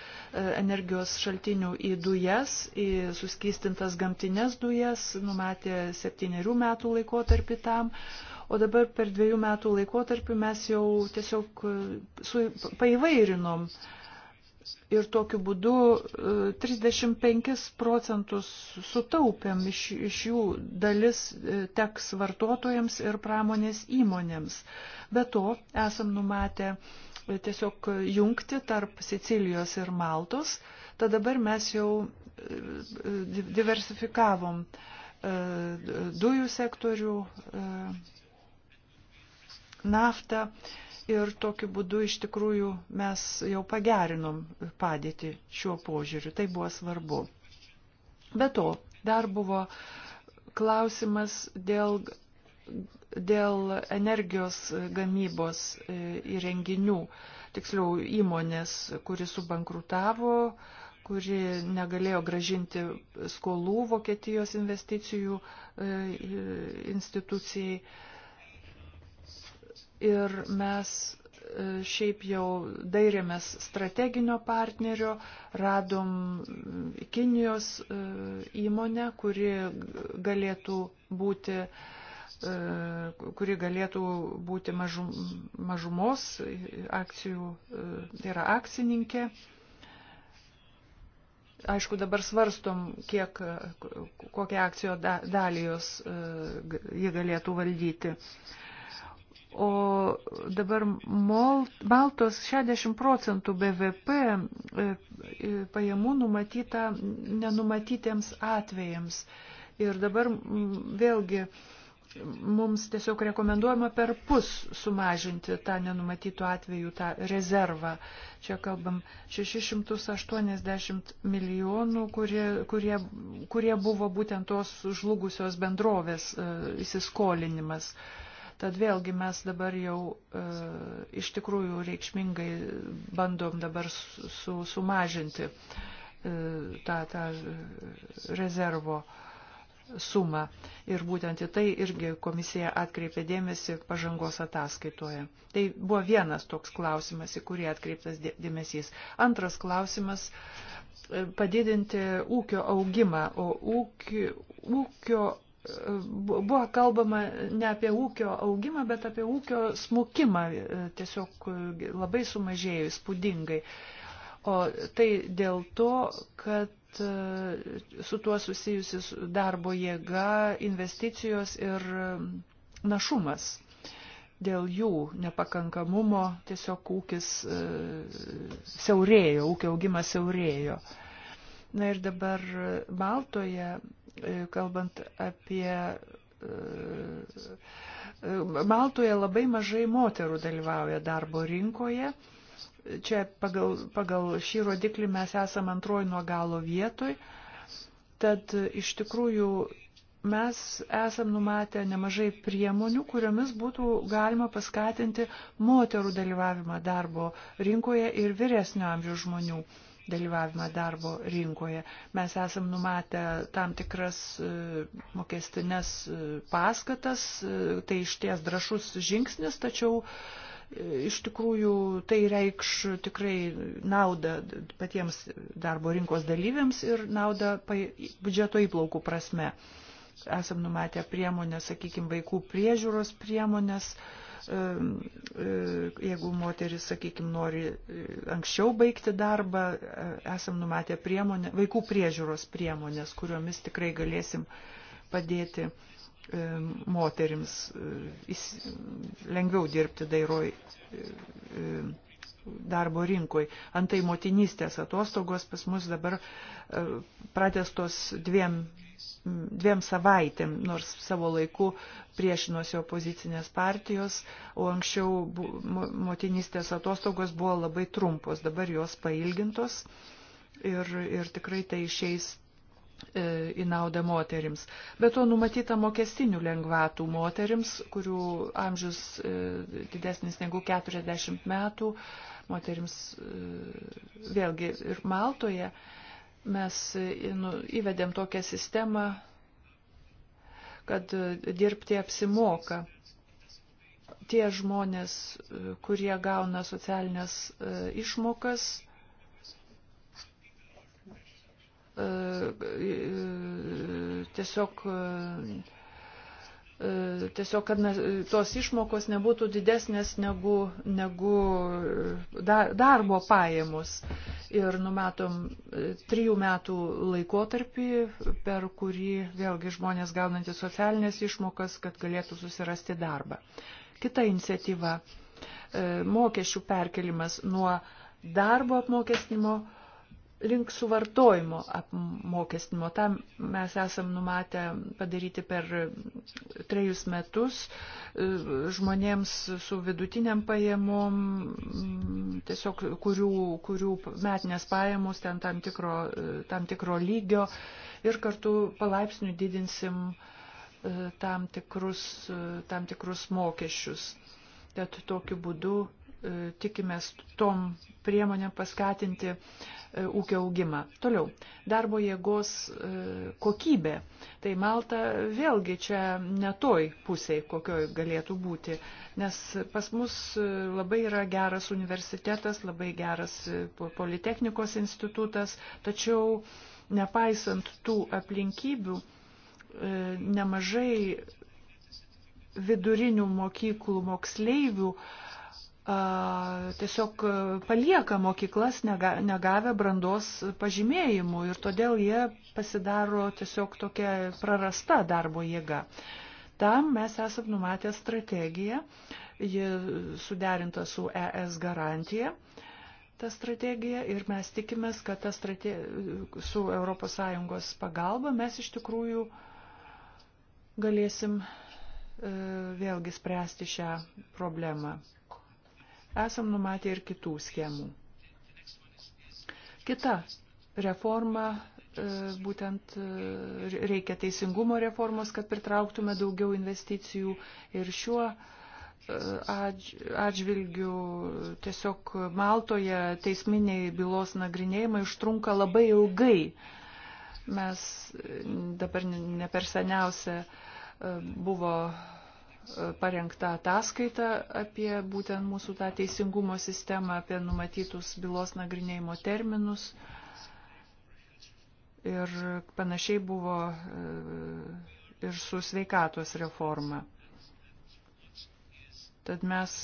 energijos šaltinių į dujas, į suskystintas gamtinės dujas, numatė septyniarių metų laikotarpį tam. O dabar per dviejų metų laikotarpį mes jau tiesiog e, su, paįvairinom uh, ir tokiu būdu 35 e, procentus sutaupėm, iš, iš jų dalis e, teks vartotojams ir pramonės įmonėms. Be to, esam numatę e, tiesiog jungti tarp Sicilijos ir Maltos, tad dabar mes jau diversifikavom dujų sektorių, naftą ir tokiu būdu iš tikrųjų mes jau pagerinom padėtį šiuo požiūriu. Tai buvo svarbu. Be to, dar buvo klausimas dėl, dėl energijos gamybos e, įrenginių, tiksliau įmonės, kuri subankrutavo, kuri negalėjo gražinti skolų Vokietijos investicijų e, institucijai ir mes e, šiaip jau dairėmės strateginio partnerio, radom Kinijos e, įmonę, kuri galėtų būti e, kuri galėtų būti mažum, mažumos akcijų, tai yra akcininkė. Aišku, dabar svarstom, kiek, kokią akcijo dalį jos jį galėtų valdyti. O dabar Maltos 60 procentų BVP e, e, pajamų numatyta nenumatytiems atvejams. Ir dabar vėlgi mums tiesiog rekomenduojama per pus sumažinti tą nenumatytų atvejų, tą rezervą. Čia kalbam 680 milijonų, kurie, kurie, kurie buvo būtent tos žlugusios bendrovės e, įsiskolinimas. E, Tad vėlgi mes dabar jau e, iš tikrųjų reikšmingai bandom dabar su, sumažinti e, tą, tą rezervo sumą. Ir būtent į tai irgi komisija atkreipė dėmesį pažangos ataskaitoje. Tai buvo vienas toks klausimas, į kurį atkreiptas dėmesys. Antras klausimas e, - padidinti ūkio augimą. O ūkio, ūkio buvo kalbama ne apie ūkio augimą, bet apie ūkio smukimą, e, tiesiog e, labai sumažėjo įspūdingai. O tai dėl to, kad e, su tuo susijusis darbo jėga, investicijos ir našumas. Dėl jų nepakankamumo tiesiog ūkis siaurėjo, ūkio augimas siaurėjo. Na ir dabar Baltoje E, kalbant apie e, e, Maltoje labai mažai moterų dalyvauja darbo rinkoje. Čia pagal, pagal šį rodiklį mes esam antroji nuo galo vietoj. Tad iš tikrųjų mes esam numatę nemažai priemonių, kuriomis būtų galima paskatinti moterų dalyvavimą darbo rinkoje ir vyresnio amžiaus žmonių dalyvavimą darbo rinkoje. Mes esam numatę tam tikras e, mokestinės e, paskatas, e, tai iš ties drašus žingsnis, tačiau iš tikrųjų tai reikš tikrai naudą patiems darbo rinkos dalyviams ir naudą biudžeto įplaukų prasme. Esam numatę priemonės, sakykime, vaikų priežiūros priemonės, uh, E, jeigu moteris, sakykime, nori e, anksčiau baigti darbą, e, esam numatę priemonę, vaikų priežiūros priemonės, kuriomis tikrai galėsim padėti moterims lengviau dirbti dairoj darbo rinkoj. Antai motinystės atostogos pas mus dabar e, pratestos dviem, dviem savaitėm, nors savo laiku priešinosi opozicinės partijos, o anksčiau motinystės atostogos buvo labai trumpos, dabar jos pailgintos ir, ir tikrai tai išeis E, į naudą moterims. Be to numatyta mokestinių lengvatų moterims, kurių amžius e, didesnis negu 40 metų, moterims e, vėlgi ir Maltoje mes nu, įvedėm tokią sistemą, kad dirbti apsimoka. Tie žmonės, kurie gauna socialinės išmokas, E, e, tiesiog e, tiesiog, kad tos išmokos nebūtų didesnės negu, negu darbo pajamos. Ir numatom trijų metų laikotarpį, per kurį vėlgi žmonės gaunantys socialinės išmokas, kad galėtų susirasti darbą. Kita iniciatyva - mokesčių perkelimas nuo darbo apmokestinimo link suvartojimo apmokestinimo. Tam mes esam numatę padaryti per trejus metus e, žmonėms su vidutiniam pajamom, tiesiog kurių, kurių metinės pajamos ten tam tikro, e, tam tikro lygio ir kartu palaipsniui didinsim e, tam tikrus, tam tikrus mokesčius. Tad tokiu būdu E, tikimės tom priemonėm paskatinti e, ūkio augimą. Toliau, darbo jėgos e, kokybė. Tai Malta vėlgi čia netoj pusėj, kokioj galėtų būti, nes pas mus labai yra geras universitetas, labai geras politechnikos institutas, tačiau nepaisant tų aplinkybių, nemažai vidurinių mokyklų moksleivių uh, tiesiog palieka mokyklas negavę brandos pažymėjimų ir todėl jie pasidaro tiesiog tokia prarasta darbo jėga. Tam mes esam numatę strategiją, ji suderinta su ES garantija, ta strategija ir mes tikimės, kad ta strate... su ES pagalba mes iš tikrųjų galėsim e, vėlgi spręsti šią problemą. Esam numatę ir kitų schemų. Kita reforma, e, būtent e, reikia teisingumo reformos, kad pritrauktume daugiau investicijų ir šiuo e, atžvilgių tiesiog Maltoje teisminiai bylos nagrinėjimai užtrunka labai ilgai. Mes dabar ne per seniausia buvo parengtą ataskaitą apie būtent mūsų tą teisingumo sistemą, apie numatytus bylos nagrinėjimo terminus. Ir panašiai buvo e, ir su sveikatos reforma. Tad mes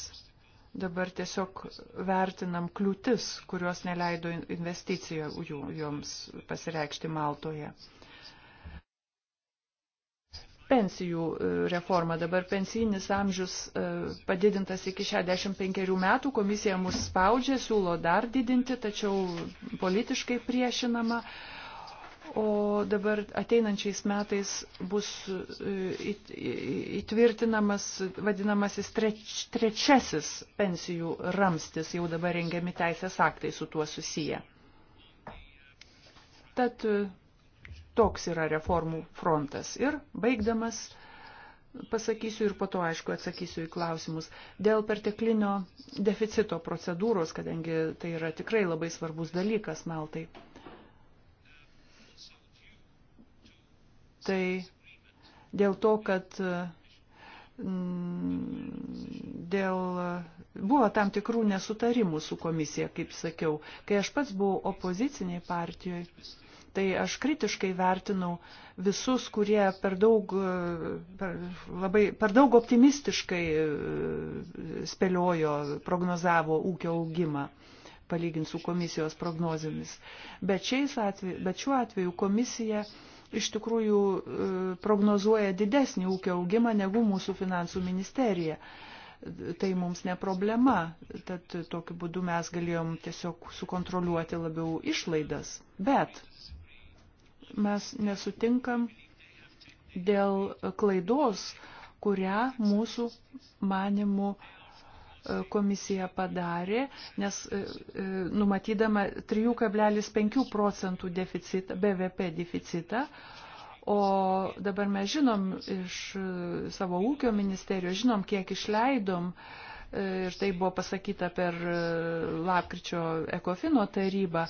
dabar tiesiog vertinam kliūtis, kurios neleido investicijų joms pasireikšti Maltoje pensijų e, reformą. Dabar pensijinis amžius e, padidintas iki 65 metų, komisija mus spaudžia, siūlo dar didinti, tačiau politiškai priešinama. O dabar ateinančiais metais bus e, įtvirtinamas vadinamasis treč, trečiasis pensijų ramstis, jau dabar rengiami teisės aktai su tuo susiję. Tad toks yra reformų frontas. Ir baigdamas pasakysiu ir po to, aišku, atsakysiu į klausimus. Dėl perteklinio deficito procedūros, kadangi tai yra tikrai labai svarbus dalykas Maltai. Tai dėl to, kad mm, dėl buvo tam tikrų nesutarimų su komisija, kaip sakiau, kai aš pats buvau opoziciniai partijoje tai aš kritiškai vertinau visus, kurie per daug, per, labai, per daug optimistiškai e, spėliojo, prognozavo ūkio augimą palyginti su komisijos prognozėmis. Bet, atveju, bet šiuo atveju komisija iš tikrųjų e, prognozuoja didesnį ūkio augimą negu mūsų finansų ministerija tai mums ne problema. Tad tokiu būdu mes galėjom tiesiog sukontroliuoti labiau išlaidas. Bet mes nesutinkam dėl klaidos, kurią mūsų manimų e, komisija padarė, nes e, e, numatydama 3,5 procentų deficitą, BVP deficitą, o dabar mes žinom iš savo ūkio ministerijos, žinom, kiek išleidom uh, ir tai buvo pasakyta per e, lapkričio ekofino tarybą,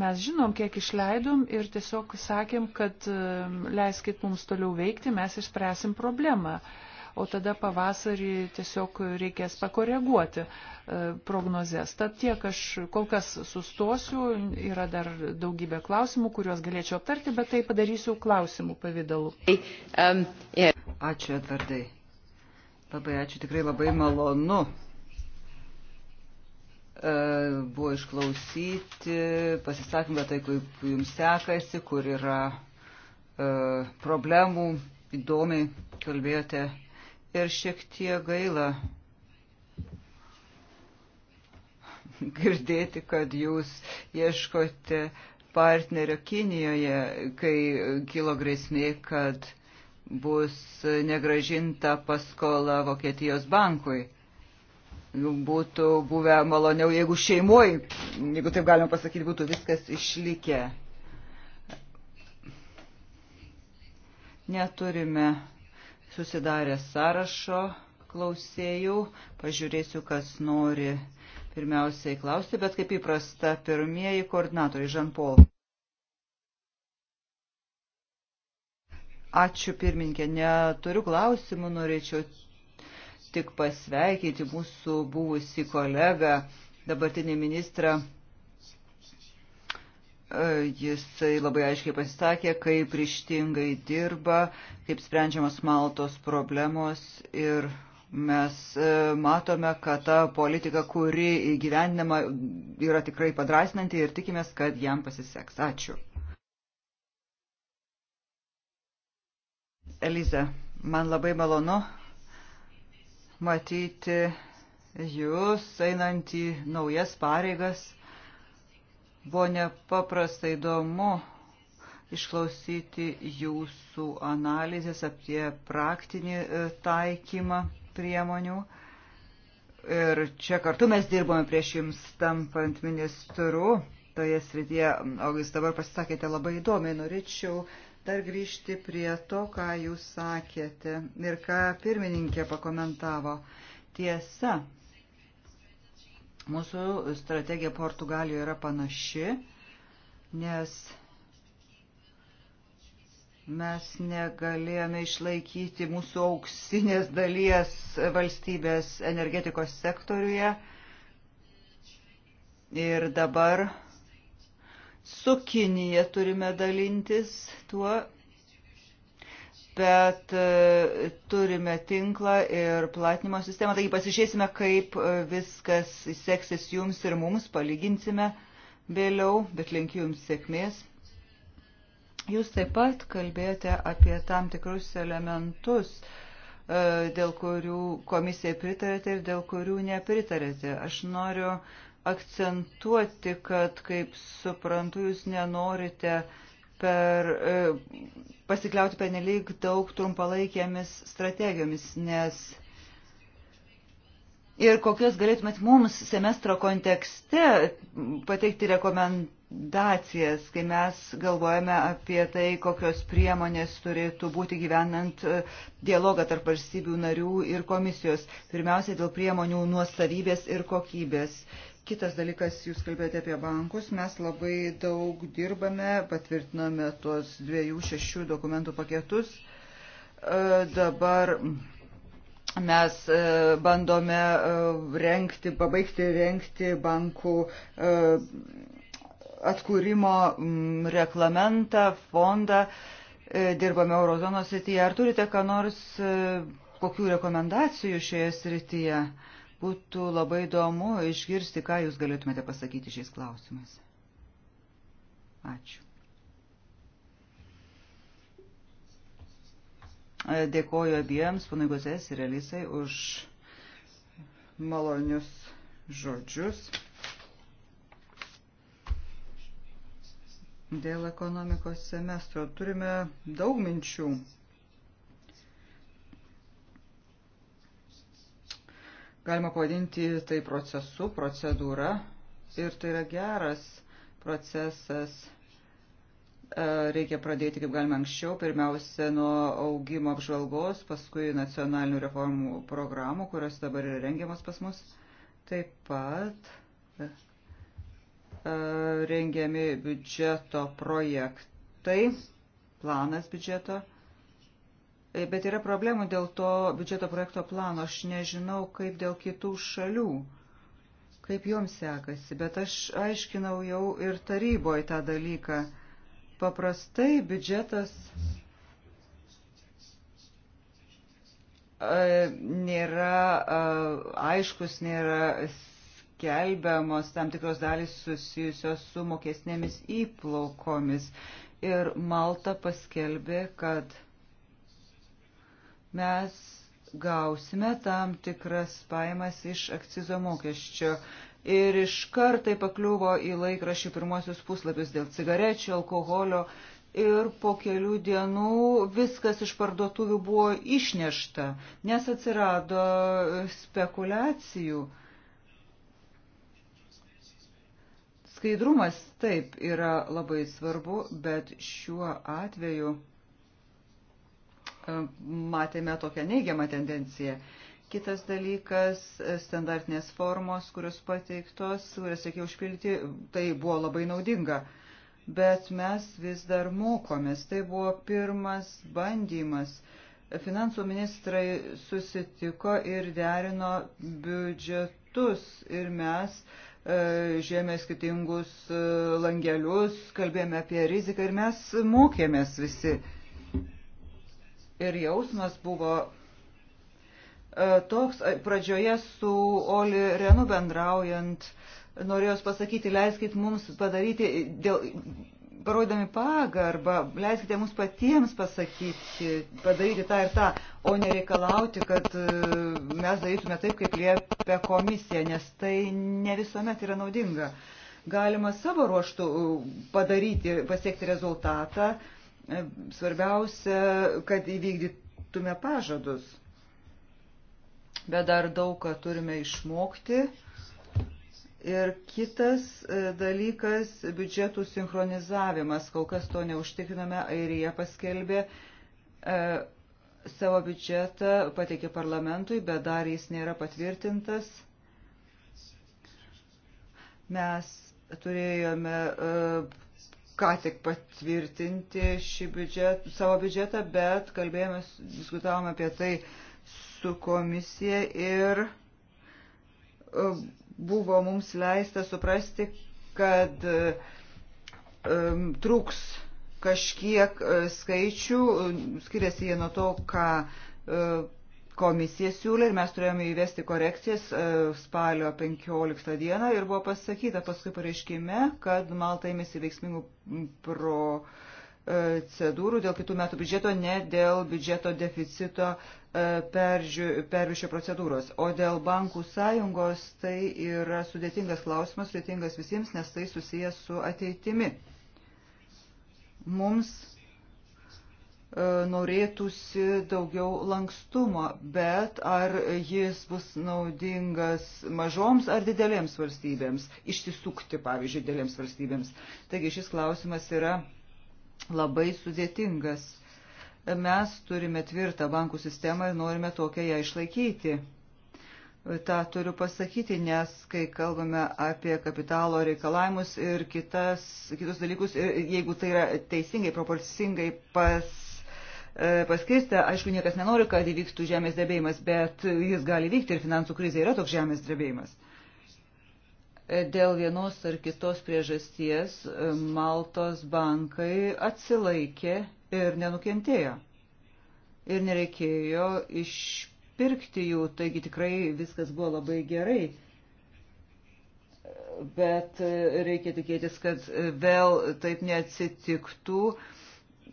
mes žinom, kiek išleidom ir tiesiog sakėm, kad e, leiskit mums toliau veikti, mes išspręsim problemą. O tada pavasarį tiesiog reikės pakoreguoti e, prognozes. Tad tiek aš kol kas sustosiu, yra dar daugybė klausimų, kuriuos galėčiau aptarti, bet tai padarysiu klausimų pavydalu. Um, Ačiū, Edvardai. Labai ačiū, tikrai labai malonu e, buvo išklausyti, pasisakymą tai, kaip jums sekasi, kur yra e, problemų, įdomiai kalbėjote ir šiek tiek gaila girdėti, kad jūs ieškote partnerio Kinijoje, kai kilo grėsmė, kad uh, bus negražinta paskola Vokietijos bankui. Būtų buvę maloniau, jeigu šeimoji, jeigu taip galima pasakyti, būtų viskas išlikę. Neturime susidarę sąrašo klausėjų, pažiūrėsiu, kas nori pirmiausiai klausti, bet kaip įprasta, pirmieji koordinatoriai Žanpol. Ačiū pirmininkė, neturiu klausimų, norėčiau tik pasveikinti mūsų buvusi kolega, dabartinį ministrą. E, jisai labai aiškiai pasisakė, kaip ryštingai dirba, kaip sprendžiamas Maltos problemos ir mes e, matome, kad ta politika, kuri įgyvendinama, yra tikrai padrasinanti ir tikimės, kad jam pasiseks. Ačiū. Eliza, man labai malonu matyti jūs einant į naujas pareigas. Buvo nepaprastai įdomu išklausyti jūsų analizės apie praktinį e, taikymą priemonių. Ir čia kartu mes dirbome prieš jums tampant ministru toje srityje, o jūs dabar pasisakėte labai įdomiai, norėčiau dar grįžti prie to, ką jūs sakėte ir ką pirmininkė pakomentavo. Tiesa, mūsų strategija Portugalijoje yra panaši, nes mes negalėjome išlaikyti mūsų auksinės dalies valstybės energetikos sektoriuje. Ir dabar Su Kinija turime dalintis tuo, bet e, turime tinklą ir platinimo sistemą. Taigi pasižiūrėsime, kaip e, viskas seksis jums ir mums, palyginsime vėliau, bet linkiu jums sėkmės. Jūs taip pat kalbėjote apie tam tikrus elementus, e, dėl kurių komisijai pritarėte ir dėl kurių nepritarėte. Aš noriu uh, akcentuoti, kad, kaip suprantu, jūs nenorite per, e, pasikliauti penelyg daug trumpalaikėmis strategijomis, nes ir kokias galėtumėt mums semestro kontekste pateikti rekomendacijas, kai mes galvojame apie tai, kokios priemonės turėtų būti gyvenant e, dialogą tarp valstybių narių ir komisijos. Pirmiausia, dėl priemonių nuosavybės ir kokybės. Kitas dalykas, jūs kalbėjote apie bankus, mes labai daug dirbame, patvirtiname tuos dviejų šešių dokumentų paketus. E, dabar mes e, bandome e, renkti, pabaigti renkti bankų atkūrimo reglamentą, fondą, dirbame eurozonos srityje. Ar turite ką nors, kokių rekomendacijų šioje srityje? Uh, Būtų labai įdomu išgirsti, ką jūs galėtumėte pasakyti šiais klausimais. Ačiū. Dėkoju abiems, panai Gozės ir Elisai, už malonius žodžius. Dėl ekonomikos semestro turime daug minčių Galima pavadinti tai procesu, procedūra. Ir tai yra geras procesas. E, reikia pradėti kaip galima anksčiau, pirmiausia nuo augimo apžvalgos, paskui nacionalinių reformų programų, kurios dabar yra rengiamas pas mus. Taip pat e, rengiami biudžeto projektai, planas biudžeto. E, bet yra problemų dėl to biudžeto projekto plano. Aš nežinau, kaip dėl kitų šalių, kaip joms sekasi. Bet aš aiškinau jau ir taryboje tą dalyką. Paprastai biudžetas e, nėra e, aiškus, nėra skelbiamos tam tikros dalys susijusios su mokesnėmis įplaukomis. Ir Malta paskelbė, kad mes gausime tam tikras paimas iš akcizo mokesčio. Ir iš kartai pakliuvo į laikrašį pirmosius puslapius dėl cigarečių, alkoholio ir po kelių dienų viskas iš parduotuvių buvo išnešta, nes atsirado spekulacijų. Skaidrumas taip yra labai svarbu, bet šiuo atveju E, matėme tokią neigiamą tendenciją. Kitas dalykas - standartinės formos, kurios pateiktos, kurias reikėjo užpildyti, tai buvo labai naudinga. Bet mes vis dar mokomės. Tai buvo pirmas bandymas. Finansų ministrai susitiko ir derino biudžetus ir mes e, žėmė skirtingus e, langelius, kalbėjome apie riziką ir mes mokėmės visi. E, ir jausmas buvo e, toks e, pradžioje su Oli Renu bendraujant, norėjos pasakyti, leiskit mums padaryti, dėl, parodami pagarbą, leiskite mums patiems pasakyti, padaryti tą ir tą, o nereikalauti, kad e, mes darytume taip, kaip liepia komisija, nes tai ne visuomet yra naudinga. Galima savo ruoštų padaryti, pasiekti rezultatą, uh, E, svarbiausia, kad įvykdytume pažadus. Bet dar daug ką turime išmokti. Ir kitas e, dalykas - biudžetų sinchronizavimas. Kol kas to neužtikriname. Airija paskelbė e, savo biudžetą, pateikė parlamentui, bet dar jis nėra patvirtintas. Mes turėjome ką tik patvirtinti šį biudžet, savo biudžetą, bet kalbėjome, diskutavome apie tai su komisija ir e, buvo mums leista suprasti, kad um, trūks kažkiek skaičių, skiriasi jie nuo to, ką uh, komisija siūlė ir mes turėjome įvesti korekcijas e, spalio 15 dieną ir buvo pasakyta paskui pareiškime, kad Malta ėmėsi veiksmingų pro procedūrų dėl kitų metų biudžeto, ne dėl biudžeto deficito e, pervišio procedūros. O dėl bankų sąjungos tai yra sudėtingas klausimas, sudėtingas visiems, nes tai susijęs su ateitimi. Mums E, norėtųsi daugiau lankstumo, bet ar jis bus naudingas mažoms ar didelėms valstybėms, išsisukti, pavyzdžiui, didelėms valstybėms. Taigi šis klausimas yra labai sudėtingas. Mes turime tvirtą bankų sistemą ir norime tokią ją išlaikyti. Ta turiu pasakyti, nes kai kalbame apie kapitalo reikalavimus ir kitas, kitus dalykus, ir jeigu tai yra teisingai, proporcingai pas E, paskirstę. Aišku, niekas nenori, kad įvyktų žemės drebėjimas, bet jis gali vykti ir finansų krizė yra toks žemės drebėjimas. E, dėl vienos ar kitos priežasties e, Maltos bankai atsilaikė ir nenukentėjo. Ir nereikėjo išpirkti jų, taigi tikrai viskas buvo labai gerai bet reikia tikėtis, kad vėl taip neatsitiktų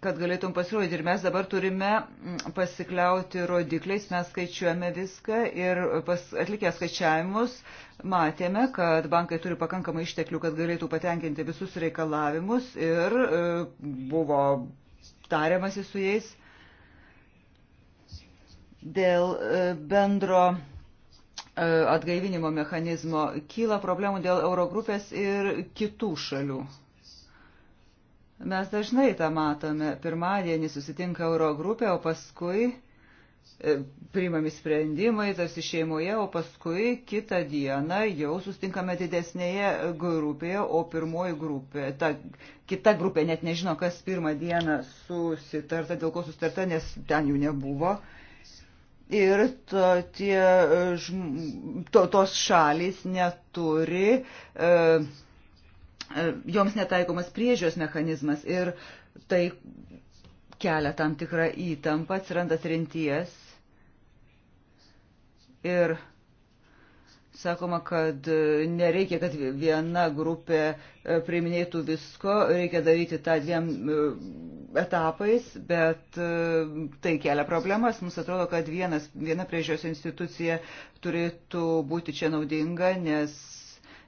kad galėtum pasirodyti. Ir mes dabar turime mm, pasikliauti rodikliais, mes skaičiuojame viską ir pas, atlikę skaičiavimus matėme, kad bankai turi pakankamai išteklių, kad galėtų patenkinti visus reikalavimus ir e, buvo tariamasi su jais dėl e, bendro e, atgaivinimo mechanizmo kyla problemų dėl Eurogrupės ir kitų šalių Mes dažnai tą matome. Pirmadienį susitinka Eurogrupė, o paskui e, priimami sprendimai tarsi šeimoje, o paskui kitą dieną jau sustinkame didesnėje grupėje, o pirmoji grupė, ta kita grupė net nežino, kas pirmą dieną susitarta, dėl ko susitarta, nes ten jų nebuvo. Ir to, tie, to, tos šalys neturi. E, E, joms netaikomas priežios mechanizmas ir tai kelia tam tikrą įtampą, atsiranda trinties ir sakoma, kad e, nereikia, kad viena grupė e, priiminėtų visko, reikia daryti tą dviem etapais, bet tai kelia problemas. Mums atrodo, kad vienas, viena priežios institucija turėtų būti čia naudinga, nes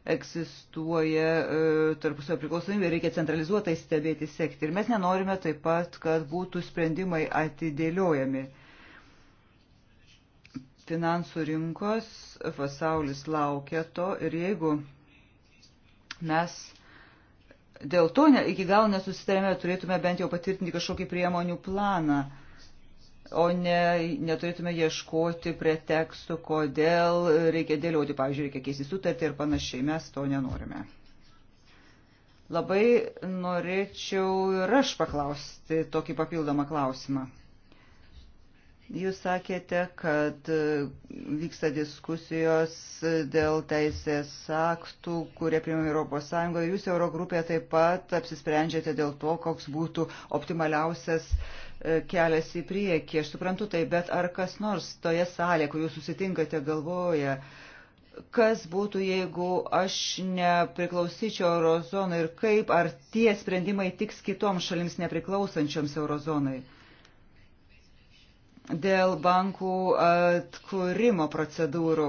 egzistuoja e, tarpusio priklausomybė, reikia centralizuotai stebėti sekti. Ir mes nenorime taip pat, kad būtų sprendimai atidėliojami. Finansų rinkos pasaulis laukia to ir jeigu mes dėl to ne, iki galo nesusitarėme, turėtume bent jau patvirtinti kažkokį priemonių planą. Uh, o ne, neturėtume ieškoti pretekstų, kodėl reikia dėlioti, pavyzdžiui, reikia keisti sutartį ir panašiai, mes to nenorime. Labai norėčiau ir aš paklausti tokį papildomą klausimą. Jūs sakėte, kad e, vyksta diskusijos dėl teisės aktų, kurie priimami Europos Sąjungoje. Jūs Eurogrupėje taip pat apsisprendžiate dėl to, koks būtų optimaliausias e, kelias į priekį. Aš suprantu tai, bet ar kas nors toje salėje, kur jūs susitinkate, galvoja, kas būtų, jeigu aš nepriklausyčiau eurozonai ir kaip, ar tie sprendimai tiks kitoms šalims nepriklausančioms eurozonai? dėl bankų atkūrimo procedūrų.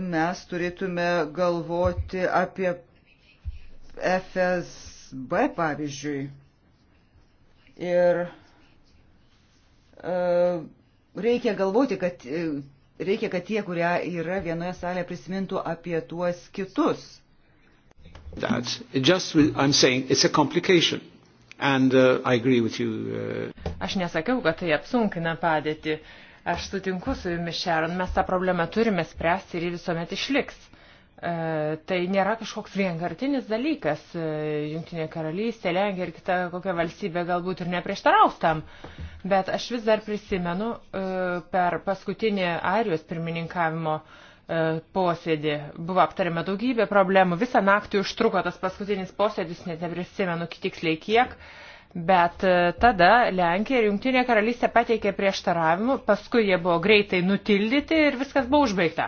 Mes turėtume galvoti apie FSB pavyzdžiui ir e, reikia galvoti, kad e, reikia, kad tie, kurie yra vienoje salėje, prisimintų apie tuos kitus. That, just, I'm saying, it's a complication. And, uh, I agree with you, uh... Aš nesakiau, kad tai apsunkina padėtį. Aš sutinku su jumis, Šeron, mes tą problemą turime spręsti ir ji visuomet išliks. Uh, tai nėra kažkoks vienkartinis dalykas. Uh, e, Junktinė karalystė, Lenkija ir kita kokia valstybė galbūt ir neprieštaraus tam. Bet aš vis dar prisimenu uh, per paskutinį Airijos pirmininkavimo uh, E, posėdį. Buvo aptariama daugybė problemų. Visą naktį užtruko tas paskutinis posėdis, net neprisimenu tiksliai kiek. Bet e, tada Lenkija ir Junktinė karalystė pateikė prieštaravimų, paskui jie buvo greitai nutildyti ir viskas buvo užbaigta.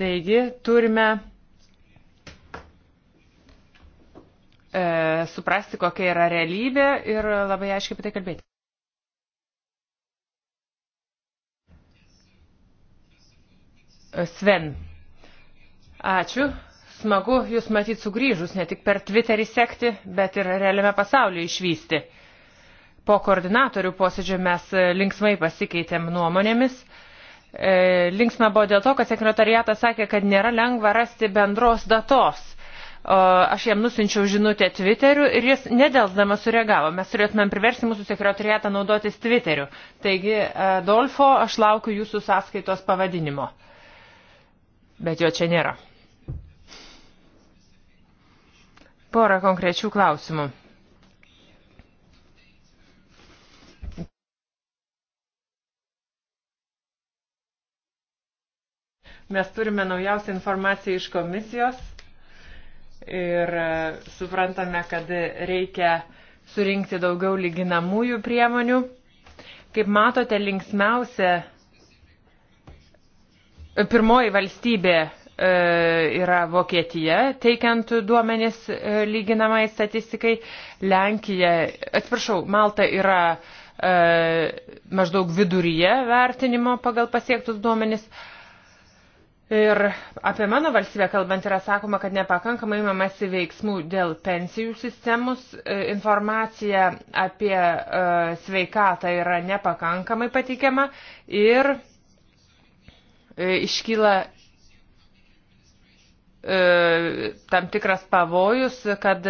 Taigi turime e, suprasti, kokia yra realybė ir labai aiškiai apie tai kalbėti. Sven. Ačiū. Smagu Jūs matyti sugrįžus, ne tik per Twitterį sekti, bet ir realiame pasaulyje išvysti. Po koordinatorių posėdžio mes e, linksmai pasikeitėm nuomonėmis. E, linksma buvo dėl to, kad sekretariatas sakė, kad nėra lengva rasti bendros datos. Aš jam nusinčiau žinutę Twitteriu ir jis nedelsdamas sureagavo. Mes turėtumėm priversti mūsų sekretariatą naudotis Twitteriu. Taigi, Dolfo, aš laukiu jūsų sąskaitos pavadinimo bet jo čia nėra. Porą konkrečių klausimų. Mes turime naujausią informaciją iš komisijos ir e, suprantame, kad reikia surinkti daugiau lyginamųjų priemonių. Kaip matote, linksmiausia Pirmoji valstybė e, yra Vokietija, teikiant duomenis e, lyginamai statistikai. Lenkija, atsiprašau, Malta yra e, maždaug viduryje vertinimo pagal pasiektus duomenis. Ir apie mano valstybę kalbant yra sakoma, kad nepakankamai imamasi veiksmų dėl pensijų sistemus, informacija apie sveikatą yra nepakankamai patikiama ir E, iškyla e, tam tikras pavojus, kad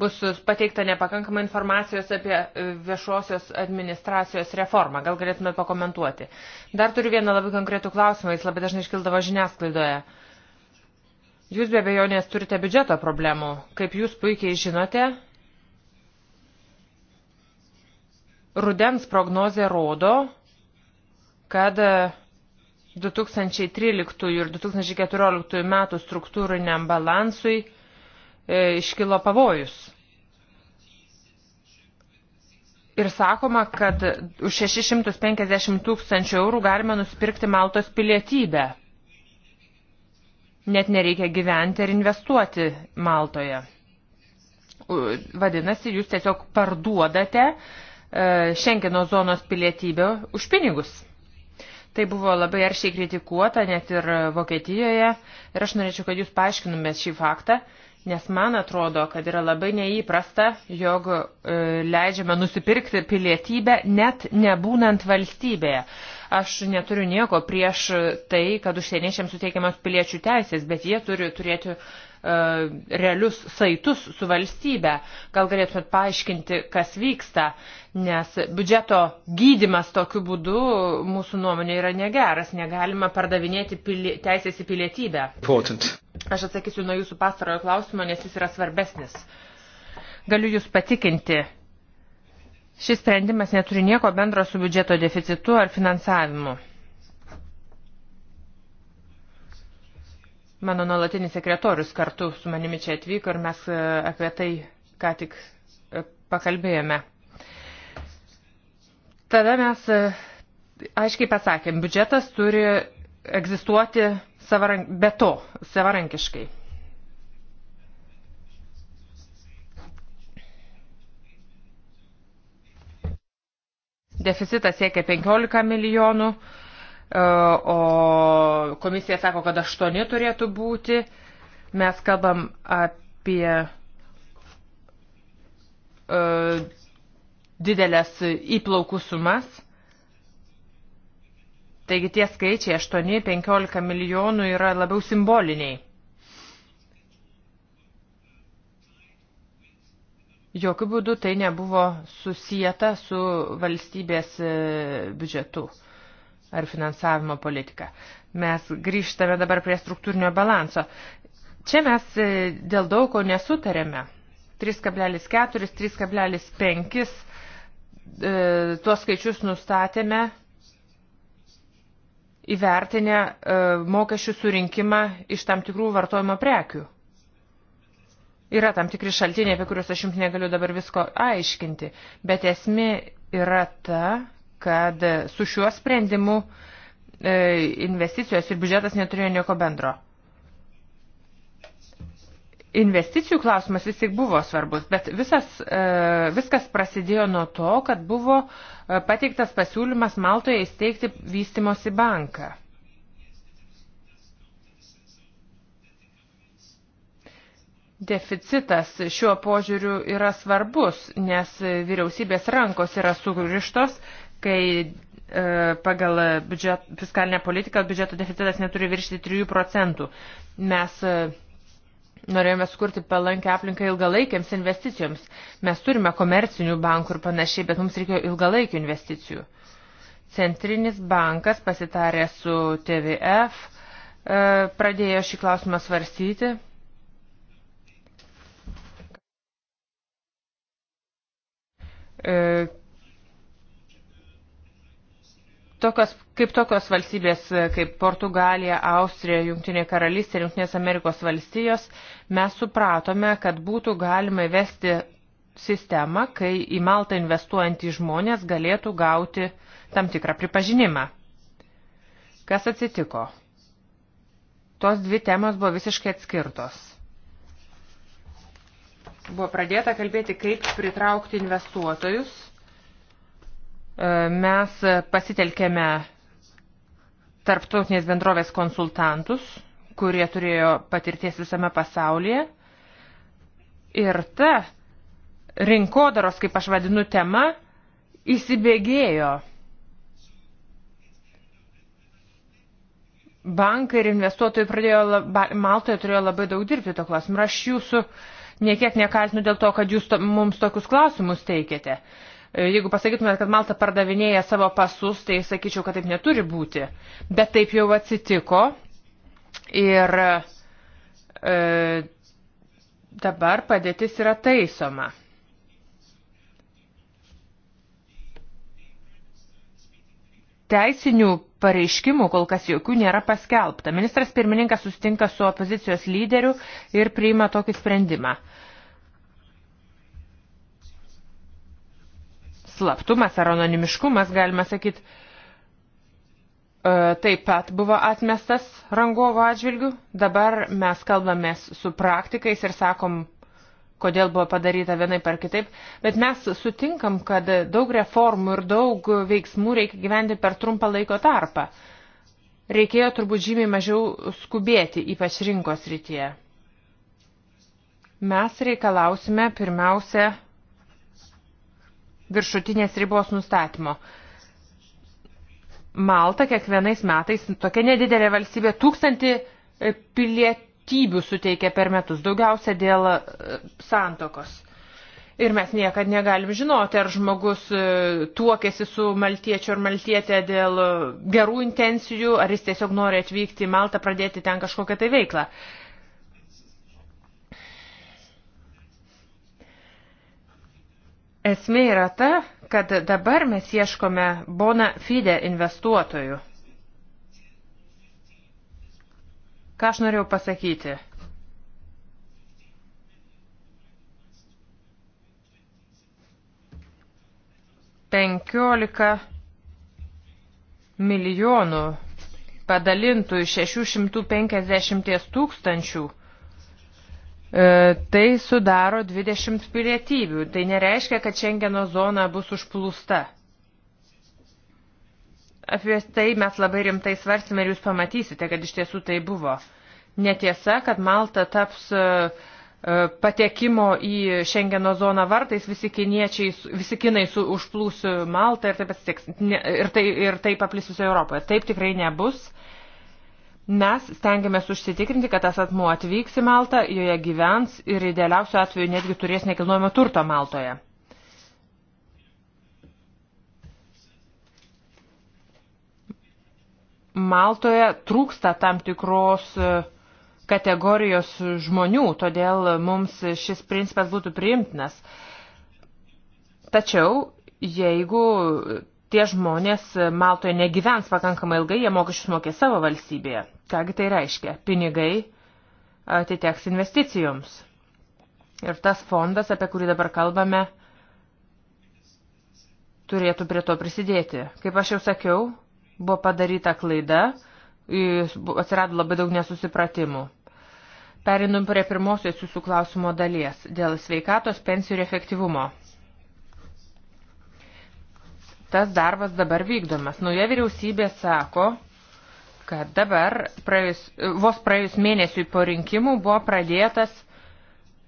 bus pateikta nepakankama informacijos apie e, viešosios administracijos reformą. Gal galėtume pakomentuoti. Dar turiu vieną labai konkretų klausimą, jis labai dažnai iškildavo žiniasklaidoje. Jūs be abejonės turite biudžeto problemų. Kaip jūs puikiai žinote, rudens prognozė rodo, kad 2013 ir 2014 metų struktūriniam balansui e, iškilo pavojus. Ir sakoma, kad už 650 tūkstančių eurų galime nusipirkti Maltos pilietybę. Net nereikia gyventi ir investuoti Maltoje. Vadinasi, jūs tiesiog parduodate e, Šengeno zonos pilietybę už pinigus. Tai buvo labai aršiai kritikuota net ir Vokietijoje ir aš norėčiau, kad jūs paaiškinumėt šį faktą, nes man atrodo, kad yra labai neįprasta, jog e, leidžiame nusipirkti pilietybę net nebūnant valstybėje. Aš neturiu nieko prieš tai, kad užsieniečiams suteikiamas piliečių teisės, bet jie turi turėti E, realius saitus su valstybe. Gal galėtumėt paaiškinti, kas vyksta, nes biudžeto gydimas tokiu būdu mūsų nuomonė yra negeras, negalima pardavinėti pili, teisės į pilietybę. Important. Aš atsakysiu nuo jūsų pastarojo klausimo, nes jis yra svarbesnis. Galiu jūs patikinti. Šis sprendimas neturi nieko bendro su biudžeto deficitu ar finansavimu. Mano nuolatinis sekretorius kartu su manimi čia atvyko ir mes e, apie tai ką tik e, pakalbėjome. Tada mes e, aiškiai pasakėm, biudžetas turi egzistuoti savarank, be to, savarankiškai. Deficitas siekia 15 milijonų, E, o komisija sako, kad aštuoni turėtų būti. Mes kalbam apie e, didelės įplaukų sumas. Taigi tie skaičiai 8-15 milijonų yra labiau simboliniai. Jokių būdų tai nebuvo susijęta su valstybės e, biudžetu. Uh, ar finansavimo politiką. Mes grįžtame dabar prie struktūrinio balanso. Čia mes e, dėl daug ko nesutarėme. 3,4, 3,5 e, tuos skaičius nustatėme įvertinę e, mokesčių surinkimą iš tam tikrų vartojimo prekių. Yra tam tikri šaltiniai, apie kuriuos aš jums negaliu dabar visko aiškinti, bet esmė yra ta, kad su šiuo sprendimu e, investicijos ir biudžetas neturėjo nieko bendro. Investicijų klausimas vis tik buvo svarbus, bet visas, e, viskas prasidėjo nuo to, kad buvo e, pateiktas pasiūlymas Maltoje įsteigti vystimosi banką. Deficitas šiuo požiūriu yra svarbus, nes vyriausybės rankos yra sugrištos kai e, pagal biudžet, fiskalinę politiką biudžeto deficitas neturi viršti 3 procentų. Mes e, norėjome skurti palankę aplinką ilgalaikiams investicijoms. Mes turime komercinių bankų ir panašiai, bet mums reikėjo ilgalaikių investicijų. Centrinis bankas pasitarė su TVF, e, pradėjo šį klausimą svarstyti. E, Tokios, kaip tokios valstybės e, kaip Portugalija, Austrija, Junktinė karalystė ir Junktinės Amerikos valstijos, mes supratome, kad būtų galima vesti sistemą, kai į Maltą investuojantys žmonės galėtų gauti tam tikrą pripažinimą. Kas atsitiko? Tos dvi temos buvo visiškai atskirtos buvo pradėta kalbėti, kaip pritraukti investuotojus E, mes pasitelkėme tarptautinės bendrovės konsultantus, kurie turėjo patirties visame pasaulyje. Ir ta rinkodaros, kaip aš vadinu, tema įsibėgėjo. Bankai ir investuotojai pradėjo, labai, Maltoje turėjo labai daug dirbti to klausimu. Aš jūsų niekiek nekaltinu dėl to, kad jūs to, mums tokius klausimus teikėte. E, jeigu pasakytumėt, kad Malta pardavinėja savo pasus, tai sakyčiau, kad taip neturi būti. Bet taip jau atsitiko ir e, dabar padėtis yra taisoma. Teisinių pareiškimų kol kas jokių nėra paskelbta. Ministras pirmininkas sustinka su opozicijos lyderiu ir priima tokį sprendimą. E, slaptumas ar anonimiškumas, galima sakyti, e, taip pat buvo atmestas rangovo atžvilgių. Dabar mes kalbamės su praktikais ir sakom, kodėl buvo padaryta vienai par kitaip, bet mes sutinkam, kad daug reformų ir daug veiksmų reikia gyventi per trumpą laiko tarpą. Reikėjo turbūt žymiai mažiau skubėti, ypač rinkos rytyje. Mes reikalausime pirmiausia viršutinės ribos nustatymo. Malta kiekvienais metais, tokia nedidelė valstybė, tūkstantį e, pilietybių suteikia per metus, daugiausia dėl e, santokos. Ir mes niekad negalim žinoti, ar žmogus e, tuokėsi su maltiečiu ar maltietė dėl gerų intencijų, ar jis tiesiog nori atvykti į Maltą, pradėti ten kažkokią tai veiklą. Esmė yra ta, kad dabar mes ieškome bona fide investuotojų. Ką aš norėjau pasakyti? Penkiolika milijonų padalintų iš 650 tūkstančių E, tai sudaro 20 pilietybių. Tai nereiškia, kad Šengeno zona bus užplūsta. Apie tai mes labai rimtai svarsime ir jūs pamatysite, kad iš tiesų tai buvo. Netiesa, kad Malta taps uh, patekimo į Šengeno zoną vartais visi, kiniečiai, visi kinai su užplūsiu Maltą ir taip, atsitiks, ne, ir tai, ir tai paplis visoje Europoje. Taip tikrai nebus. Uh, Mes stengiamės užsitikrinti, kad tas atmuo atvyks į Maltą, joje gyvens ir idealiausiu atveju netgi turės nekilnojamo turto Maltoje. Maltoje trūksta tam tikros e, kategorijos žmonių, todėl mums šis principas būtų priimtinas. Tačiau, jeigu tie žmonės Maltoje negyvens pakankamai ilgai, jie mokesčius mokės savo valstybėje. Kągi tai reiškia? Pinigai atiteks investicijoms. Ir tas fondas, apie kurį dabar kalbame, turėtų prie to prisidėti. Kaip aš jau sakiau, buvo padaryta klaida, atsirado labai daug nesusipratimų. Perinum prie pirmosios jūsų klausimo dalies dėl sveikatos pensijų ir efektyvumo. Tas darbas dabar vykdomas. Nauja vyriausybė sako, kad dabar, praėjus, vos praėjus mėnesiui po rinkimų, buvo pradėtas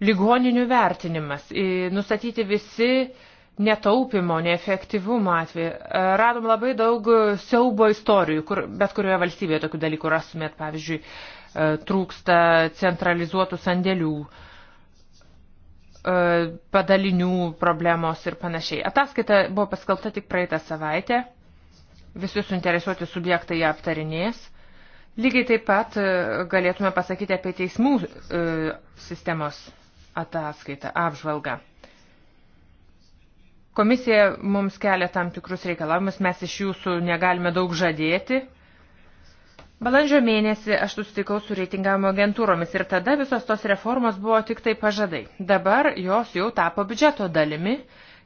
ligoninių vertinimas, nustatyti visi netaupimo, neefektyvumo atveju. E, radom labai daug siaubo istorijų, kur, bet kurioje valstybėje tokių dalykų rasumėt, pavyzdžiui, e, trūksta centralizuotų sandėlių, e, padalinių problemos ir panašiai. Ataskaita buvo paskalta tik praeitą savaitę visi suinteresuoti subjektai ją aptarinės. Lygiai taip pat e, galėtume pasakyti apie teismų e, sistemos ataskaitą, apžvalgą. Komisija mums kelia tam tikrus reikalavimus, mes iš jūsų negalime daug žadėti. Balandžio mėnesį aš susitikau su reitingavimo agentūromis ir tada visos tos reformos buvo tik tai pažadai. Dabar jos jau tapo biudžeto dalimi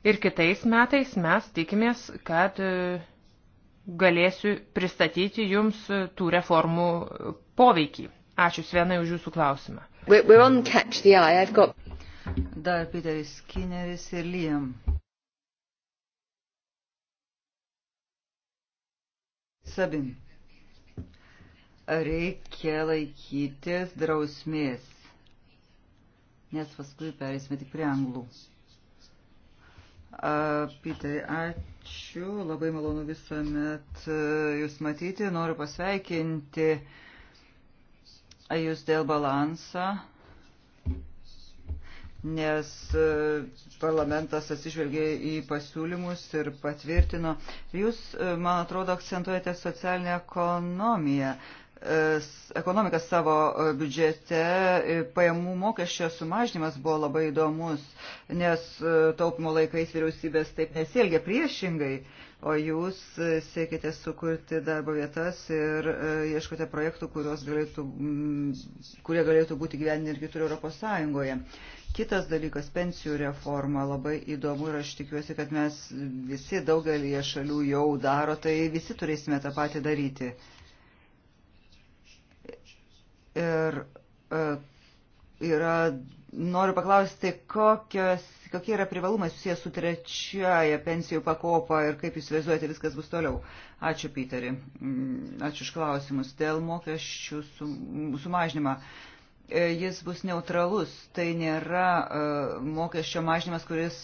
ir kitais metais mes tikimės, kad e, galėsiu pristatyti jums tų reformų poveikį. Ačiū Svenai už jūsų klausimą. We're on catch the eye. I've got... Dar Peteris Skinneris ir Liam. Sabin. Reikia laikytis drausmės, nes paskui perėsime tik prie anglų. Pitai, ačiū, labai malonu visuomet e, Jūs matyti, noriu pasveikinti Jūs dėl balansą, nes e, parlamentas atsižvelgė į pasiūlymus ir patvirtino. Jūs, e, man atrodo, akcentuojate socialinę ekonomiją. E, ekonomiką savo e, biudžete, e, pajamų mokesčio sumažinimas buvo labai įdomus, nes taupimo laikais vyriausybės taip nesielgia priešingai, o jūs siekite sukurti darbo vietas ir ieškote projektų, galėtų, kurie galėtų būti gyveninti ir kitur Europos Sąjungoje. Kitas dalykas - pensijų reforma. Labai įdomu ir aš tikiuosi, kad mes visi daugelį šalių jau daro, tai visi turėsime tą patį daryti. Ir e, yra, noriu paklausti, kokios, kokie yra privalumai susijęs su trečiaja pensijų pakopa ir kaip jūs vizuojate viskas bus toliau. Ačiū, Piteri. Mm, ačiū iš klausimus. Dėl mokesčių sumažinimą e, jis bus neutralus, tai nėra e, mokesčio mažinimas, kuris,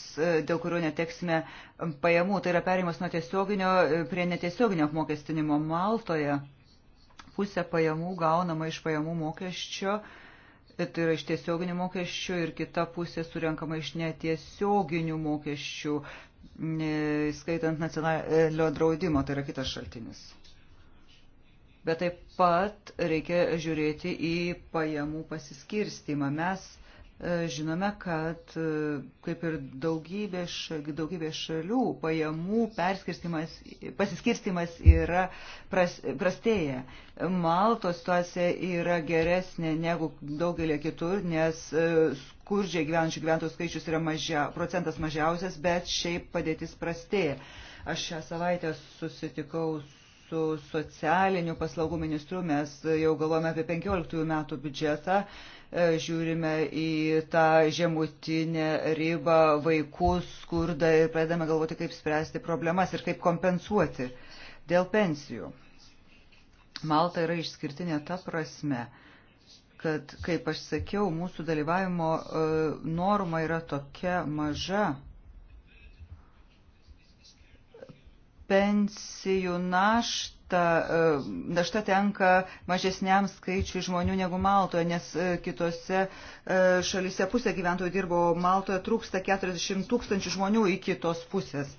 dėl kurio neteksime pajamų, tai yra perimas nuo tiesioginio prie netiesioginio apmokestinimo Maltoje pusę pajamų gaunama iš pajamų mokesčio, tai yra iš tiesioginių mokesčių ir kita pusė surenkama iš netiesioginių mokesčių, skaitant nacionalinio draudimo, tai yra kitas šaltinis. Bet taip pat reikia žiūrėti į pajamų pasiskirstimą. Mes E, žinome, kad e, kaip ir daugybė, daugybė šalių pajamų pasiskirstimas yra pras, prastėja. Maltos situacija yra geresnė negu daugelį kitur, nes e, skurdžiai gyvenančių gyventojų skaičius yra mažia, procentas mažiausias, bet šiaip padėtis prastėja. Aš šią savaitę susitikau su socialiniu paslaugų ministru, mes jau galvojame apie 15 metų biudžetą E, žiūrime į tą žemutinę ribą, vaikus, skurdą ir pradedame galvoti, kaip spręsti problemas ir kaip kompensuoti dėl pensijų. Malta yra išskirtinė ta prasme, kad, kaip aš sakiau, mūsų dalyvavimo e, norma yra tokia maža. Pensijų naštą ta e, našta tenka mažesniam skaičiui žmonių negu Maltoje, nes e, kitose e, šalyse pusė gyventojų dirbo, o Maltoje trūksta 40 tūkstančių žmonių iki tos pusės.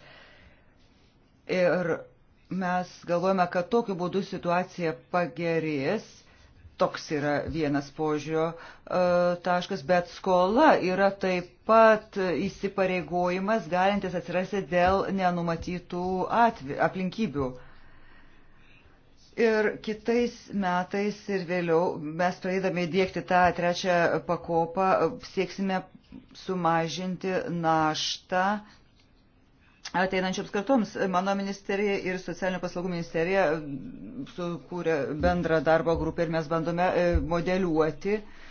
Ir mes galvojame, kad tokiu būdu situacija pagerės. Toks yra vienas požiūrio taškas, bet skola yra taip pat įsipareigojimas galintis atsirasti dėl nenumatytų atvi, aplinkybių. Ir kitais metais ir vėliau mes pradėdami dėkti tą trečią pakopą sieksime sumažinti naštą ateinančioms kartoms. Mano ministerija ir socialinių paslaugų ministerija sukūrė bendrą darbo grupę ir mes bandome e, modeliuoti uh,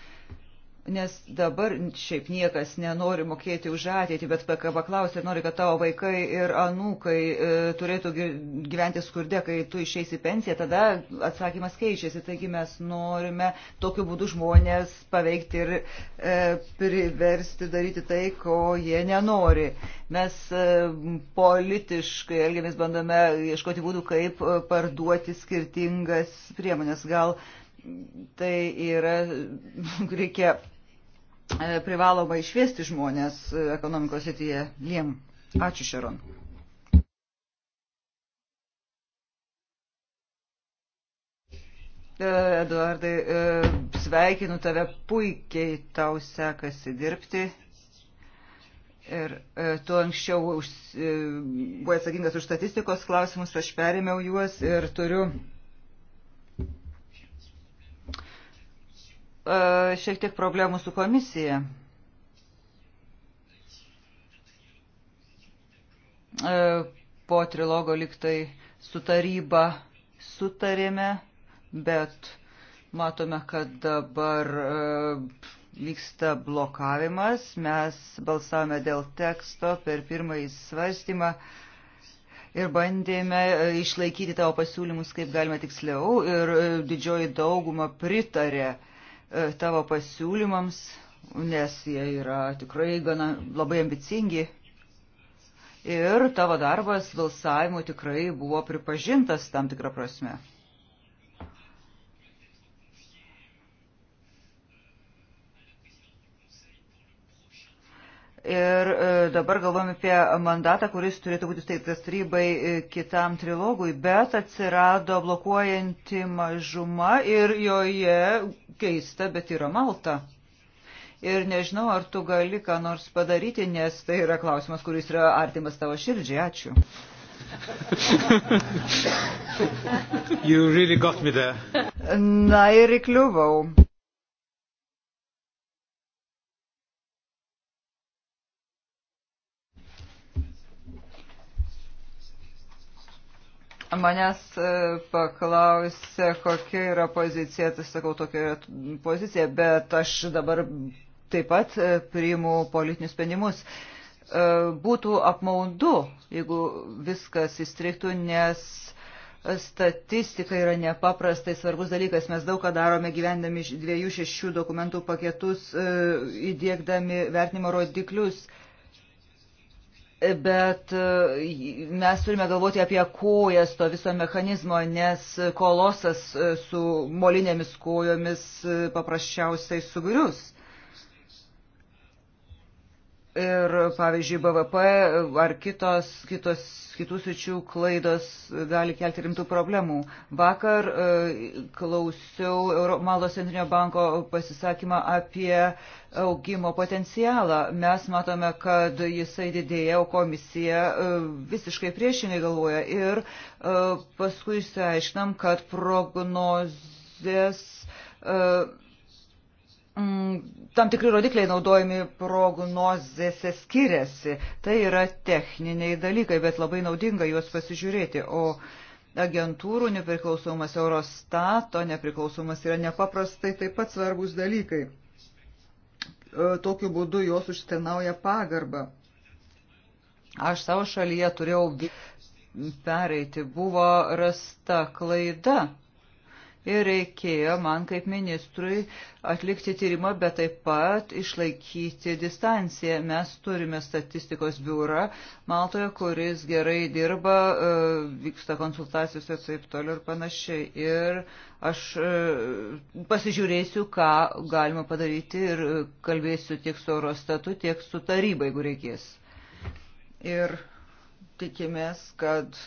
Nes dabar šiaip niekas nenori mokėti už ateitį, bet paklausti nori, kad tavo vaikai ir anūkai e, turėtų gyventi skurde, kai tu išeisi pensiją, tada atsakymas keičiasi. Taigi mes norime tokiu būdu žmonės paveikti ir e, priversti daryti tai, ko jie nenori. Mes e, politiškai elgiamės, bandome ieškoti būdų, kaip e, parduoti skirtingas priemonės. Gal tai yra, reikia E, privaloma išvesti žmonės e, ekonomikos srityje. Liem. Ačiū, Šeron. E, Eduardai, sveikinu tave, puikiai tau sekasi dirbti. Ir tu anksčiau už, buvai atsakingas už statistikos klausimus, aš perėmiau juos ir turiu E, šiek tiek problemų su komisija. E, po trilogo liktai su taryba sutarėme, bet matome, kad dabar e, vyksta blokavimas. Mes balsavome dėl teksto per pirmąjį svarstymą ir bandėme išlaikyti tavo pasiūlymus kaip galima tiksliau ir didžioji dauguma pritarė E, tavo pasiūlymams, nes jie yra tikrai gana labai ambicingi. Ir tavo darbas balsavimu tikrai buvo pripažintas tam tikrą prasme. Ir e, dabar galvom apie mandatą, kuris turėtų būti steigtas tarybai e, kitam trilogui, bet atsirado blokuojanti mažuma ir joje keista, bet yra Malta. Ir nežinau, ar tu gali ką nors padaryti, nes tai yra klausimas, kuris yra artimas tavo širdžiai. Ačiū. you really got me there. Na ir įkliuvau. Manęs e, paklausė, kokia yra pozicija, tai sakau, tokia yra pozicija, bet aš dabar taip pat e, priimu politinius sprendimus. E, būtų apmaudu, jeigu viskas įstriktų, nes statistika yra nepaprastai svarbus dalykas. Mes daug ką darome gyvendami dviejų šešių dokumentų paketus, įdėkdami vertinimo rodiklius Bet e, mes turime galvoti apie kojas to viso mechanizmo, nes kolosas e, su molinėmis kojomis e, paprasčiausiai sugrius. Ir, pavyzdžiui, BVP ar kitos, kitos, kitų sričių klaidos gali kelti rimtų problemų. Vakar e, klausiau Malos centrinio banko pasisakymą apie augimo potencialą. Mes matome, kad jisai didėja, o komisija e, visiškai priešingai galvoja. Ir e, paskui išsiaiškinam, kad prognozės Mm, tam tikri rodikliai naudojami prognozėse skiriasi. Tai yra techniniai dalykai, bet labai naudinga juos pasižiūrėti. O agentūrų nepriklausomas Eurostato nepriklausomas yra nepaprastai taip pat svarbus dalykai. E, tokiu būdu jos užsitarnauja pagarbą. Aš savo šalyje turėjau pereiti. Buvo rasta klaida ir reikėjo man kaip ministrui atlikti tyrimą, bet taip pat išlaikyti distanciją. Mes turime statistikos biurą Maltoje, kuris gerai dirba, e, vyksta konsultacijos ir taip toliau ir panašiai. Ir aš e, pasižiūrėsiu, ką galima padaryti ir kalbėsiu tiek su Eurostatu, tiek su taryba, jeigu reikės. Ir tikimės, kad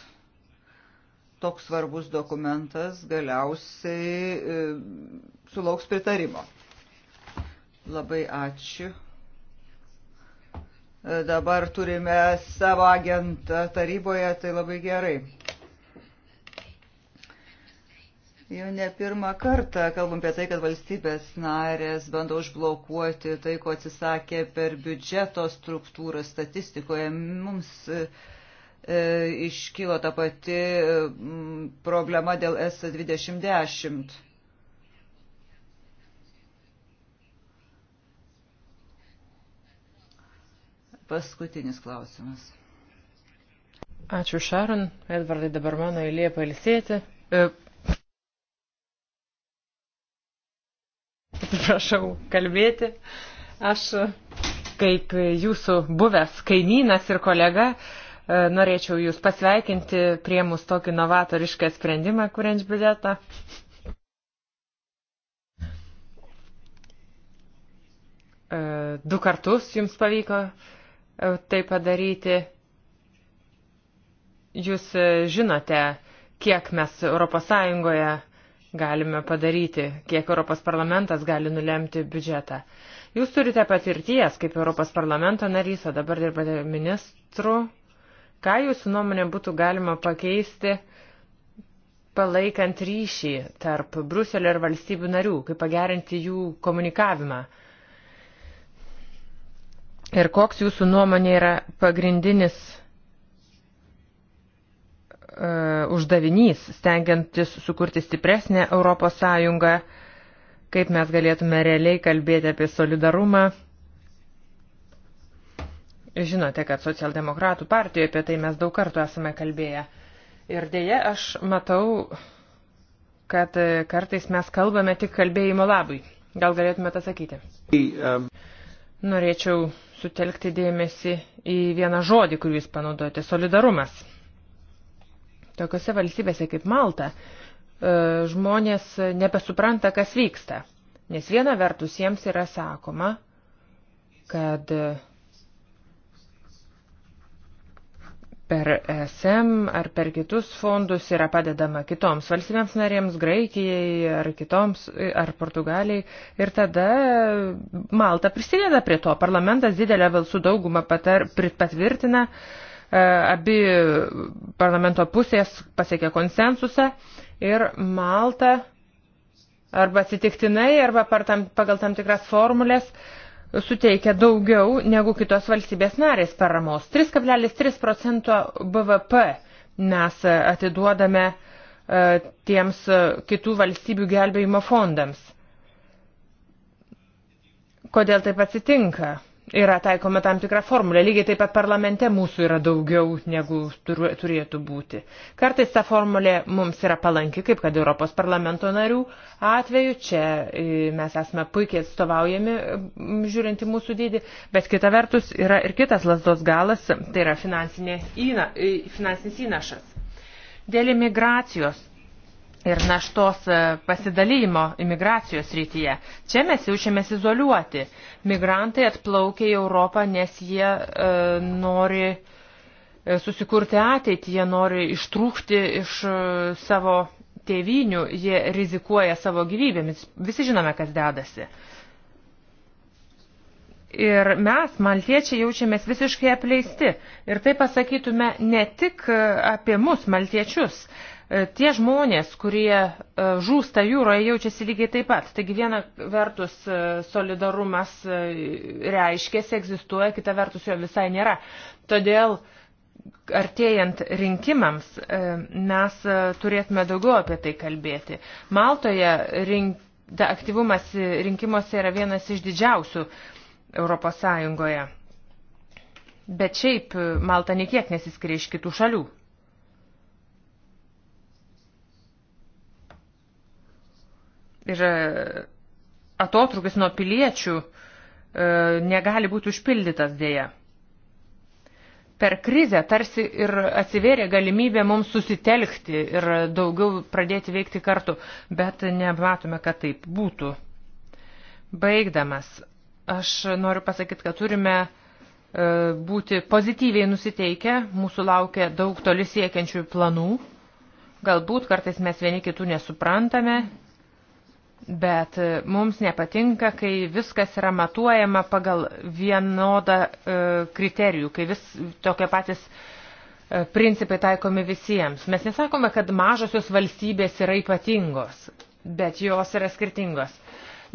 toks svarbus dokumentas galiausiai e, sulauks pritarimo. Labai ačiū. E, dabar turime savo agentą taryboje, tai labai gerai. Jau ne pirmą kartą kalbam apie tai, kad valstybės narės bando užblokuoti tai, ko atsisakė per biudžeto struktūrą statistikoje. Mums e, E, iškilo ta pati e, problema dėl S2010. Paskutinis klausimas. Ačiū Šaron. Edvardai dabar mano eilė pailsėti. E... Prašau kalbėti. Aš kaip jūsų buvęs kaimynas ir kolega E, norėčiau Jūs pasveikinti prie mus tokį novatorišką sprendimą, kuriant biudžetą. E, du kartus Jums pavyko e, tai padaryti. Jūs žinote, kiek mes ES galime padaryti, kiek Europos parlamentas gali nulemti biudžetą. Jūs turite patirties kaip Europos parlamento narys, o dabar dirbate ministru Ką jūsų nuomonė būtų galima pakeisti, palaikant ryšį tarp Bruselio ir valstybių narių, kaip pagerinti jų komunikavimą? Ir koks jūsų nuomonė yra pagrindinis e, uždavinys, stengiantis sukurti stipresnę Europos Sąjungą, kaip mes galėtume realiai kalbėti apie solidarumą Žinote, kad socialdemokratų partijoje apie tai mes daug kartų esame kalbėję. Ir dėje aš matau, kad kartais mes kalbame tik kalbėjimo labui. Gal galėtumėte atsakyti? Norėčiau sutelkti dėmesį į vieną žodį, kurį jūs panaudojate – solidarumas. Tokiose valstybėse kaip Malta e, žmonės nebesupranta, kas vyksta. Nes viena vertus jiems yra sakoma, kad per ESM ar per kitus fondus yra padedama kitoms valstybėms narėms, Graikijai ar kitoms, ar Portugalijai. Ir tada Malta prisideda prie to. Parlamentas didelę valsų daugumą patar, patvirtina, e, abi parlamento pusės pasiekė konsensusą ir Malta arba atsitiktinai, arba tam, pagal tam tikras formulės uh, suteikia daugiau negu kitos valstybės narės paramos. 3,3 procento BVP mes atiduodame e, tiems e, kitų valstybių gelbėjimo fondams. Kodėl taip atsitinka? yra taikoma tam tikra formulė. Lygiai taip pat parlamente mūsų yra daugiau, negu turėtų būti. Kartais ta formulė mums yra palanki, kaip kad Europos parlamento narių atveju. Čia e, mes esame puikiai atstovaujami, žiūrinti mūsų dydį, bet kita vertus yra ir kitas lasdos galas, tai yra įna, e, finansinis įnašas. Dėl imigracijos ir naštos e, pasidalymo imigracijos rytyje. Čia mes jaučiamės izoliuoti. Migrantai atplaukia į Europą, nes jie e, nori e, susikurti ateitį, jie nori ištrūkti iš e, savo tėvinių, jie rizikuoja savo gyvybėmis. Visi žinome, kas dedasi. Ir mes, maltiečiai, jaučiamės visiškai apleisti. Ir tai pasakytume ne tik e, apie mus, maltiečius, E, tie žmonės, kurie e, žūsta jūroje, jaučiasi lygiai taip pat. Taigi viena vertus e, solidarumas reiškėsi, egzistuoja, kita vertus jo visai nėra. Todėl artėjant rinkimams mes turėtume daugiau apie tai kalbėti. Maltoje rink, da, aktyvumas rinkimuose yra vienas iš didžiausių Europos Sąjungoje. Bet šiaip Malta niekiek nesiskiria iš kitų šalių. ir atotrukis nuo piliečių e, negali būti užpildytas dėja. Per krizę tarsi ir atsivėrė galimybė mums susitelkti ir daugiau pradėti veikti kartu, bet nematome, kad taip būtų. Baigdamas, aš noriu pasakyti, kad turime e, būti pozityviai nusiteikę, mūsų laukia daug toli siekiančių planų. Galbūt kartais mes vieni kitų nesuprantame, Bet e, mums nepatinka, kai viskas yra matuojama pagal vienodą e, kriterijų, kai vis tokie patys e, principai taikomi visiems. Mes nesakome, kad mažosios valstybės yra ypatingos, bet jos yra skirtingos.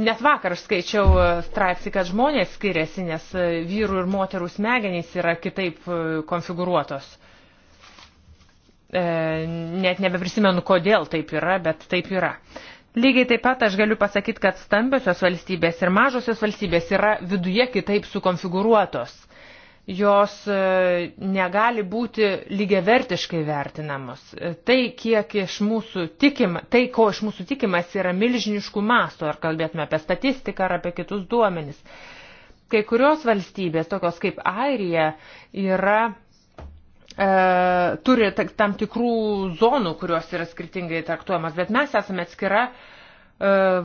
Net vakar aš skaičiau e, straipsnį, kad žmonės skiriasi, nes e, vyrų ir moterų smegenys yra kitaip konfigūruotos. E, net nebeprisimenu, kodėl taip yra, bet taip yra. E, Lygiai taip pat aš galiu pasakyti, kad stambiosios valstybės ir mažosios valstybės yra viduje kitaip sukonfigūruotos. Jos e, negali būti lygiavertiškai vertinamos. E, tai, kiek iš mūsų tikima, tai, ko iš mūsų tikimas, yra milžiniškų masto, ar kalbėtume apie statistiką, ar apie kitus duomenis. Kai kurios valstybės, tokios kaip Airija, yra E, turi tam tikrų zonų, kurios yra skirtingai traktuojamas, bet mes esame atskira e,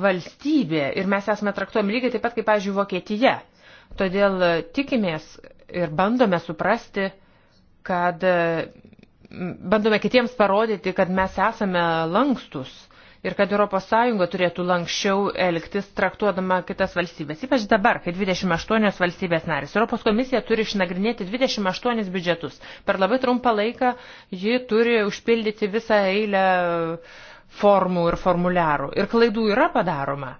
valstybė ir mes esame traktuojami lygiai taip pat kaip, pavyzdžiui, Vokietija. Todėl e, tikimės ir bandome suprasti, kad bandome kitiems parodyti, kad mes esame lankstus ir kad ES turėtų lankščiau elgtis traktuodama kitas valstybės. Ypač dabar, kai 28 valstybės narės. Europos komisija turi išnagrinėti 28 biudžetus. Per labai trumpą laiką ji turi užpildyti visą eilę formų ir formuliarų. Ir klaidų yra padaroma.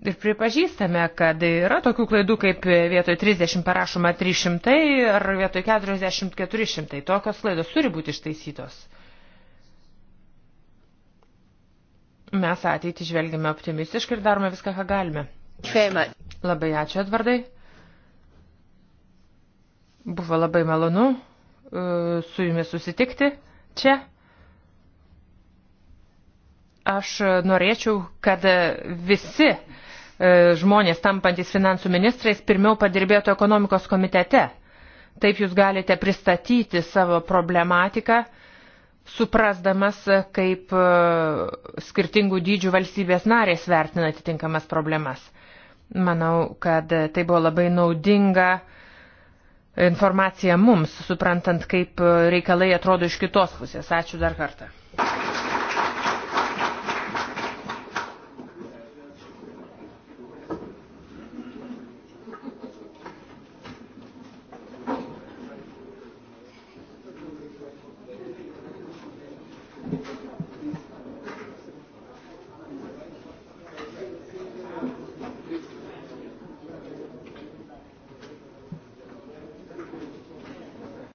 Ir pripažįstame, kad yra tokių klaidų, kaip vietoj 30 parašoma 300 ar vietoj 40 400. Tokios klaidos turi būti ištaisytos. Mes ateitį žvelgime optimistiškai ir darome viską, ką galime. Feima. Labai ačiū, Edvardai. Buvo labai malonu e, su jumis susitikti čia. Aš norėčiau, kad visi e, žmonės tampantis finansų ministrais pirmiau padirbėtų ekonomikos komitete. Taip jūs galite pristatyti savo problematiką suprasdamas, kaip e, skirtingų dydžių valstybės narės vertina atitinkamas problemas. Manau, kad tai buvo labai naudinga informacija mums, suprantant, kaip e, reikalai atrodo iš kitos pusės. Ačiū dar kartą.